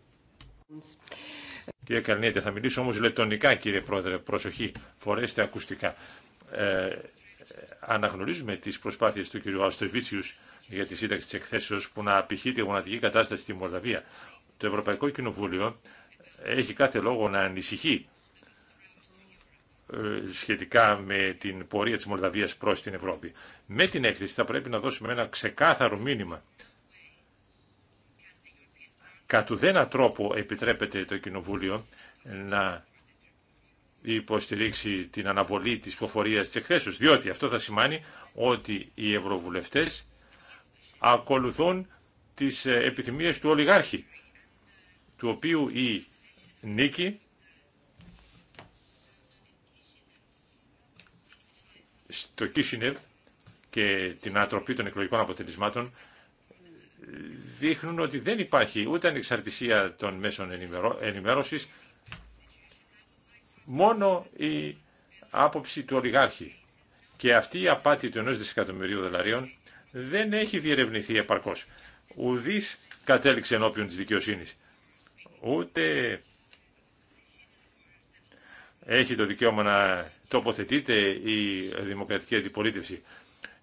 Κυρία Καρνιέτε, θα μιλήσω όμως λετωνικά, κύριε Πρόεδρε, προσοχή, φορέστε ακουστικά. Ε, ε, αναγνωρίζουμε τις προσπάθειες του κύριου Αστοβίτσιους για τη σύνταξη της εκθέσεως που να απηχεί τη γονατική κατάσταση στη Μολδαβία. Το Ευρωπαϊκό Κοινοβούλιο έχει κάθε λόγο να ανησυχεί ε, σχετικά με την πορεία της Μολδαβίας προς την Ευρώπη. Με την έκθεση θα πρέπει να δώσουμε ένα ξεκάθαρο μήνυμα. Κατ' ουδένα τρόπο επιτρέπεται το Κοινοβούλιο να υποστηρίξει την αναβολή της προφορίας της εκθέσεως, διότι αυτό θα σημαίνει ότι οι ευρωβουλευτές ακολουθούν τις ε, επιθυμίες του ολιγάρχη, του οποίου η νίκη στο Κίσινεβ και την ανατροπή των εκλογικών αποτελεσμάτων δείχνουν ότι δεν υπάρχει ούτε ανεξαρτησία των μέσων ενημέρωσης, μόνο η άποψη του ολιγάρχη. Και αυτή η απάτη του ενός δισεκατομμυρίου δολαρίων δεν έχει διερευνηθεί επαρκώς. Ουδής κατέληξε ενώπιον της δικαιοσύνης. Ούτε έχει το δικαίωμα να τοποθετείται η δημοκρατική αντιπολίτευση.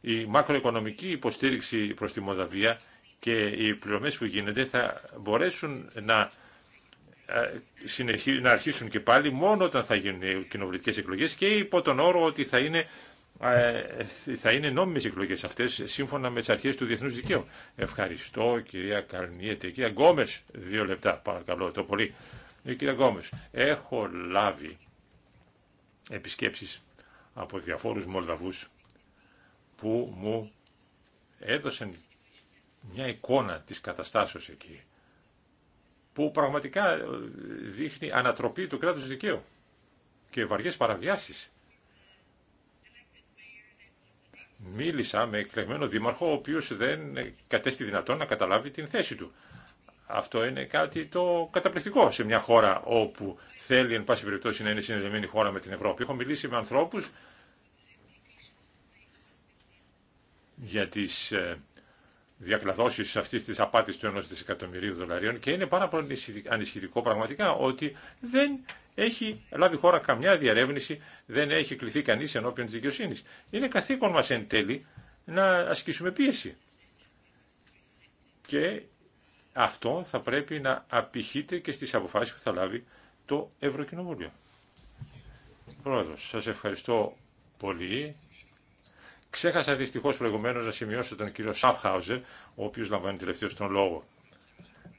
Η μακροοικονομική υποστήριξη προς τη Μοδαβία και οι πληρωμές που γίνονται θα μπορέσουν να, ε, συνεχί... να αρχίσουν και πάλι μόνο όταν θα γίνουν οι κοινοβουλευτικές εκλογές και υπό τον όρο ότι θα είναι ε, θα είναι νόμιμες εκλογέ αυτές σύμφωνα με τις αρχές του διεθνού δικαίου. Ευχαριστώ κυρία Καρνιέτε. Κυρία Γκόμε, δύο λεπτά παρακαλώ το πολύ. Ε, κυρία Γκόμες, έχω λάβει επισκέψεις από διαφόρους Μολδαβούς που μου έδωσαν μια εικόνα της καταστάσεως εκεί που πραγματικά ε, δείχνει ανατροπή του κράτους δικαίου και βαριές παραβιάσεις μίλησα με εκλεγμένο δήμαρχο ο οποίος δεν κατέστη δυνατόν να καταλάβει την θέση του. Αυτό είναι κάτι το καταπληκτικό σε μια χώρα όπου θέλει εν πάση περιπτώσει να είναι συνδεδεμένη χώρα με την Ευρώπη. Έχω μιλήσει με ανθρώπους για τις ε, διακλαδώσεις αυτής της απάτης του ενός δισεκατομμυρίου δολαρίων και είναι πάρα πολύ ανησυχητικό πραγματικά ότι δεν έχει λάβει χώρα καμιά διαρεύνηση, δεν έχει κληθεί κανεί ενώπιον τη δικαιοσύνη. Είναι καθήκον μα εν τέλει να ασκήσουμε πίεση. Και αυτό θα πρέπει να απηχείται και στις αποφάσεις που θα λάβει το Ευρωκοινοβούλιο. πρόεδρο σας ευχαριστώ πολύ. Ξέχασα δυστυχώς προηγουμένως να σημειώσω τον κύριο Σαφχάουζερ, ο οποίος λαμβάνει τελευταίο τον λόγο.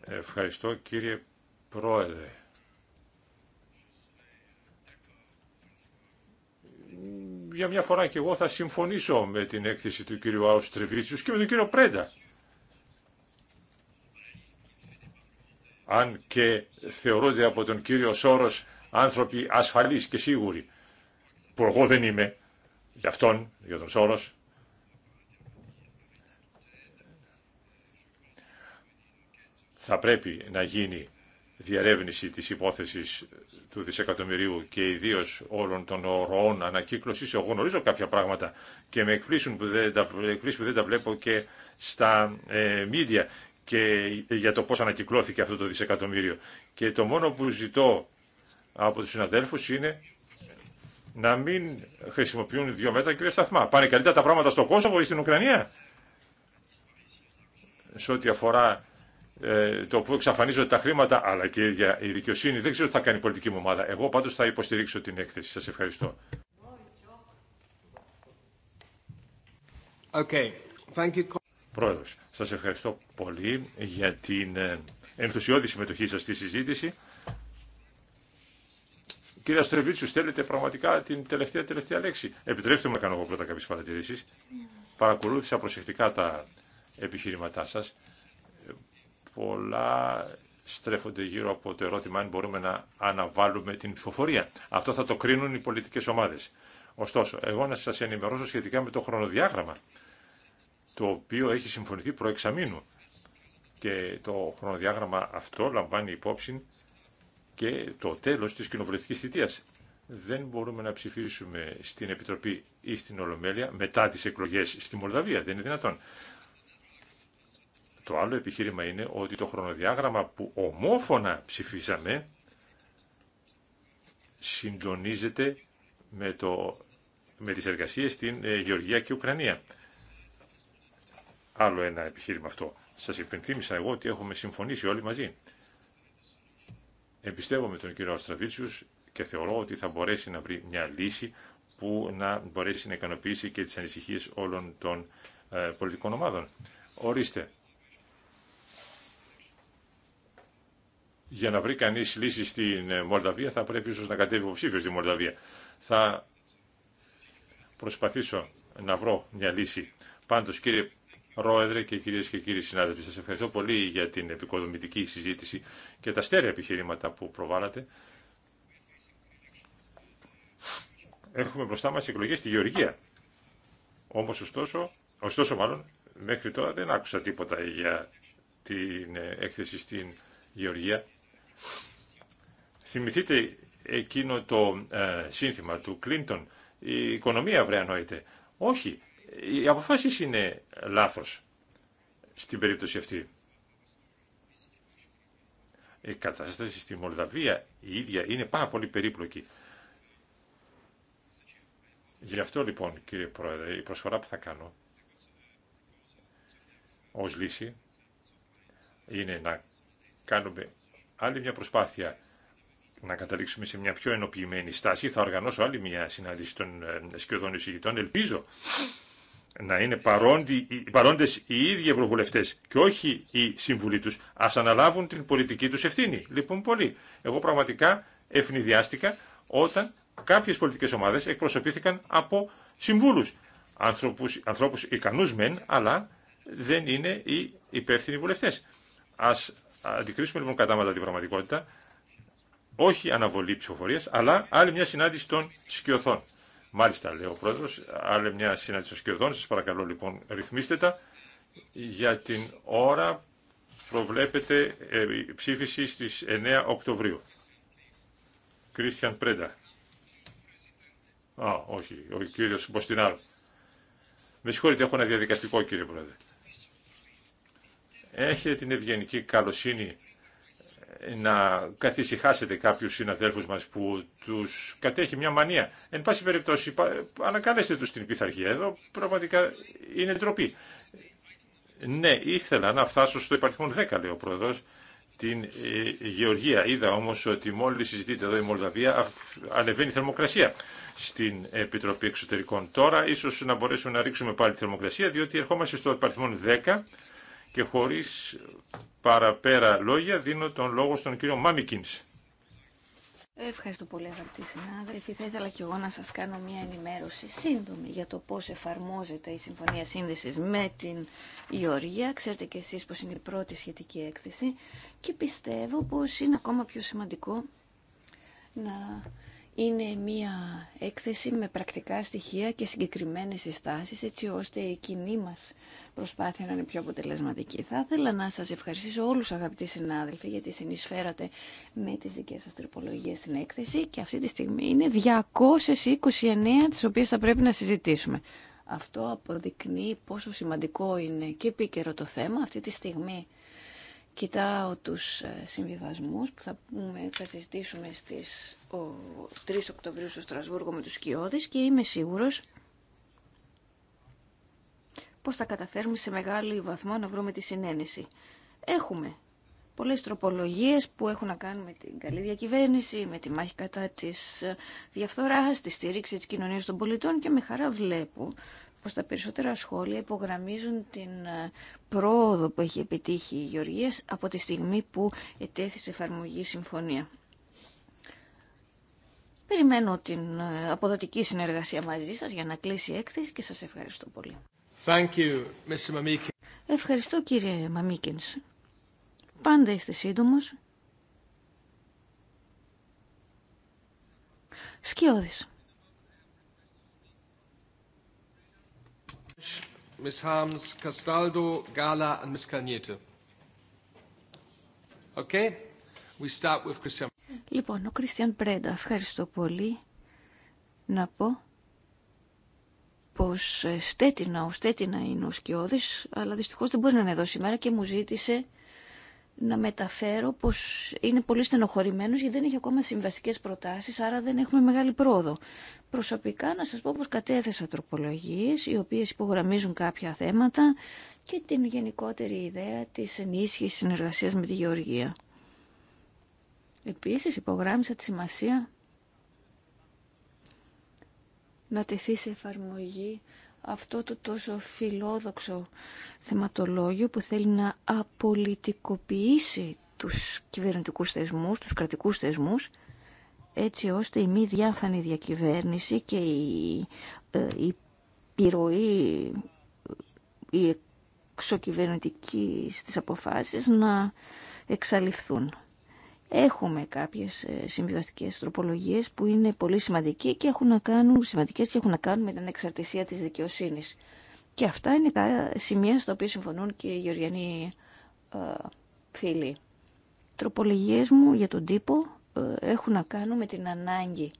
Ευχαριστώ κύριε Πρόεδρε. για μια φορά και εγώ θα συμφωνήσω με την έκθεση του κύριου Αουστρεβίτσιους και με τον κύριο Πρέντα. Αν και θεωρούνται από τον κύριο Σόρος άνθρωποι ασφαλείς και σίγουροι, που εγώ δεν είμαι, για αυτόν, για τον Σόρος, θα πρέπει να γίνει διαρεύνηση της υπόθεσης του δισεκατομμυρίου και ιδίω όλων των ροών ανακύκλωσης. Εγώ γνωρίζω κάποια πράγματα και με εκπλήσουν που δεν τα, που δεν τα βλέπω και στα ε, και για το πώς ανακυκλώθηκε αυτό το δισεκατομμύριο. Και το μόνο που ζητώ από τους συναδέλφους είναι να μην χρησιμοποιούν δύο μέτρα και δύο σταθμά. Πάνε καλύτερα τα πράγματα στο Κόσοβο ή στην Ουκρανία. Σε ό,τι αφορά ε, το που εξαφανίζονται τα χρήματα, αλλά και για η δικαιοσύνη. Δεν ξέρω τι θα κάνει η πολιτική μου ομάδα. Εγώ πάντω θα υποστηρίξω την έκθεση. Σα ευχαριστώ. Okay. Thank you. σας ευχαριστώ πολύ για την ε, ενθουσιώδη συμμετοχή σας στη συζήτηση. Κύριε Αστρεβίτσου, θέλετε πραγματικά την τελευταία τελευταία λέξη. Επιτρέψτε μου να κάνω εγώ πρώτα κάποιες παρατηρήσεις. Ναι. Παρακολούθησα προσεκτικά τα επιχειρηματά σας πολλά στρέφονται γύρω από το ερώτημα αν μπορούμε να αναβάλουμε την ψηφοφορία. Αυτό θα το κρίνουν οι πολιτικές ομάδες. Ωστόσο, εγώ να σας ενημερώσω σχετικά με το χρονοδιάγραμμα, το οποίο έχει συμφωνηθεί προεξαμήνου. Και το χρονοδιάγραμμα αυτό λαμβάνει υπόψη και το τέλος της κοινοβουλευτικής θητείας. Δεν μπορούμε να ψηφίσουμε στην Επιτροπή ή στην Ολομέλεια μετά τις εκλογές στη Μολδαβία. Δεν είναι δυνατόν. Το άλλο επιχείρημα είναι ότι το χρονοδιάγραμμα που ομόφωνα ψηφίσαμε συντονίζεται με, το, με τις εργασίες στην ε, Γεωργία και Ουκρανία. Άλλο ένα επιχείρημα αυτό. Σας υπενθύμησα εγώ ότι έχουμε συμφωνήσει όλοι μαζί. Εμπιστεύω με τον κύριο Αστραβίτσιους και θεωρώ ότι θα μπορέσει να βρει μια λύση που να μπορέσει να ικανοποιήσει και τις ανησυχίες όλων των ε, πολιτικών ομάδων. Ορίστε, για να βρει κανεί λύση στην ε, Μολδαβία θα πρέπει ίσω να κατέβει υποψήφιο στη Μολδαβία. Θα προσπαθήσω να βρω μια λύση. Πάντω, κύριε Ρόεδρε και κυρίε και κύριοι συνάδελφοι, σα ευχαριστώ πολύ για την επικοδομητική συζήτηση και τα στέρεα επιχειρήματα που προβάλλατε. Έχουμε μπροστά μα εκλογέ στη Γεωργία. Όμω, ωστόσο, ωστόσο, μάλλον, μέχρι τώρα δεν άκουσα τίποτα για την ε, έκθεση στην Γεωργία. Θυμηθείτε εκείνο το ε, σύνθημα του Κλίντον, η οικονομία ανόητε. Όχι, οι αποφάσεις είναι λάθος στην περίπτωση αυτή. Η κατάσταση στη Μολδαβία η ίδια είναι πάρα πολύ περίπλοκη. Γι' αυτό λοιπόν κύριε Πρόεδρε η προσφορά που θα κάνω ως λύση είναι να κάνουμε άλλη μια προσπάθεια να καταλήξουμε σε μια πιο ενοποιημένη στάση. Θα οργανώσω άλλη μια συνάντηση των ε, σκιωδών εισηγητών. Ελπίζω να είναι παρόντι, παρόντες οι ίδιοι ευρωβουλευτές και όχι οι σύμβουλοι τους, ας αναλάβουν την πολιτική τους ευθύνη. Λοιπόν, πολύ. Εγώ πραγματικά ευνηδιάστηκα όταν κάποιες πολιτικές ομάδες εκπροσωπήθηκαν από συμβούλους. Ανθρώπους, ικανού μεν, αλλά δεν είναι οι υπεύθυνοι βουλευτές αντικρίσουμε λοιπόν κατάματα την πραγματικότητα, όχι αναβολή ψηφοφορία, αλλά άλλη μια συνάντηση των σκιωθών. Μάλιστα, λέει ο πρόεδρο, άλλη μια συνάντηση των σκιωθών. Σα παρακαλώ λοιπόν, ρυθμίστε τα. Για την ώρα προβλέπεται ε, η ψήφιση στις 9 Οκτωβρίου. Κρίστιαν Πρέντα. Α, όχι, ο κύριος Μποστινάρ. Με συγχωρείτε, έχω ένα διαδικαστικό κύριε Πρόεδρε έχετε την ευγενική καλοσύνη ε, να καθησυχάσετε κάποιους συναδέλφους μας που τους κατέχει μια μανία. Εν πάση περιπτώσει, ανακαλέστε τους την πειθαρχία. Εδώ πραγματικά είναι ντροπή. Ναι, ήθελα να φτάσω στο υπαρθμό 10, λέει ο πρόεδρος, την ε, Γεωργία. Είδα όμως ότι μόλις συζητείτε εδώ η Μολδαβία, ανεβαίνει η θερμοκρασία στην Επιτροπή Εξωτερικών. Τώρα ίσως να μπορέσουμε να ρίξουμε πάλι τη θερμοκρασία, διότι ερχόμαστε στο υπαρθμό 10, και χωρίς παραπέρα λόγια δίνω τον λόγο στον κύριο Μάμικινς. Ευχαριστώ πολύ αγαπητοί συνάδελφοι. Θα ήθελα και εγώ να σας κάνω μια ενημέρωση σύντομη για το πώς εφαρμόζεται η Συμφωνία Σύνδεσης με την Γεωργία. Ξέρετε και εσείς πως είναι η πρώτη σχετική έκθεση και πιστεύω πως είναι ακόμα πιο σημαντικό να είναι μία έκθεση με πρακτικά στοιχεία και συγκεκριμένες συστάσεις έτσι ώστε η κοινή μας προσπάθεια να είναι πιο αποτελεσματική. Θα ήθελα να σας ευχαριστήσω όλους αγαπητοί συνάδελφοι γιατί συνεισφέρατε με τις δικές σας τροπολογίες στην έκθεση και αυτή τη στιγμή είναι 229 τις οποίες θα πρέπει να συζητήσουμε. Αυτό αποδεικνύει πόσο σημαντικό είναι και επίκαιρο το θέμα αυτή τη στιγμή Κοιτάω τους ε, συμβιβασμούς που θα πούμε, θα συζητήσουμε στις 3 Οκτωβρίου στο Στρασβούργο με τους Σκιώδης και είμαι σίγουρος πως θα καταφέρουμε σε μεγάλο βαθμό να βρούμε τη συνένεση. Έχουμε πολλές τροπολογίες που έχουν να κάνουν με την καλή διακυβέρνηση, με τη μάχη κατά της ε, διαφθοράς, τη στήριξη της κοινωνίας των πολιτών και με χαρά βλέπω πως τα περισσότερα σχόλια υπογραμμίζουν την ε, πρόοδο που έχει επιτύχει η Γεωργία από τη στιγμή που ετέθησε εφαρμογή συμφωνία. Περιμένω την ε, αποδοτική συνεργασία μαζί σας για να κλείσει η έκθεση και σας ευχαριστώ πολύ. Thank you, Ευχαριστώ κύριε Μαμίκενς. Πάντα είστε σύντομος. Σκιώδης. Ms. Harms, Castaldo, Gala, and Ms. Kalniete. Okay? We start with Christian. Λοιπόν, ο Κριστιαν Πρέντα, ευχαριστώ πολύ να πω πως ε, στέτινα, ο στέτινα είναι ο σκιώδης, αλλά δυστυχώς δεν μπορεί να είναι εδώ σήμερα και μου ζήτησε να μεταφέρω πως είναι πολύ στενοχωρημένος γιατί δεν έχει ακόμα συμβαστικές προτάσεις, άρα δεν έχουμε μεγάλη πρόοδο. Προσωπικά να σας πω πως κατέθεσα τροπολογίες, οι οποίες υπογραμμίζουν κάποια θέματα και την γενικότερη ιδέα της ενίσχυσης συνεργασίας με τη Γεωργία. Επίσης υπογράμμισα τη σημασία να τεθεί σε εφαρμογή αυτό το τόσο φιλόδοξο θεματολόγιο που θέλει να απολυτικοποιήσει τους κυβερνητικούς θεσμούς, τους κρατικούς θεσμούς, έτσι ώστε η μη διάφανη διακυβέρνηση και η, ε, η επιρροή η εξοκυβερνητική στις αποφάσεις να εξαλειφθούν έχουμε κάποιες ε, συμβιβαστικές τροπολογίες που είναι πολύ σημαντικές και έχουν να κάνουν, και έχουν να κάνουν με την εξαρτησία της δικαιοσύνης. Και αυτά είναι τα σημεία στα οποία συμφωνούν και οι γεωργιανοί ε, φίλοι. Τροπολογίες μου για τον τύπο ε, έχουν να κάνουν με την ανάγκη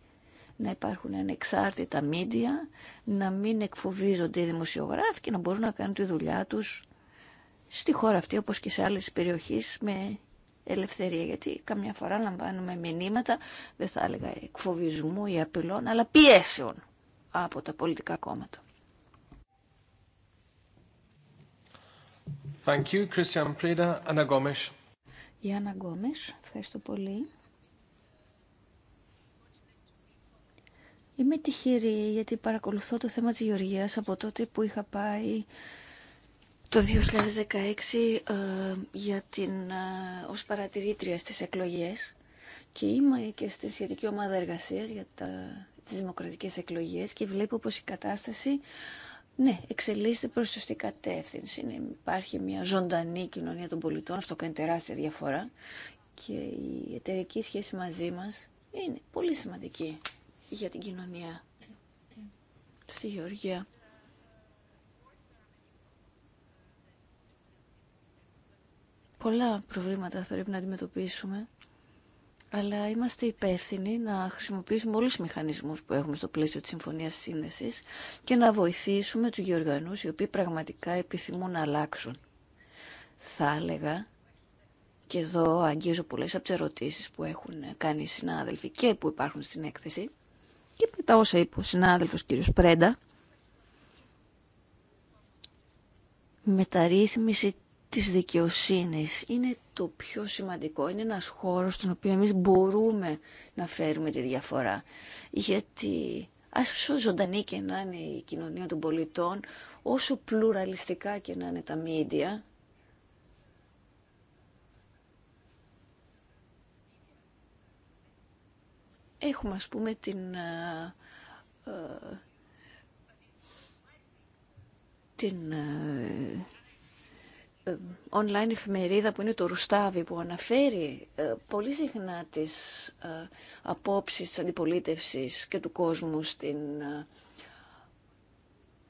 να υπάρχουν ανεξάρτητα μίντια, να μην εκφοβίζονται οι δημοσιογράφοι και να μπορούν να κάνουν τη δουλειά τους στη χώρα αυτή όπως και σε άλλες περιοχές με ελευθερία γιατί καμιά φορά λαμβάνουμε μηνύματα δεν θα έλεγα εκφοβισμού ή απειλών αλλά πιέσεων από τα πολιτικά κόμματα. Thank ευχαριστώ πολύ. Είμαι τυχερή γιατί παρακολουθώ το θέμα της Γεωργίας από τότε που είχα πάει το 2016 ε, για την, ε, ως παρατηρήτρια στις εκλογές και είμαι και στη σχετική ομάδα εργασίας για τα, τις δημοκρατικές εκλογές και βλέπω πως η κατάσταση ναι, εξελίσσεται προς τη σωστή κατεύθυνση. Ναι, υπάρχει μια ζωντανή κοινωνία των πολιτών, αυτό κάνει τεράστια διαφορά και η εταιρική σχέση μαζί μας είναι πολύ σημαντική για την κοινωνία στη Γεωργία. Πολλά προβλήματα θα πρέπει να αντιμετωπίσουμε, αλλά είμαστε υπεύθυνοι να χρησιμοποιήσουμε όλους τους μηχανισμούς που έχουμε στο πλαίσιο της Συμφωνίας Σύνδεσης και να βοηθήσουμε τους γεωργανούς οι οποίοι πραγματικά επιθυμούν να αλλάξουν. Θα έλεγα, και εδώ αγγίζω πολλές από τις ερωτήσεις που έχουν κάνει οι συνάδελφοι και που υπάρχουν στην έκθεση, και μετά όσα είπε ο συνάδελφος κύριος Πρέντα, μεταρρύθμιση της δικαιοσύνης είναι το πιο σημαντικό. Είναι ένας χώρος στον οποίο εμείς μπορούμε να φέρουμε τη διαφορά. Γιατί όσο ζωντανή και να είναι η κοινωνία των πολιτών, όσο πλουραλιστικά και να είναι τα μίντια, έχουμε ας πούμε την, ε, ε, την ε, ε, online εφημερίδα που είναι το Ρουστάβι που αναφέρει ε, πολύ συχνά τις ε, απόψεις της αντιπολίτευσης και του κόσμου στην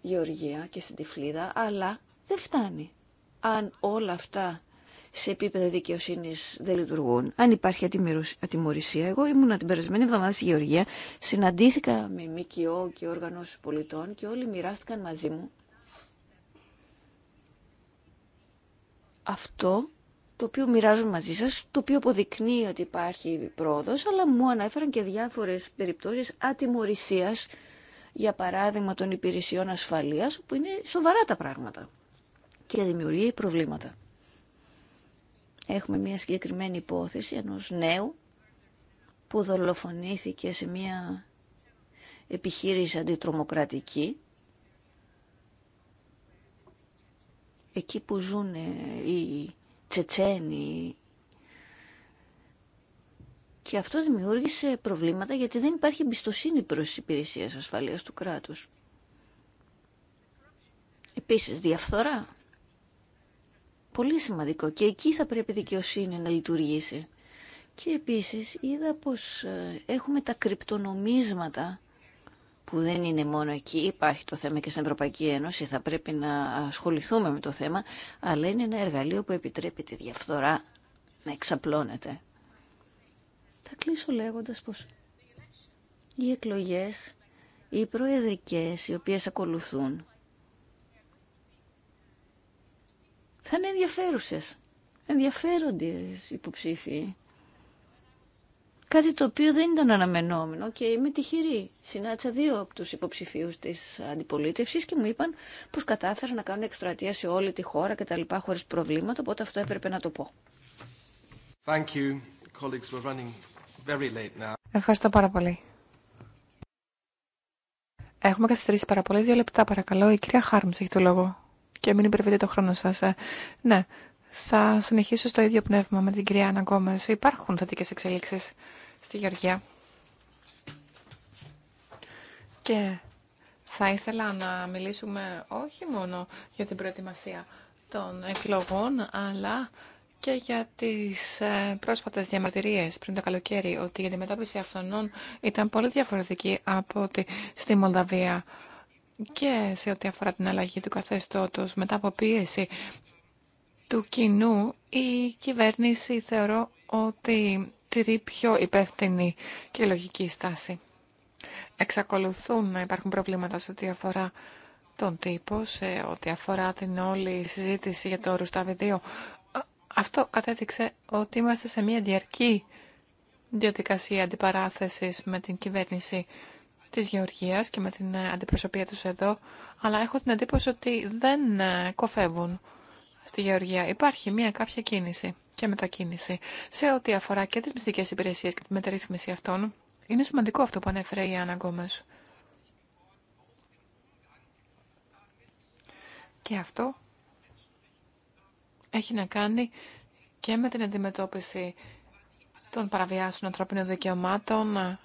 Γεωργία και στην Τυφλίδα, αλλά δεν φτάνει. Αν όλα αυτά σε επίπεδο δικαιοσύνη δεν λειτουργούν, αν υπάρχει ατιμωρησία Εγώ ήμουν την περασμένη εβδομάδα στη Γεωργία, συναντήθηκα με ΜΚΟ και οργανώσει πολιτών και όλοι μοιράστηκαν μαζί μου αυτό το οποίο μοιράζομαι μαζί σας, το οποίο αποδεικνύει ότι υπάρχει πρόοδος, αλλά μου ανέφεραν και διάφορες περιπτώσεις ατιμορρησίας, για παράδειγμα των υπηρεσιών ασφαλείας, που είναι σοβαρά τα πράγματα και δημιουργεί προβλήματα. Έχουμε μια συγκεκριμένη υπόθεση ενός νέου που δολοφονήθηκε σε μια επιχείρηση αντιτρομοκρατική εκεί που ζουν ε, οι Τσετσένοι. Και αυτό δημιούργησε προβλήματα γιατί δεν υπάρχει εμπιστοσύνη προς τις υπηρεσίες ασφαλείας του κράτους. Επίσης, διαφθορά. Πολύ σημαντικό. Και εκεί θα πρέπει η δικαιοσύνη να λειτουργήσει. Και επίσης είδα πως ε, έχουμε τα κρυπτονομίσματα που δεν είναι μόνο εκεί, υπάρχει το θέμα και στην Ευρωπαϊκή Ένωση, θα πρέπει να ασχοληθούμε με το θέμα, αλλά είναι ένα εργαλείο που επιτρέπει τη διαφθορά να εξαπλώνεται. Θα κλείσω λέγοντας πως οι εκλογές, οι προεδρικές, οι οποίες ακολουθούν, θα είναι ενδιαφέρουσες, ενδιαφέροντες υποψήφοι. Κάτι το οποίο δεν ήταν αναμενόμενο και είμαι τυχερή. Συνάντησα δύο από του υποψηφίου τη αντιπολίτευση και μου είπαν πω κατάφεραν να κάνουν εκστρατεία σε όλη τη χώρα και τα λοιπά χωρί προβλήματα, οπότε αυτό έπρεπε να το πω. Ευχαριστώ πάρα πολύ. Έχουμε καθυστερήσει πάρα πολύ. Δύο λεπτά παρακαλώ. Η κυρία Χάρμ έχει το λόγο. Και μην υπερβείτε το χρόνο σας. Ε, ναι, θα συνεχίσω στο ίδιο πνεύμα με την κυρία Αναγκόμες. Υπάρχουν θετικέ εξελίξεις στη Γεωργία. Και θα ήθελα να μιλήσουμε όχι μόνο για την προετοιμασία των εκλογών, αλλά και για τις ε, πρόσφατες διαμαρτυρίες πριν το καλοκαίρι, ότι η αντιμετώπιση αυθονών ήταν πολύ διαφορετική από ότι στη Μολδαβία και σε ό,τι αφορά την αλλαγή του καθεστώτος μετά από πίεση του κοινού, η κυβέρνηση θεωρώ ότι τηρεί πιο υπεύθυνη και λογική στάση. Εξακολουθούν να υπάρχουν προβλήματα σε ό,τι αφορά τον τύπο, σε ό,τι αφορά την όλη συζήτηση για το Ρουστάβι 2. Αυτό κατέδειξε ότι είμαστε σε μια διαρκή διαδικασία αντιπαράθεσης με την κυβέρνηση της Γεωργίας και με την αντιπροσωπεία τους εδώ, αλλά έχω την εντύπωση ότι δεν κοφεύουν στη Γεωργία. Υπάρχει μια κάποια κίνηση και μετακίνηση. Σε ό,τι αφορά και τις μυστικές υπηρεσίες και τη μεταρρύθμιση αυτών, είναι σημαντικό αυτό που ανέφερε η Άννα Γκόμες. Και αυτό έχει να κάνει και με την αντιμετώπιση των παραβιάσεων ανθρώπινων δικαιωμάτων,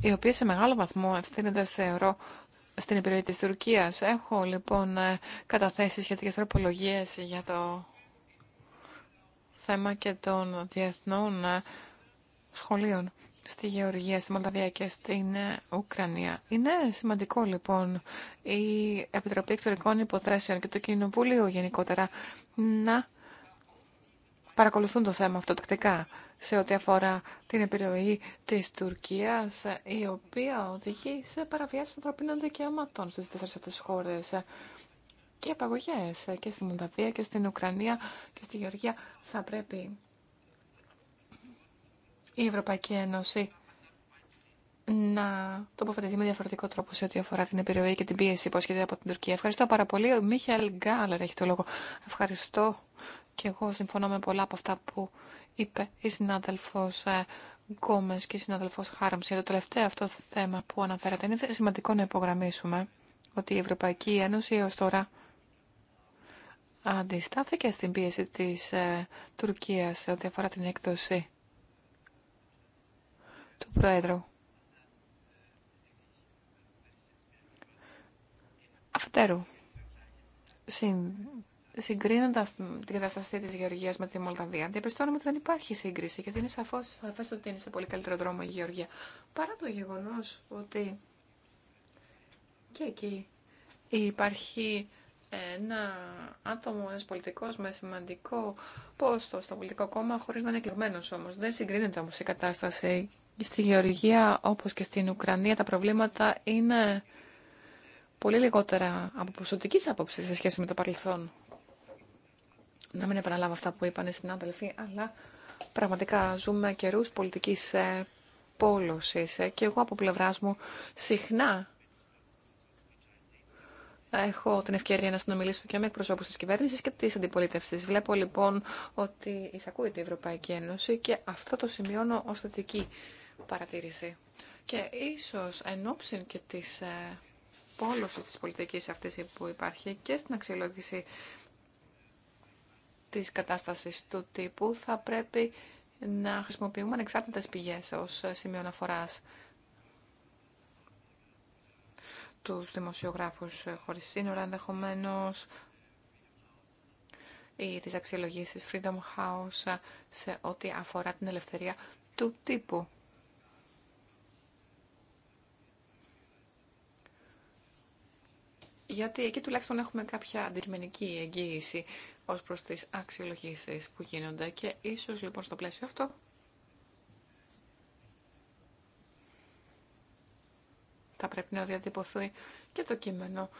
οι οποίες σε μεγάλο βαθμό ευθύνονται, θεωρώ, στην επιρροή της Τουρκίας. Έχω λοιπόν καταθέσει σχετικές τροπολογίες για το θέμα και των διεθνών ε, σχολείων στη Γεωργία, στη Μολδαβία και στην ε, Ουκρανία. Είναι σημαντικό λοιπόν η Επιτροπή Εξωτερικών Υποθέσεων και το Κοινοβούλιο γενικότερα να παρακολουθούν το θέμα αυτό τακτικά σε ό,τι αφορά την επιρροή της Τουρκίας, η οποία οδηγεί σε παραβιάσεις ανθρωπίνων δικαιωμάτων στις τέσσερις αυτές χώρες και απαγωγέ και στη Μονταβία και στην Ουκρανία και στη Γεωργία θα πρέπει η Ευρωπαϊκή Ένωση να τοποθετηθεί με διαφορετικό τρόπο σε ό,τι αφορά την επιρροή και την πίεση που από την Τουρκία. Ευχαριστώ πάρα πολύ. Ο Μίχελ Γκάλερ έχει το λόγο. Ευχαριστώ και εγώ συμφωνώ με πολλά από αυτά που είπε η συνάδελφο ε, Γκόμε και η συνάδελφο Χάραμ. Για το τελευταίο αυτό θέμα που αναφέρατε, είναι σημαντικό να υπογραμμίσουμε ότι η Ευρωπαϊκή Ένωση έω τώρα αντιστάθηκε στην πίεση της ε, Τουρκίας σε ό,τι αφορά την έκδοση του Πρόεδρου. Αφετέρου, συν, συγκρίνοντας την κατάστασή της Γεωργίας με τη Μολδαβία, διαπιστώνουμε ότι δεν υπάρχει σύγκριση, γιατί είναι σαφώς, σαφές ότι είναι σε πολύ καλύτερο δρόμο η Γεωργία. Παρά το γεγονός ότι και εκεί υπάρχει ένα άτομο, ένα πολιτικό με σημαντικό πόστο στο πολιτικό κόμμα, χωρί να είναι εκλεγμένο όμω. Δεν συγκρίνεται όμω η κατάσταση. Στη Γεωργία, όπω και στην Ουκρανία, τα προβλήματα είναι πολύ λιγότερα από ποσοτική άποψη σε σχέση με το παρελθόν. Να μην επαναλάβω αυτά που είπαν οι συνάδελφοι, αλλά πραγματικά ζούμε καιρού πολιτική ε, πόλωση. Ε, και εγώ από πλευρά μου συχνά έχω την ευκαιρία να συνομιλήσω και με εκπροσώπους της κυβέρνησης και της αντιπολίτευσης. Βλέπω λοιπόν ότι εισακούεται η Ευρωπαϊκή Ένωση και αυτό το σημειώνω ως θετική παρατήρηση. Και ίσως εν ώψη και της ε, πόλωσης της πολιτικής αυτής που υπάρχει και στην αξιολόγηση της κατάστασης του τύπου θα πρέπει να χρησιμοποιούμε ανεξάρτητες πηγές ως σημείο αναφοράς τους δημοσιογράφους ε, χωρίς σύνορα ενδεχομένω ή τις αξιολογήσεις Freedom House ε, σε ό,τι αφορά την ελευθερία του τύπου. Γιατί εκεί τουλάχιστον έχουμε κάποια αντικειμενική εγγύηση ως προς τις αξιολογήσεις που γίνονται και ίσως λοιπόν στο πλαίσιο αυτό θα πρέπει να διατυπωθεί και το κείμενο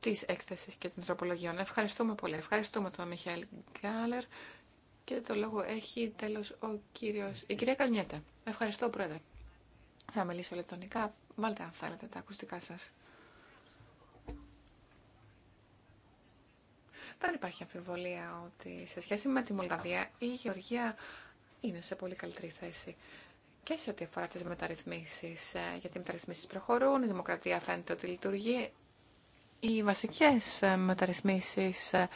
της έκθεσης και των τροπολογιών. Ευχαριστούμε πολύ. Ευχαριστούμε τον Μιχαήλ Γκάλερ και το λόγο έχει τέλος ο κύριος, η κυρία Καλνιέτα. Ευχαριστώ, Πρόεδρε. Θα μιλήσω λεπτονικά. Βάλτε αν θέλετε τα ακουστικά σας. Δεν υπάρχει αμφιβολία ότι σε σχέση με τη Μολδαβία η Γεωργία είναι σε πολύ καλύτερη θέση και σε ό,τι αφορά τις μεταρρυθμίσεις, ε, γιατί οι μεταρρυθμίσεις προχωρούν, η δημοκρατία φαίνεται ότι λειτουργεί. Οι βασικές ε, μεταρρυθμίσεις ε,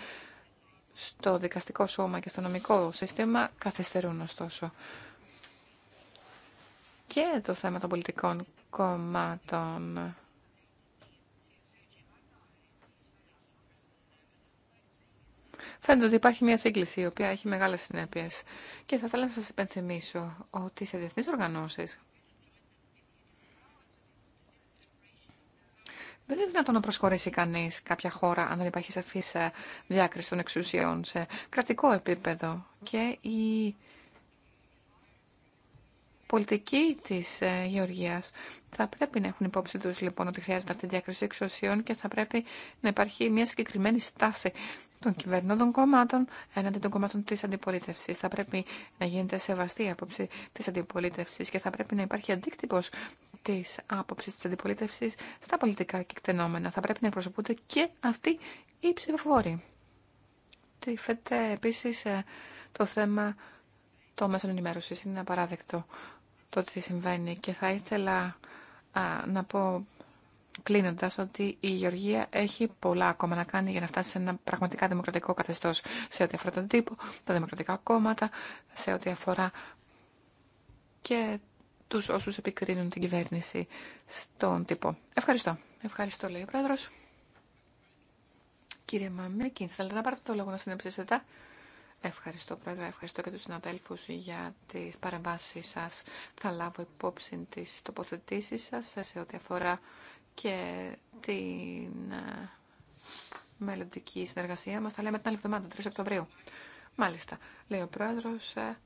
στο δικαστικό σώμα και στο νομικό σύστημα καθυστερούν ωστόσο. Και το θέμα των πολιτικών κομμάτων φαίνεται ότι υπάρχει μια σύγκληση η οποία έχει μεγάλες συνέπειες. Και θα ήθελα να σας υπενθυμίσω ότι σε διεθνείς οργανώσεις Δεν είναι δυνατόν να προσχωρήσει κανεί κάποια χώρα αν δεν υπάρχει σαφή ε, διάκριση των εξουσιών σε κρατικό επίπεδο. Και η πολιτική τη ε, Γεωργία θα πρέπει να έχουν υπόψη του λοιπόν ότι χρειάζεται αυτή η διάκριση εξουσιών και θα πρέπει να υπάρχει μια συγκεκριμένη στάση των κυβερνών κομμάτων έναντι των κομμάτων της αντιπολίτευσης. Θα πρέπει να γίνεται σεβαστή η άποψη της αντιπολίτευσης και θα πρέπει να υπάρχει αντίκτυπος της άποψης της αντιπολίτευσης στα πολιτικά κεκτενόμενα. Θα πρέπει να εκπροσωπούνται και αυτοί οι ψηφοφόροι. φέτε επίσης ε, το θέμα των μέσων ενημέρωση. Είναι απαράδεκτο το τι συμβαίνει και θα ήθελα να πω κλείνοντα ότι η Γεωργία έχει πολλά ακόμα να κάνει για να φτάσει σε ένα πραγματικά δημοκρατικό καθεστώ σε ό,τι αφορά τον τύπο, τα δημοκρατικά κόμματα, σε ό,τι αφορά και του όσου επικρίνουν την κυβέρνηση στον τύπο. Ευχαριστώ. Ευχαριστώ, λέει ο Πρόεδρο. Κύριε Μαμίκιν, θέλετε να πάρετε το λόγο να τα. Ευχαριστώ, Πρόεδρε. Ευχαριστώ και τους συναδέλφους για τις παρεμβάσεις σας. Θα λάβω υπόψη τις τοποθετήσεις σας σε ό,τι αφορά και την ε, μελλοντική συνεργασία μας. Θα λέμε την άλλη εβδομάδα, 3 Οκτωβρίου. Μάλιστα, λέει ο Πρόεδρος. Ε,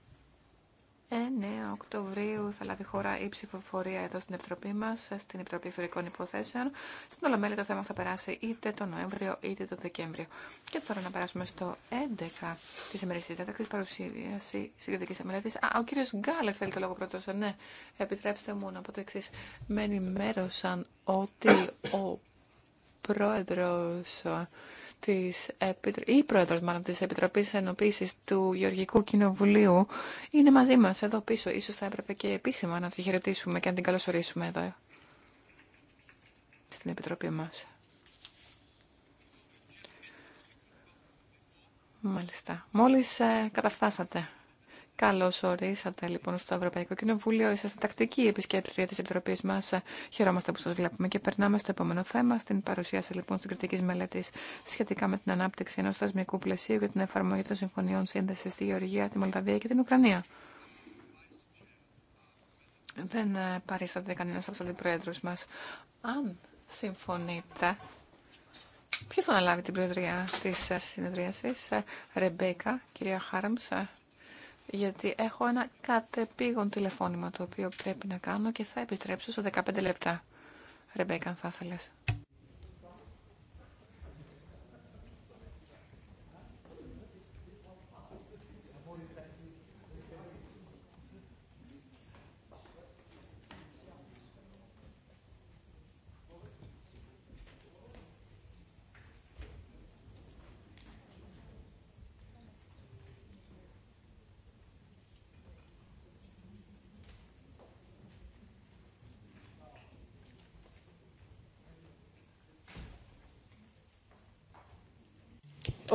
9 ε, ναι, Οκτωβρίου θα λάβει χώρα η ψηφοφορία εδώ στην Επιτροπή μα, στην Επιτροπή Εξωτερικών Υποθέσεων. Στην Ολομέλεια το θέμα θα περάσει είτε τον Νοέμβριο είτε τον Δεκέμβριο. Και τώρα να περάσουμε στο 11 τη ημερησία διάταξη παρουσίαση συγκριτική μελέτη. Α, ο κύριο Γκάλερ θέλει το λόγο πρώτο. Ε, ναι, επιτρέψτε μου να πω το εξή. Με ενημέρωσαν ότι ο πρόεδρο της Επιτρο... η πρόεδρος μάλλον της Επιτροπής Ενοποίησης του Γεωργικού Κοινοβουλίου είναι μαζί μας εδώ πίσω. Ίσως θα έπρεπε και επίσημα να τη χαιρετήσουμε και να την καλωσορίσουμε εδώ στην Επιτροπή μας. Μάλιστα. Μόλις ε, καταφτάσατε. Καλώ ορίσατε λοιπόν στο Ευρωπαϊκό Κοινοβούλιο. Είσαστε τακτική επισκέπτρια τη Επιτροπή μα. Χαιρόμαστε που σα βλέπουμε και περνάμε στο επόμενο θέμα, στην παρουσίαση λοιπόν τη κριτική μελέτη σχετικά με την ανάπτυξη ενό θεσμικού πλαισίου για την εφαρμογή των συμφωνιών σύνδεση στη Γεωργία, τη Μολδαβία και την Ουκρανία. Δεν ε, παρίσταται κανένα από του αντιπροέδρου μα. Αν συμφωνείτε, ποιο θα αναλάβει την προεδρία τη ε, συνεδρίαση, ε, Ρεμπέκα, κυρία Χάραμ, γιατί έχω ένα κατεπήγον τηλεφώνημα το οποίο πρέπει να κάνω και θα επιστρέψω σε 15 λεπτά. Ρεμπέκα, αν θα ήθελες.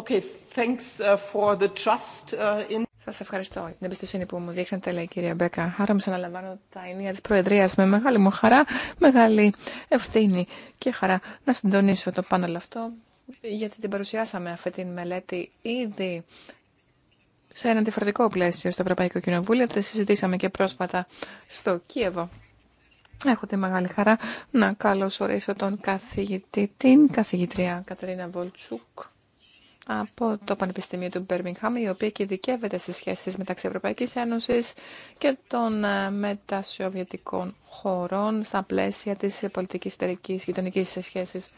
Okay, thanks uh, for the trust uh, Σας ευχαριστώ για την εμπιστοσύνη που μου δείχνετε, λέει η κυρία Μπέκα. Χάρομες αναλαμβάνω τα ενία της Προεδρίας με μεγάλη μου χαρά, μεγάλη ευθύνη και χαρά να συντονίσω το πάνελ αυτό, γιατί την παρουσιάσαμε αυτή τη μελέτη ήδη σε ένα διαφορετικό πλαίσιο στο Ευρωπαϊκό Κοινοβούλιο. Το συζητήσαμε και πρόσφατα στο Κίεβο. Έχω τη μεγάλη χαρά να καλωσορίσω τον καθηγητή, την καθηγητρία Κατερίνα Βολτσούκ από το Πανεπιστήμιο του Μπέρμιγχαμ, η οποία εκειδικεύεται στις σχέσεις μεταξύ Ευρωπαϊκής Ένωσης και των ε, μετασοβιετικών χωρών στα πλαίσια της πολιτικής εταιρικής γειτονικής σχέσης.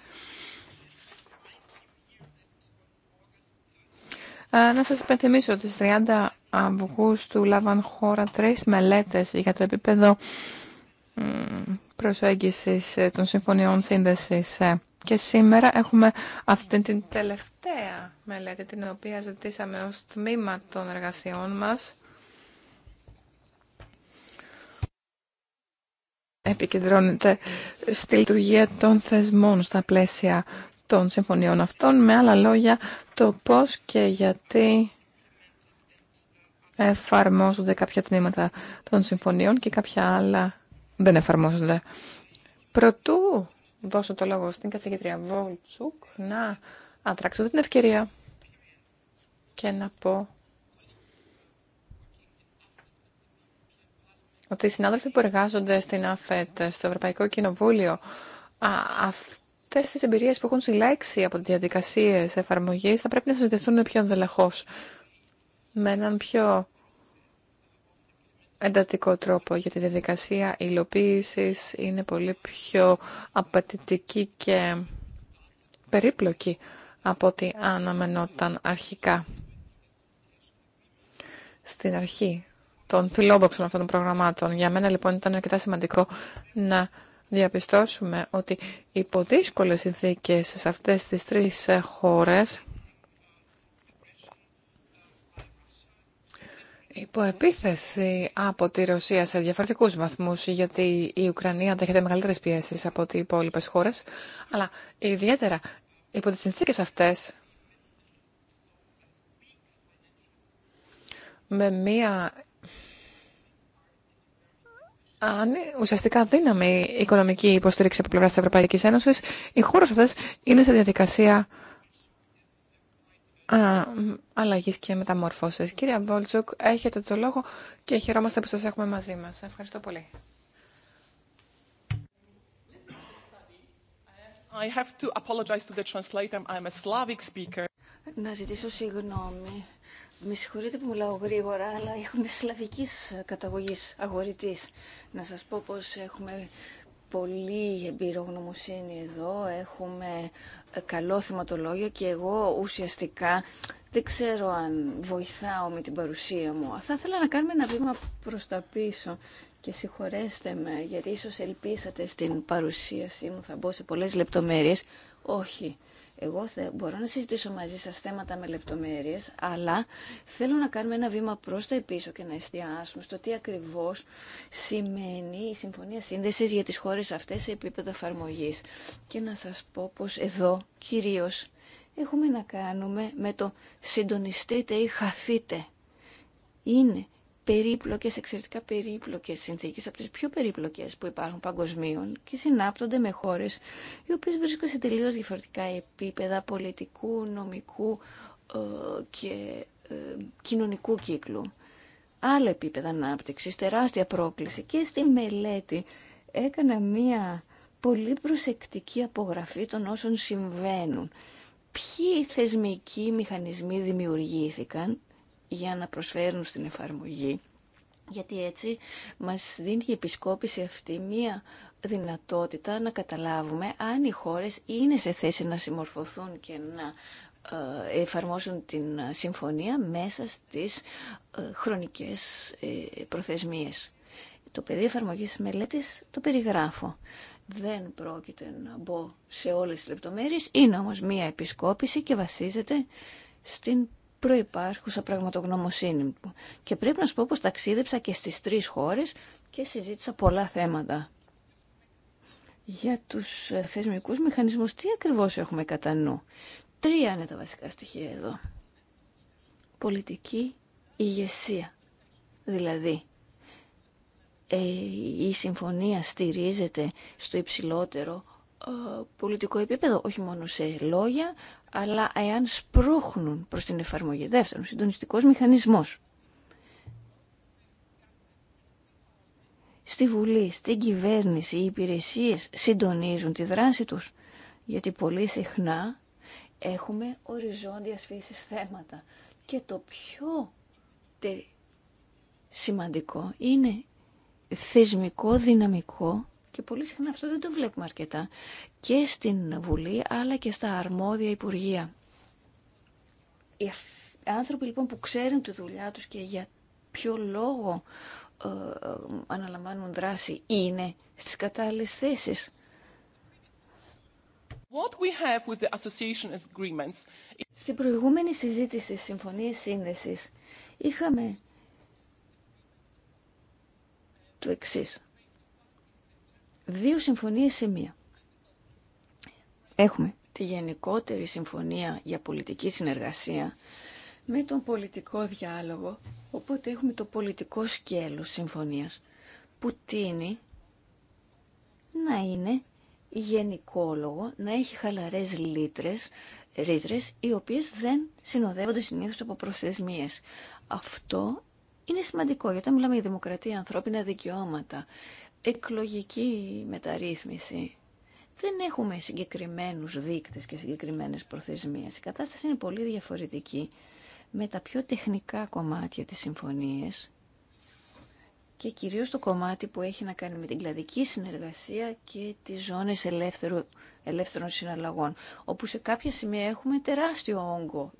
Ε, να σας υπενθυμίσω ότι στις 30 Αυγούστου λάβαν χώρα τρεις μελέτες για το επίπεδο προσέγγισης ε, των συμφωνιών σύνδεσης και σήμερα έχουμε αυτή την τελευταία μελέτη, την οποία ζητήσαμε ως τμήμα των εργασιών μας. Επικεντρώνεται στη λειτουργία των θεσμών στα πλαίσια των συμφωνιών αυτών. Με άλλα λόγια, το πώς και γιατί εφαρμόζονται κάποια τμήματα των συμφωνιών και κάποια άλλα δεν εφαρμόζονται. Προτού δώσω το λόγο στην καθηγήτρια Βόλτσουκ να αντράξω την ευκαιρία και να πω ότι οι συνάδελφοι που εργάζονται στην ΑΦΕΤ, στο Ευρωπαϊκό Κοινοβούλιο, α, αυτές τις εμπειρίες που έχουν συλλέξει από τις διαδικασίες εφαρμογής θα πρέπει να συζητηθούν πιο ενδελεχώς, με έναν πιο εντατικό τρόπο, γιατί η διαδικασία υλοποίηση είναι πολύ πιο απαιτητική και περίπλοκη από ό,τι αναμενόταν αρχικά. Στην αρχή των φιλόδοξων αυτών των προγραμμάτων. Για μένα λοιπόν ήταν αρκετά σημαντικό να διαπιστώσουμε ότι υπό δύσκολε συνθήκε σε αυτές τις τρεις χώρες υπό επίθεση από τη Ρωσία σε διαφορετικούς βαθμούς, γιατί η Ουκρανία αντέχεται μεγαλύτερες πιέσεις από τι υπόλοιπε χώρες, αλλά ιδιαίτερα υπό τις συνθήκες αυτές, με μία ουσιαστικά δύναμη οικονομική υποστήριξη από πλευρά τη Ευρωπαϊκή Ένωση, οι χώρε αυτέ είναι σε διαδικασία αλλαγή και μεταμορφώσεις. Κυρία Βόλτσοκ, έχετε το λόγο και χαιρόμαστε που σας έχουμε μαζί μας. Ευχαριστώ πολύ. I have to apologize to the translator. a Slavic speaker. Να ζητήσω συγγνώμη. Με συγχωρείτε που μιλάω γρήγορα, αλλά έχουμε σλαβικής καταγωγής αγορητής. Να σας πω πως έχουμε πολύ εμπειρογνωμοσύνη εδώ, έχουμε ε, καλό θεματολόγιο και εγώ ουσιαστικά δεν ξέρω αν βοηθάω με την παρουσία μου. Θα ήθελα να κάνουμε ένα βήμα προς τα πίσω και συγχωρέστε με γιατί ίσως ελπίσατε στην παρουσίασή μου, θα μπω σε πολλές λεπτομέρειες. Όχι, εγώ μπορώ να συζητήσω μαζί σας θέματα με λεπτομέρειες, αλλά θέλω να κάνουμε ένα βήμα προς τα πίσω και να εστιάσουμε στο τι ακριβώς σημαίνει η Συμφωνία Σύνδεσης για τις χώρες αυτές σε επίπεδο εφαρμογή. Και να σας πω πως εδώ κυρίως έχουμε να κάνουμε με το συντονιστείτε ή χαθείτε. Είναι περίπλοκες, εξαιρετικά περίπλοκες συνθήκες, από τις πιο περίπλοκες που υπάρχουν παγκοσμίων και συνάπτονται με χώρες οι οποίες βρίσκονται σε τελείως διαφορετικά επίπεδα πολιτικού, νομικού ε, και ε, κοινωνικού κύκλου. Άλλα επίπεδα ανάπτυξη, τεράστια πρόκληση και στη μελέτη έκανα μία πολύ προσεκτική απογραφή των όσων συμβαίνουν. Ποιοι θεσμικοί μηχανισμοί δημιουργήθηκαν για να προσφέρουν στην εφαρμογή. Γιατί έτσι μας δίνει η επισκόπηση αυτή μία δυνατότητα να καταλάβουμε αν οι χώρες είναι σε θέση να συμμορφωθούν και να ε, εφαρμόσουν την συμφωνία μέσα στις ε, χρονικές ε, προθεσμίες. Το πεδίο εφαρμογή μελέτης το περιγράφω. Δεν πρόκειται να μπω σε όλες τις λεπτομέρειες, είναι όμως μία επισκόπηση και βασίζεται στην προϋπάρχουσα πραγματογνωμοσύνη μου. Και πρέπει να σου πω πως ταξίδεψα και στις τρεις χώρες και συζήτησα πολλά θέματα. Για τους ε, θεσμικούς μηχανισμούς τι ακριβώς έχουμε κατά νου. Τρία είναι τα βασικά στοιχεία εδώ. Πολιτική ηγεσία. Δηλαδή, ε, η συμφωνία στηρίζεται στο υψηλότερο ε, πολιτικό επίπεδο, όχι μόνο σε λόγια, αλλά εάν σπρώχνουν προς την εφαρμογή. Δεύτερον, συντονιστικός μηχανισμός. Στη Βουλή, στην κυβέρνηση, οι υπηρεσίες συντονίζουν τη δράση τους, γιατί πολύ συχνά έχουμε οριζόντια φύσης θέματα. Και το πιο σημαντικό είναι θεσμικό δυναμικό και πολύ συχνά αυτό δεν το βλέπουμε αρκετά και στην Βουλή αλλά και στα αρμόδια Υπουργεία. Οι άνθρωποι λοιπόν που ξέρουν τη δουλειά τους και για ποιο λόγο ε, ε, αναλαμβάνουν δράση είναι στις κατάλληλες θέσεις. What we have Στην προηγούμενη συζήτηση συμφωνίες σύνδεσης είχαμε το εξής δύο συμφωνίες σε μία. Έχουμε τη γενικότερη συμφωνία για πολιτική συνεργασία με τον πολιτικό διάλογο, οπότε έχουμε το πολιτικό σκέλος συμφωνίας που τίνει να είναι γενικόλογο, να έχει χαλαρές λίτρες, ρίτρες οι οποίες δεν συνοδεύονται συνήθως από προθεσμίες. Αυτό είναι σημαντικό, γιατί όταν μιλάμε για δημοκρατία, ανθρώπινα δικαιώματα, εκλογική μεταρρύθμιση δεν έχουμε συγκεκριμένους δείκτες και συγκεκριμένες προθεσμίες. Η κατάσταση είναι πολύ διαφορετική με τα πιο τεχνικά κομμάτια της συμφωνίας και κυρίως το κομμάτι που έχει να κάνει με την κλαδική συνεργασία και τις ζώνες ελεύθερου, ελεύθερων συναλλαγών, όπου σε κάποια σημεία έχουμε τεράστιο όγκο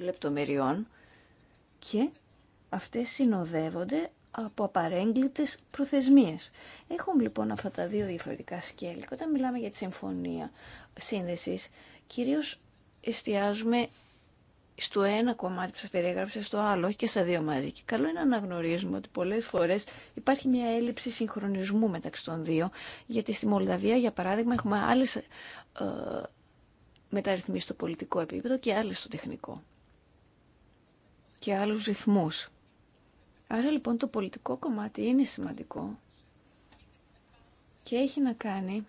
λεπτομεριών και αυτές συνοδεύονται από απαρέγκλητες προθεσμίες. Έχουμε λοιπόν αυτά τα δύο διαφορετικά σκέλη. Και όταν μιλάμε για τη συμφωνία σύνδεσης, κυρίως εστιάζουμε στο ένα κομμάτι που σας περιέγραψα, στο άλλο, όχι και στα δύο μαζί. Και καλό είναι να αναγνωρίζουμε ότι πολλές φορές υπάρχει μια έλλειψη συγχρονισμού μεταξύ των δύο, γιατί στη Μολδαβία, για παράδειγμα, έχουμε άλλες ε, μεταρρυθμίσεις στο πολιτικό επίπεδο και άλλες στο τεχνικό. Και άλλους ρυθμούς. Άρα λοιπόν το πολιτικό κομμάτι είναι σημαντικό και έχει να κάνει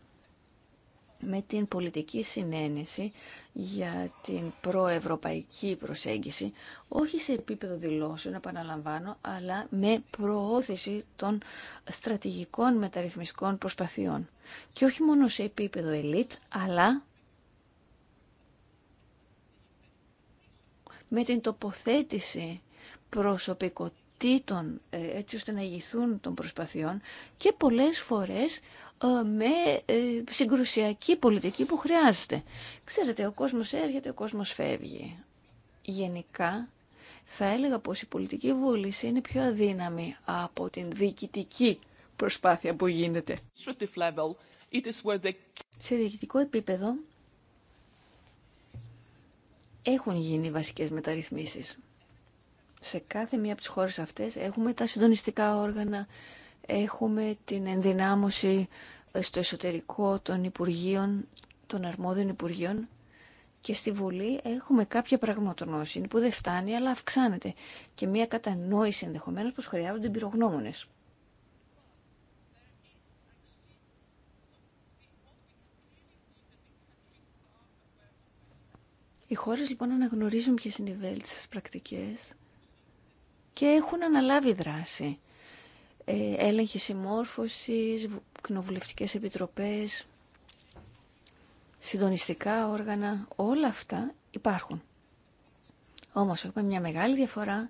με την πολιτική συνένεση για την προευρωπαϊκή προσέγγιση, όχι σε επίπεδο δηλώσεων, επαναλαμβάνω, αλλά με προώθηση των στρατηγικών μεταρρυθμιστικών προσπαθειών. Και όχι μόνο σε επίπεδο ελίτ, αλλά με την τοποθέτηση προσωπικότητα. Ε, έτσι ώστε να ηγηθούν των προσπαθειών και πολλές φορές ε, με ε, συγκρουσιακή πολιτική που χρειάζεται. Ξέρετε, ο κόσμος έρχεται, ο κόσμος φεύγει. Γενικά, θα έλεγα πως η πολιτική βούληση είναι πιο αδύναμη από την διοικητική προσπάθεια που γίνεται. Σε διοικητικό επίπεδο έχουν γίνει βασικές μεταρρυθμίσεις σε κάθε μία από τις χώρες αυτές έχουμε τα συντονιστικά όργανα, έχουμε την ενδυνάμωση ε, στο εσωτερικό των Υπουργείων, των αρμόδιων Υπουργείων και στη Βουλή έχουμε κάποια πραγματονόση που δεν φτάνει αλλά αυξάνεται και μία κατανόηση ενδεχομένως πως χρειάζονται πυρογνώμονες. Οι χώρες λοιπόν αναγνωρίζουν ποιες είναι οι βέλτιστες πρακτικές και έχουν αναλάβει δράση. Ε, έλεγχη συμμόρφωσης, κοινοβουλευτικές επιτροπές, συντονιστικά όργανα, όλα αυτά υπάρχουν. Όμως έχουμε μια μεγάλη διαφορά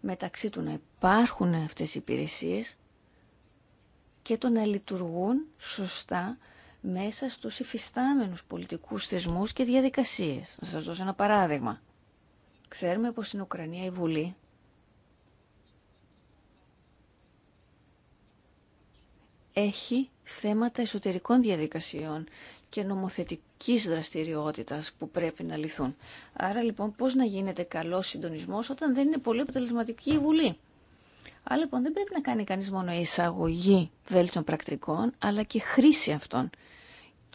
μεταξύ του να υπάρχουν αυτές οι υπηρεσίες και το να λειτουργούν σωστά μέσα στους υφιστάμενους πολιτικούς θεσμούς και διαδικασίες. Να σας δώσω ένα παράδειγμα. Ξέρουμε πως στην Ουκρανία η Βουλή έχει θέματα εσωτερικών διαδικασιών και νομοθετικής δραστηριότητας που πρέπει να λυθούν. Άρα λοιπόν πώς να γίνεται καλός συντονισμός όταν δεν είναι πολύ αποτελεσματική η Βουλή. Άρα λοιπόν δεν πρέπει να κάνει κανείς μόνο εισαγωγή βέλτιστων πρακτικών αλλά και χρήση αυτών.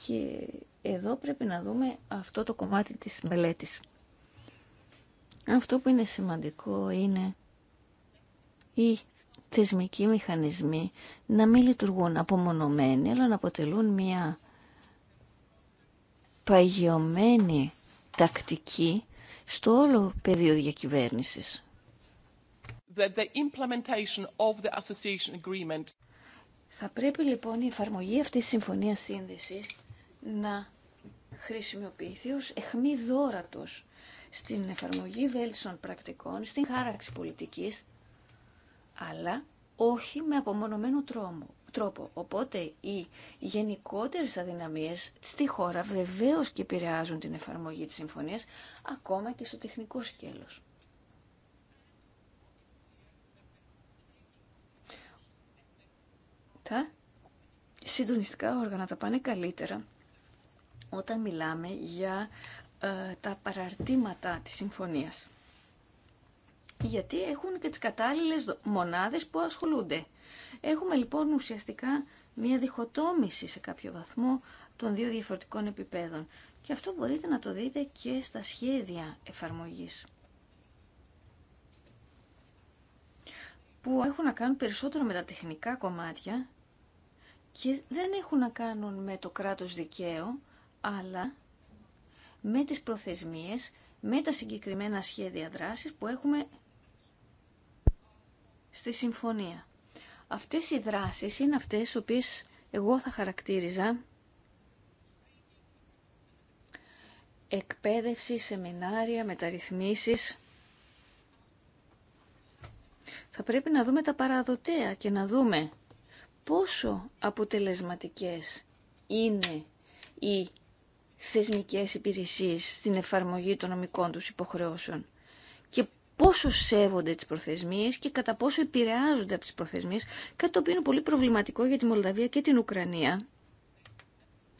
Και εδώ πρέπει να δούμε αυτό το κομμάτι της μελέτης. Αυτό που είναι σημαντικό είναι η θεσμικοί μηχανισμοί να μην λειτουργούν απομονωμένοι, αλλά να αποτελούν μια παγιωμένη τακτική στο όλο πεδίο διακυβέρνησης. Θα πρέπει λοιπόν η εφαρμογή αυτής της συμφωνίας σύνδεσης να χρησιμοποιηθεί ως εχμή δόρατος στην εφαρμογή βέλτιστων πρακτικών, στην χάραξη πολιτικής αλλά όχι με απομονωμένο τρόπο. Οπότε οι γενικότερες αδυναμίες στη χώρα βεβαίως και επηρεάζουν την εφαρμογή της συμφωνίας, ακόμα και στο τεχνικό σκέλος. Τα συντονιστικά όργανα τα πάνε καλύτερα όταν μιλάμε για ε, τα παραρτήματα της συμφωνίας γιατί έχουν και τις κατάλληλες μονάδες που ασχολούνται. Έχουμε λοιπόν ουσιαστικά μια διχοτόμηση σε κάποιο βαθμό των δύο διαφορετικών επιπέδων και αυτό μπορείτε να το δείτε και στα σχέδια εφαρμογής. που έχουν να κάνουν περισσότερο με τα τεχνικά κομμάτια και δεν έχουν να κάνουν με το κράτος δικαίου, αλλά με τις προθεσμίες, με τα συγκεκριμένα σχέδια δράσης που έχουμε στη συμφωνία. Αυτές οι δράσεις είναι αυτές τις οποίες εγώ θα χαρακτήριζα εκπαίδευση, σεμινάρια, μεταρρυθμίσεις. Θα πρέπει να δούμε τα παραδοτέα και να δούμε πόσο αποτελεσματικές είναι οι θεσμικές υπηρεσίες στην εφαρμογή των νομικών τους υποχρεώσεων πόσο σέβονται τις προθεσμίες και κατά πόσο επηρεάζονται από τις προθεσμίες, κάτι το οποίο είναι πολύ προβληματικό για τη Μολδαβία και την Ουκρανία,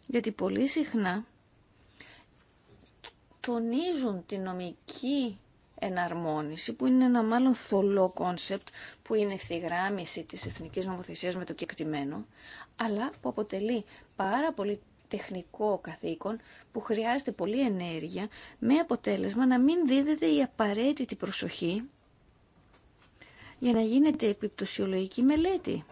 γιατί πολύ συχνά τονίζουν την νομική εναρμόνιση, που είναι ένα μάλλον θολό κόνσεπτ, που είναι ευθυγράμμιση της εθνικής νομοθεσίας με το κεκτημένο, αλλά που αποτελεί πάρα πολύ τεχνικό καθήκον που χρειάζεται πολλή ενέργεια με αποτέλεσμα να μην δίδεται η απαραίτητη προσοχή για να γίνεται επιπτωσιολογική μελέτη.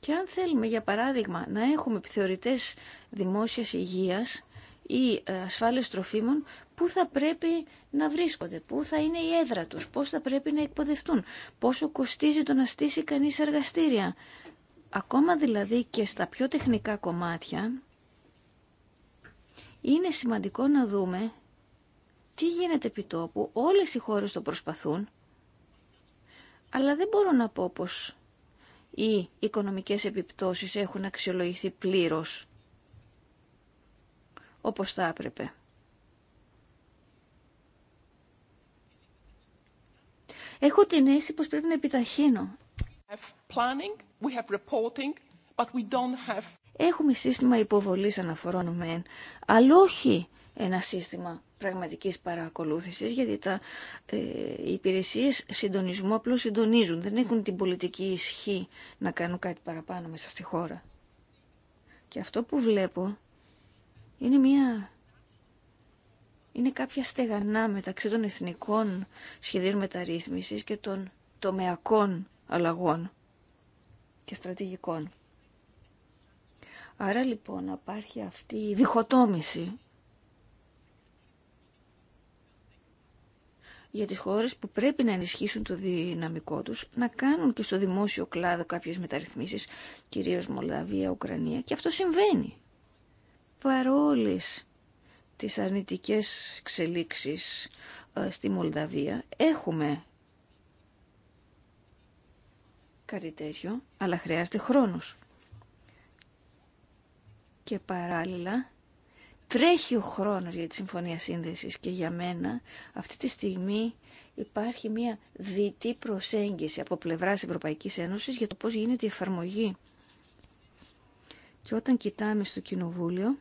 Και αν θέλουμε, για παράδειγμα, να έχουμε επιθεωρητές δημόσιας υγείας ή ε, ασφάλειας τροφίμων, πού θα πρέπει να βρίσκονται, πού θα είναι η έδρα τους, πώς θα πρέπει να εκπαιδευτούν, πόσο να εκποδευτουν ποσο κοστιζει το να στήσει κανείς εργαστήρια. Ακόμα δηλαδή και στα πιο τεχνικά κομμάτια, είναι σημαντικό να δούμε τι γίνεται επί τόπου. Όλες οι χώρες το προσπαθούν, αλλά δεν μπορώ να πω πως οι οικονομικές επιπτώσεις έχουν αξιολογηθεί πλήρως, όπως θα έπρεπε. Έχω την αίσθηση πως πρέπει να επιταχύνω Έχουμε σύστημα υποβολής αναφορών μεν, αλλά όχι ένα σύστημα πραγματικής παρακολούθησης, γιατί τα, ε, υπηρεσίες συντονισμού απλώς συντονίζουν. Δεν έχουν την πολιτική ισχύ να κάνουν κάτι παραπάνω μέσα στη χώρα. Και αυτό που βλέπω είναι μια... Είναι κάποια στεγανά μεταξύ των εθνικών σχεδίων μεταρρύθμισης και των τομεακών αλλαγών και στρατηγικών. Άρα λοιπόν υπάρχει αυτή η διχοτόμηση για τις χώρες που πρέπει να ενισχύσουν το δυναμικό τους, να κάνουν και στο δημόσιο κλάδο κάποιες μεταρρυθμίσεις, κυρίως Μολδαβία, Ουκρανία, και αυτό συμβαίνει. Παρόλες τις αρνητικές εξελίξεις ε, στη Μολδαβία, έχουμε κάτι τέτοιο, αλλά χρειάζεται χρόνος. Και παράλληλα τρέχει ο χρόνος για τη Συμφωνία Σύνδεσης και για μένα αυτή τη στιγμή υπάρχει μια διτή προσέγγιση από πλευράς Ευρωπαϊκής Ένωσης για το πώς γίνεται η εφαρμογή. Και όταν κοιτάμε στο Κοινοβούλιο,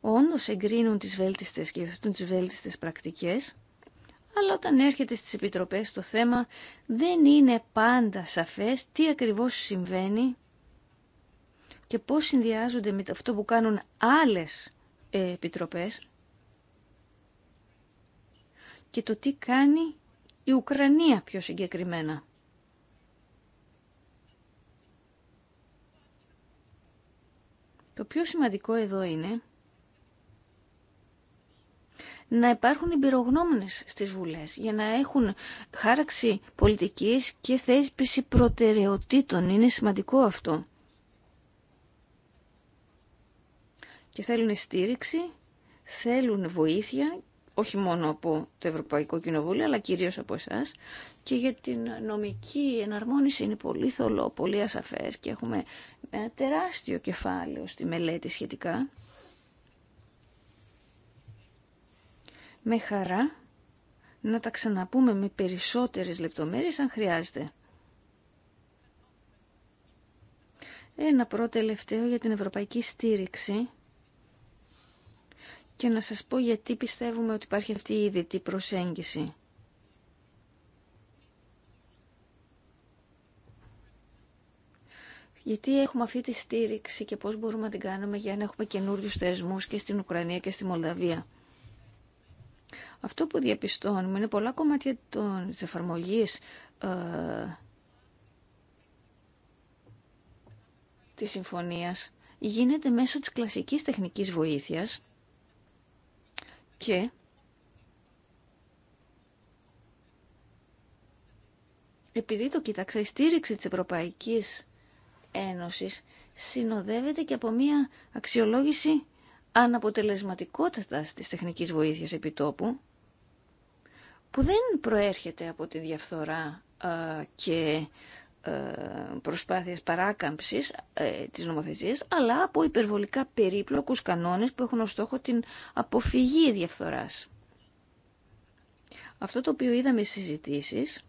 όντως εγκρίνουν τις βέλτιστες και αυτούν τις βέλτιστες πρακτικές, αλλά όταν έρχεται στις επιτροπές το θέμα δεν είναι πάντα σαφές τι ακριβώς συμβαίνει και πώς συνδυάζονται με αυτό που κάνουν άλλες ε, επιτροπές και το τι κάνει η Ουκρανία πιο συγκεκριμένα. Το πιο σημαντικό εδώ είναι να υπάρχουν εμπειρογνώμονες στις βουλές για να έχουν χάραξη πολιτικής και θέσπιση προτεραιοτήτων. Είναι σημαντικό αυτό. Και θέλουν στήριξη, θέλουν βοήθεια όχι μόνο από το Ευρωπαϊκό Κοινοβούλιο, αλλά κυρίως από εσάς. Και για την νομική εναρμόνιση είναι πολύ θολό, πολύ ασαφές και έχουμε ένα τεράστιο κεφάλαιο στη μελέτη σχετικά. με χαρά να τα ξαναπούμε με περισσότερες λεπτομέρειες αν χρειάζεται. Ένα πρώτο τελευταίο για την ευρωπαϊκή στήριξη και να σας πω γιατί πιστεύουμε ότι υπάρχει αυτή η είδητη προσέγγιση. Γιατί έχουμε αυτή τη στήριξη και πώς μπορούμε να την κάνουμε για να έχουμε καινούριου θεσμούς και στην Ουκρανία και στη Μολδαβία. Αυτό που διαπιστώνουμε είναι πολλά κομμάτια της εφαρμογής ε, της συμφωνίας γίνεται μέσω της κλασικής τεχνικής βοήθειας και επειδή το κοίταξα, η στήριξη της Ευρωπαϊκής Ένωσης συνοδεύεται και από μια αξιολόγηση αναποτελεσματικότητας της τεχνικής βοήθειας επιτόπου που δεν προέρχεται από τη διαφθορά ε, και ε, προσπάθειες παράκαμψης ε, της νομοθεσίας, αλλά από υπερβολικά περίπλοκους κανόνες που έχουν ως στόχο την αποφυγή διαφθοράς. Αυτό το οποίο είδαμε στις συζητήσεις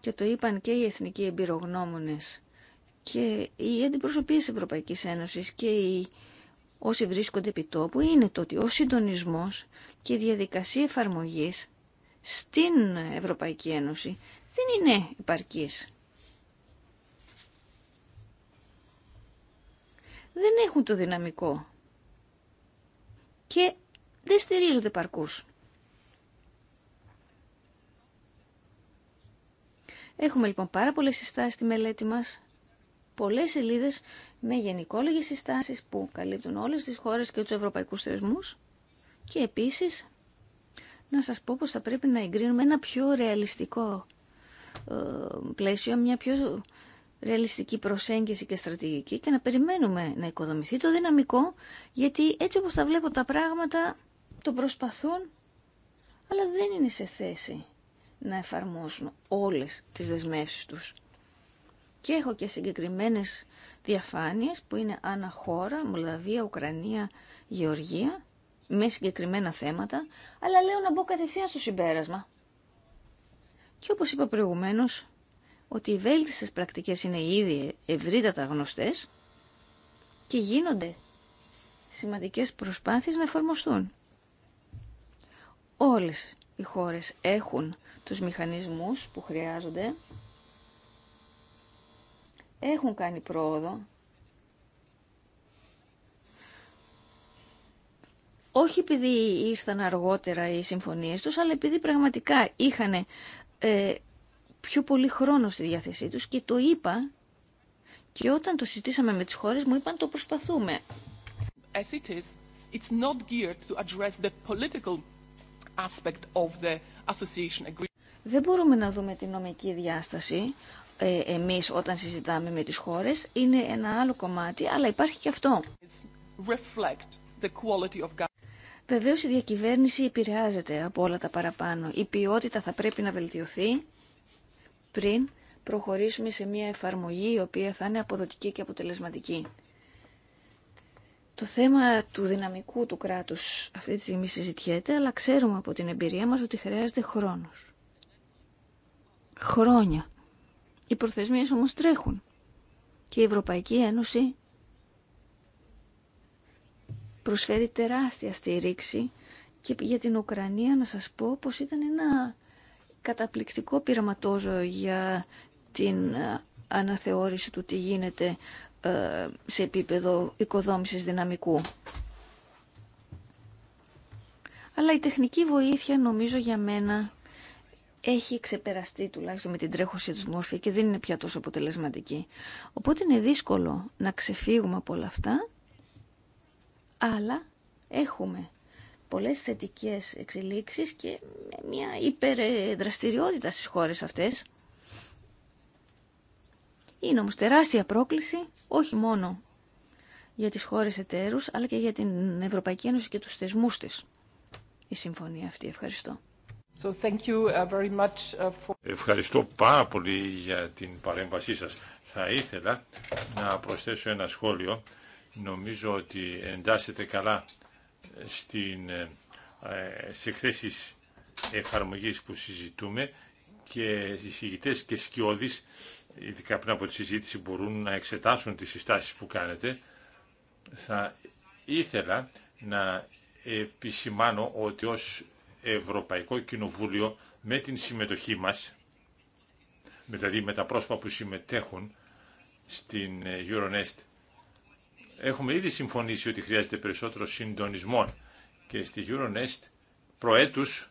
και το είπαν και οι εθνικοί εμπειρογνώμονες και οι της Ευρωπαϊκής Ένωσης και οι όσοι βρίσκονται επί τόπου είναι το ότι ο συντονισμός και η διαδικασία εφαρμογής στην Ευρωπαϊκή Ένωση δεν είναι υπαρκής. Δεν έχουν το δυναμικό και δεν στηρίζονται παρκούς. Έχουμε λοιπόν πάρα πολλές συστάσεις στη μελέτη μας, πολλές σελίδες με γενικόλογε συστάσει που καλύπτουν όλες τις χώρες και τους ευρωπαϊκούς θεσμού. και επίσης να σας πω πως θα πρέπει να εγκρίνουμε ένα πιο ρεαλιστικό ε, πλαίσιο, μια πιο ρεαλιστική προσέγγιση και στρατηγική και να περιμένουμε να οικοδομηθεί το δυναμικό γιατί έτσι όπως τα βλέπω τα πράγματα το προσπαθούν αλλά δεν είναι σε θέση να εφαρμόσουν όλες τις δεσμεύσεις τους. Και έχω και συγκεκριμένες διαφάνειες που είναι Χώρα, Μολδαβία, Ουκρανία, Γεωργία, με συγκεκριμένα θέματα, αλλά λέω να μπω κατευθείαν στο συμπέρασμα. Και όπως είπα προηγουμένως, ότι οι βέλτιστες πρακτικές είναι ήδη ευρύτατα γνωστές και γίνονται σημαντικές προσπάθειες να εφαρμοστούν. Όλες οι χώρες έχουν τους μηχανισμούς που χρειάζονται έχουν κάνει πρόοδο. Όχι επειδή ήρθαν αργότερα οι συμφωνίες τους, αλλά επειδή πραγματικά είχαν ε, πιο πολύ χρόνο στη διάθεσή τους και το είπα και όταν το συζητήσαμε με τις χώρες μου είπαν το προσπαθούμε. it's not geared to address the political aspect of the association agreement. Δεν μπορούμε να δούμε την νομική διάσταση, ε, εμείς όταν συζητάμε με τις χώρες. Είναι ένα άλλο κομμάτι, αλλά υπάρχει και αυτό. Βεβαίως η διακυβέρνηση επηρεάζεται από όλα τα παραπάνω. Η ποιότητα θα πρέπει να βελτιωθεί πριν προχωρήσουμε σε μια εφαρμογή η οποία θα είναι αποδοτική και αποτελεσματική. Το θέμα του δυναμικού του κράτους αυτή τη στιγμή συζητιέται, αλλά ξέρουμε από την εμπειρία μας ότι χρειάζεται χρόνος. Χρόνια οι προθεσμίες όμως τρέχουν και η Ευρωπαϊκή Ένωση προσφέρει τεράστια στήριξη και για την Ουκρανία να σας πω πως ήταν ένα καταπληκτικό πειραματόζωο για την ε, αναθεώρηση του τι γίνεται ε, σε επίπεδο οικοδόμησης δυναμικού. Αλλά η τεχνική βοήθεια νομίζω για μένα έχει ξεπεραστεί τουλάχιστον με την τρέχωσή τους μόρφη και δεν είναι πια τόσο αποτελεσματική. Οπότε είναι δύσκολο να ξεφύγουμε από όλα αυτά, αλλά έχουμε πολλές θετικές εξελίξεις και μια υπερδραστηριότητα στις χώρες αυτές. Είναι όμως τεράστια πρόκληση, όχι μόνο για τις χώρες εταίρους, αλλά και για την Ευρωπαϊκή Ένωση και τους θεσμούς της. Η συμφωνία αυτή. Ευχαριστώ. Uh, uh, Ευχαριστώ πάρα πολύ για την παρέμβασή σας. Θα ήθελα να προσθέσω ένα σχόλιο. Νομίζω ότι εντάσσεται καλά στην, ε, ε, σε εκθέσεις εφαρμογής που συζητούμε και οι συγητές και σκιώδεις, ειδικά πριν από τη συζήτηση, μπορούν να εξετάσουν τις συστάσεις που κάνετε. Θα ήθελα να επισημάνω ότι ως Ευρωπαϊκό Κοινοβούλιο με την συμμετοχή μας, δηλαδή με τα πρόσωπα που συμμετέχουν στην ε, Euronest, έχουμε ήδη συμφωνήσει ότι χρειάζεται περισσότερο συντονισμό και στη Euronest προέτους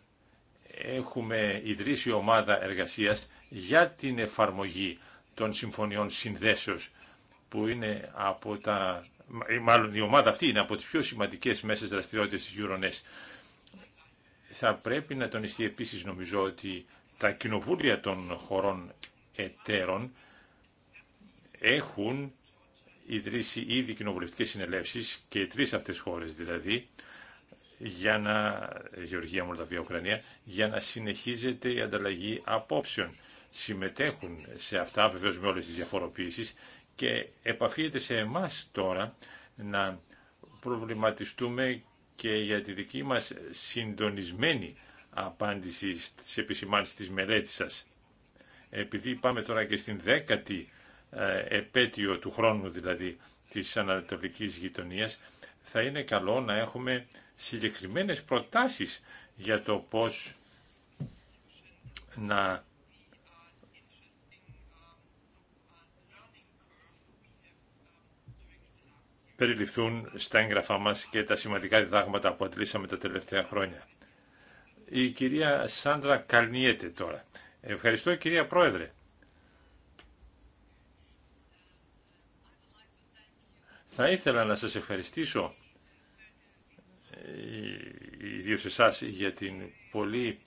έχουμε ιδρύσει ομάδα εργασίας για την εφαρμογή των συμφωνιών συνδέσεως που είναι από τα μάλλον η ομάδα αυτή είναι από τις πιο σημαντικές μέσες δραστηριότητες της Euronest θα πρέπει να τονιστεί επίσης νομίζω ότι τα κοινοβούλια των χωρών εταίρων έχουν ιδρύσει ήδη κοινοβουλευτικές συνελεύσεις και τρεις αυτές χώρες δηλαδή, για να, Γεωργία, Μολδαβία, Ουκρανία, για να συνεχίζεται η ανταλλαγή απόψεων. Συμμετέχουν σε αυτά βεβαίως με όλες τις διαφοροποίησεις και επαφίεται σε εμάς τώρα να προβληματιστούμε και για τη δική μας συντονισμένη απάντηση στις επισημάνσεις της μελέτης σας. Επειδή πάμε τώρα και στην δέκατη ε, επέτειο του χρόνου δηλαδή της ανατολικής γειτονίας, θα είναι καλό να έχουμε συγκεκριμένες προτάσεις για το πώς να περιληφθούν στα έγγραφά μας και τα σημαντικά διδάγματα που αντλήσαμε τα τελευταία χρόνια. Η κυρία Σάντρα Καλνιέται τώρα. Ευχαριστώ κυρία Πρόεδρε. Θα ήθελα να σας ευχαριστήσω ε, ιδίω εσά για την πολύ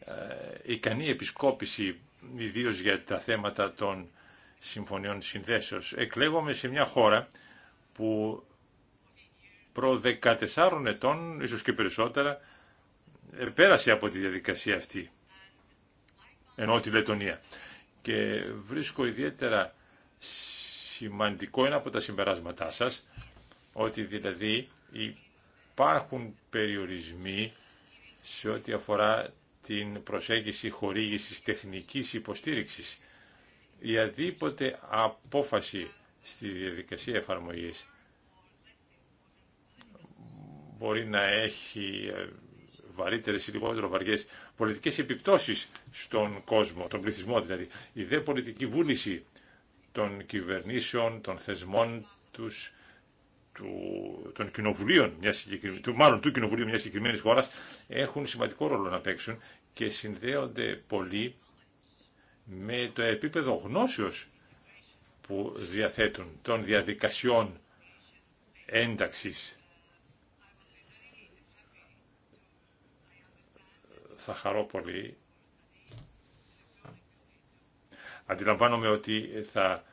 ε, ικανή επισκόπηση ιδίω για τα θέματα των συμφωνιών συνδέσεως. Εκλέγομαι σε μια χώρα που προ 14 ετών, ίσως και περισσότερα, ε, πέρασε από τη διαδικασία αυτή, ενώ τη Λετωνία. Και βρίσκω ιδιαίτερα σημαντικό ένα από τα συμπεράσματά σας, ότι δηλαδή υπάρχουν περιορισμοί σε ό,τι αφορά την προσέγγιση χορήγησης τεχνικής υποστήριξης. Η αδίποτε απόφαση στη διαδικασία εφαρμογής μπορεί να έχει ε, βαρύτερες ή λιγότερο βαριές πολιτικές επιπτώσεις στον κόσμο, τον πληθυσμό δηλαδή. Η δε πολιτική βούληση των κυβερνήσεων, των θεσμών τους, του, των κοινοβουλίων, του, μάλλον του κοινοβουλίου μιας συγκεκριμένης χώρας, έχουν σημαντικό ρόλο να παίξουν και συνδέονται πολύ με το επίπεδο γνώσεως που διαθέτουν των διαδικασιών ένταξης. Θα χαρώ πολύ. Αντιλαμβάνομαι ότι θα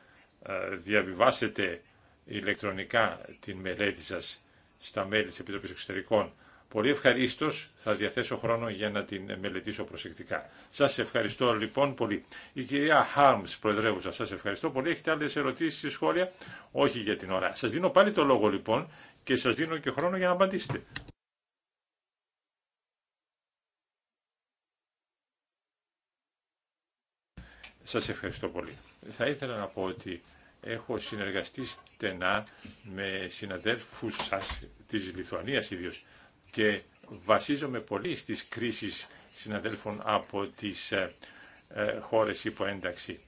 ε, διαβιβάσετε ηλεκτρονικά την μελέτη σας στα μέλη της Επιτροπής Εξωτερικών Πολύ ευχαρίστω θα διαθέσω χρόνο για να την μελετήσω προσεκτικά. Σα ευχαριστώ λοιπόν πολύ. Η κυρία Χάρμ, Προεδρεύουσα, σα ευχαριστώ πολύ. Έχετε άλλε ερωτήσει ή σχόλια. Όχι για την ώρα. Σα δίνω πάλι το λόγο λοιπόν και σα δίνω και χρόνο για να απαντήσετε. Σας ευχαριστώ πολύ. Θα ήθελα να πω ότι έχω συνεργαστεί στενά με συναδέλφους σας της Λιθουανίας ιδίως και βασίζομαι πολύ στις κρίσεις συναδέλφων από τις ε, ε, χώρες υπό ένταξη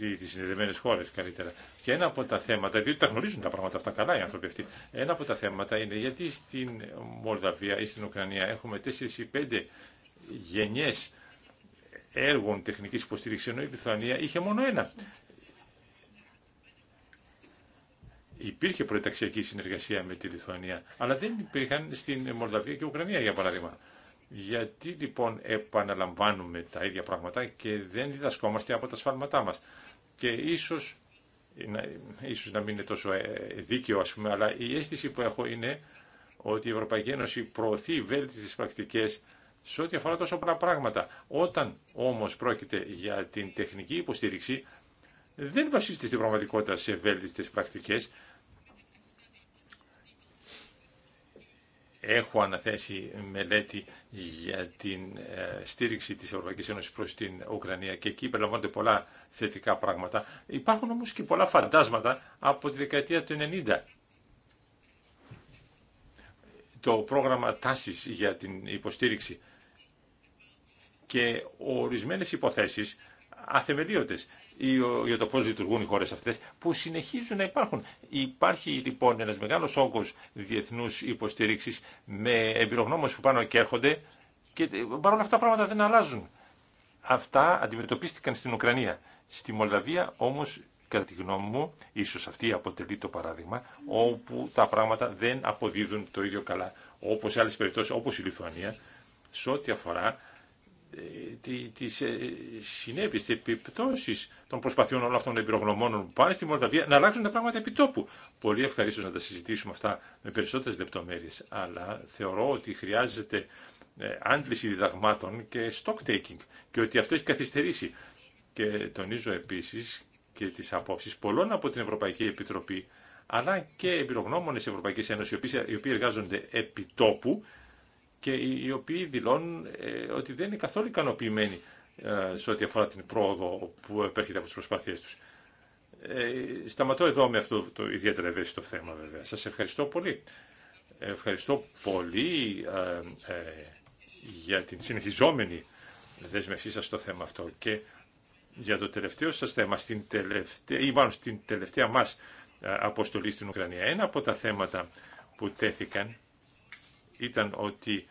ή τι συνδεδεμένε χώρε καλύτερα. Και ένα από τα θέματα, διότι τα γνωρίζουν τα πράγματα αυτά καλά οι άνθρωποι αυτοί, ένα από τα θέματα είναι γιατί στην Μολδαβία ή στην Ουκρανία έχουμε 4 ή 5 γενιέ έργων τεχνική υποστήριξη, ενώ η Λιθουανία είχε μόνο 5 γενιες εργων τεχνικη υποστηριξης ενω η λιθουανια ειχε μονο ενα υπήρχε προεταξιακή συνεργασία με τη Λιθουανία, αλλά δεν υπήρχαν στην Μολδαβία και Ουκρανία, για παράδειγμα. Γιατί λοιπόν επαναλαμβάνουμε τα ίδια πράγματα και δεν διδασκόμαστε από τα σφάλματά μας. Και ίσως, να, ίσως να μην είναι τόσο ε, δίκαιο, ας πούμε, αλλά η αίσθηση που έχω είναι ότι η Ευρωπαϊκή Ένωση προωθεί βέλτιστες πρακτικές σε ό,τι αφορά τόσο πολλά πράγματα. Όταν όμως πρόκειται για την τεχνική υποστήριξη, δεν βασίζεται στην πραγματικότητα σε βέλτιστες πρακτικές, έχω αναθέσει μελέτη για την ε, στήριξη της Ευρωπαϊκής Ένωσης προς την Ουκρανία και εκεί περιλαμβάνονται πολλά θετικά πράγματα. Υπάρχουν όμως και πολλά φαντάσματα από τη δεκαετία του 90. Το πρόγραμμα τάσης για την υποστήριξη και ορισμένες υποθέσεις αθεμελίωτες για το πώ λειτουργούν οι χώρε αυτέ, που συνεχίζουν να υπάρχουν. Υπάρχει λοιπόν ένα μεγάλο όγκος διεθνού υποστήριξη με εμπειρογνώμονες που πάνω και έρχονται και ε, παρόλα αυτά πράγματα δεν αλλάζουν. Αυτά αντιμετωπίστηκαν στην Ουκρανία. Στη Μολδαβία όμω, κατά τη γνώμη μου, ίσω αυτή αποτελεί το παράδειγμα, όπου τα πράγματα δεν αποδίδουν το ίδιο καλά, Όπω σε άλλε περιπτώσει, όπω η Λιθουανία, σε ό,τι αφορά τις ε, συνέπειες, τις επιπτώσεις των προσπαθειών όλων αυτών των εμπειρογνωμόνων που πάνε στη Μολδαβία να αλλάξουν τα πράγματα επί τόπου. Πολύ ευχαρίστω να τα συζητήσουμε αυτά με περισσότερες λεπτομέρειες, αλλά θεωρώ ότι χρειάζεται ε, άντληση διδαγμάτων και stock taking και ότι αυτό έχει καθυστερήσει. Και τονίζω επίσης και τις απόψεις πολλών από την Ευρωπαϊκή Επιτροπή αλλά και εμπειρογνώμονε Ευρωπαϊκής Ένωσης, οι οποίοι εργάζονται επί τόπου και οι οποίοι δηλώνουν ε, ότι δεν είναι καθόλου ικανοποιημένοι ε, σε ό,τι αφορά την πρόοδο που επέρχεται από τις προσπάθειές τους. Ε, σταματώ εδώ με αυτό το ιδιαίτερα ευαίσθητο θέμα βέβαια. Σας ευχαριστώ πολύ. Ευχαριστώ πολύ για την συνεχιζόμενη δέσμευσή σας στο θέμα αυτό και για το τελευταίο σας θέμα, στην τελευταία, ή μάλλον στην τελευταία μας αποστολή στην Ουκρανία. Ένα από τα θέματα που τέθηκαν ήταν ότι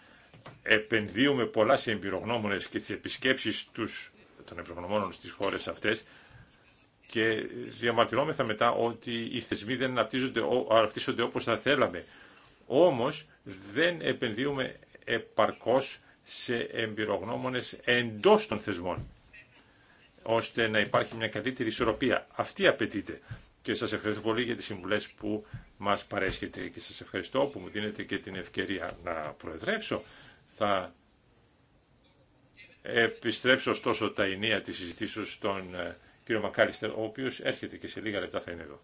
επενδύουμε πολλά σε εμπειρογνώμονες και τις επισκέψεις τους, των εμπειρογνωμόνων στις χώρες αυτές και διαμαρτυρόμεθα μετά ότι οι θεσμοί δεν αναπτύσσονται όπως θα θέλαμε. Όμως δεν επενδύουμε επαρκώς σε εμπειρογνώμονες εντός των θεσμών ώστε να υπάρχει μια καλύτερη ισορροπία. Αυτή απαιτείται. Και σας ευχαριστώ πολύ για τις συμβουλές που μας παρέσχετε και σας ευχαριστώ που μου δίνετε και την ευκαιρία να προεδρεύσω θα επιστρέψω ωστόσο τα ενία της συζητήσεως στον ε, κύριο Μακάλιστερ, ο οποίος έρχεται και σε λίγα λεπτά θα είναι εδώ.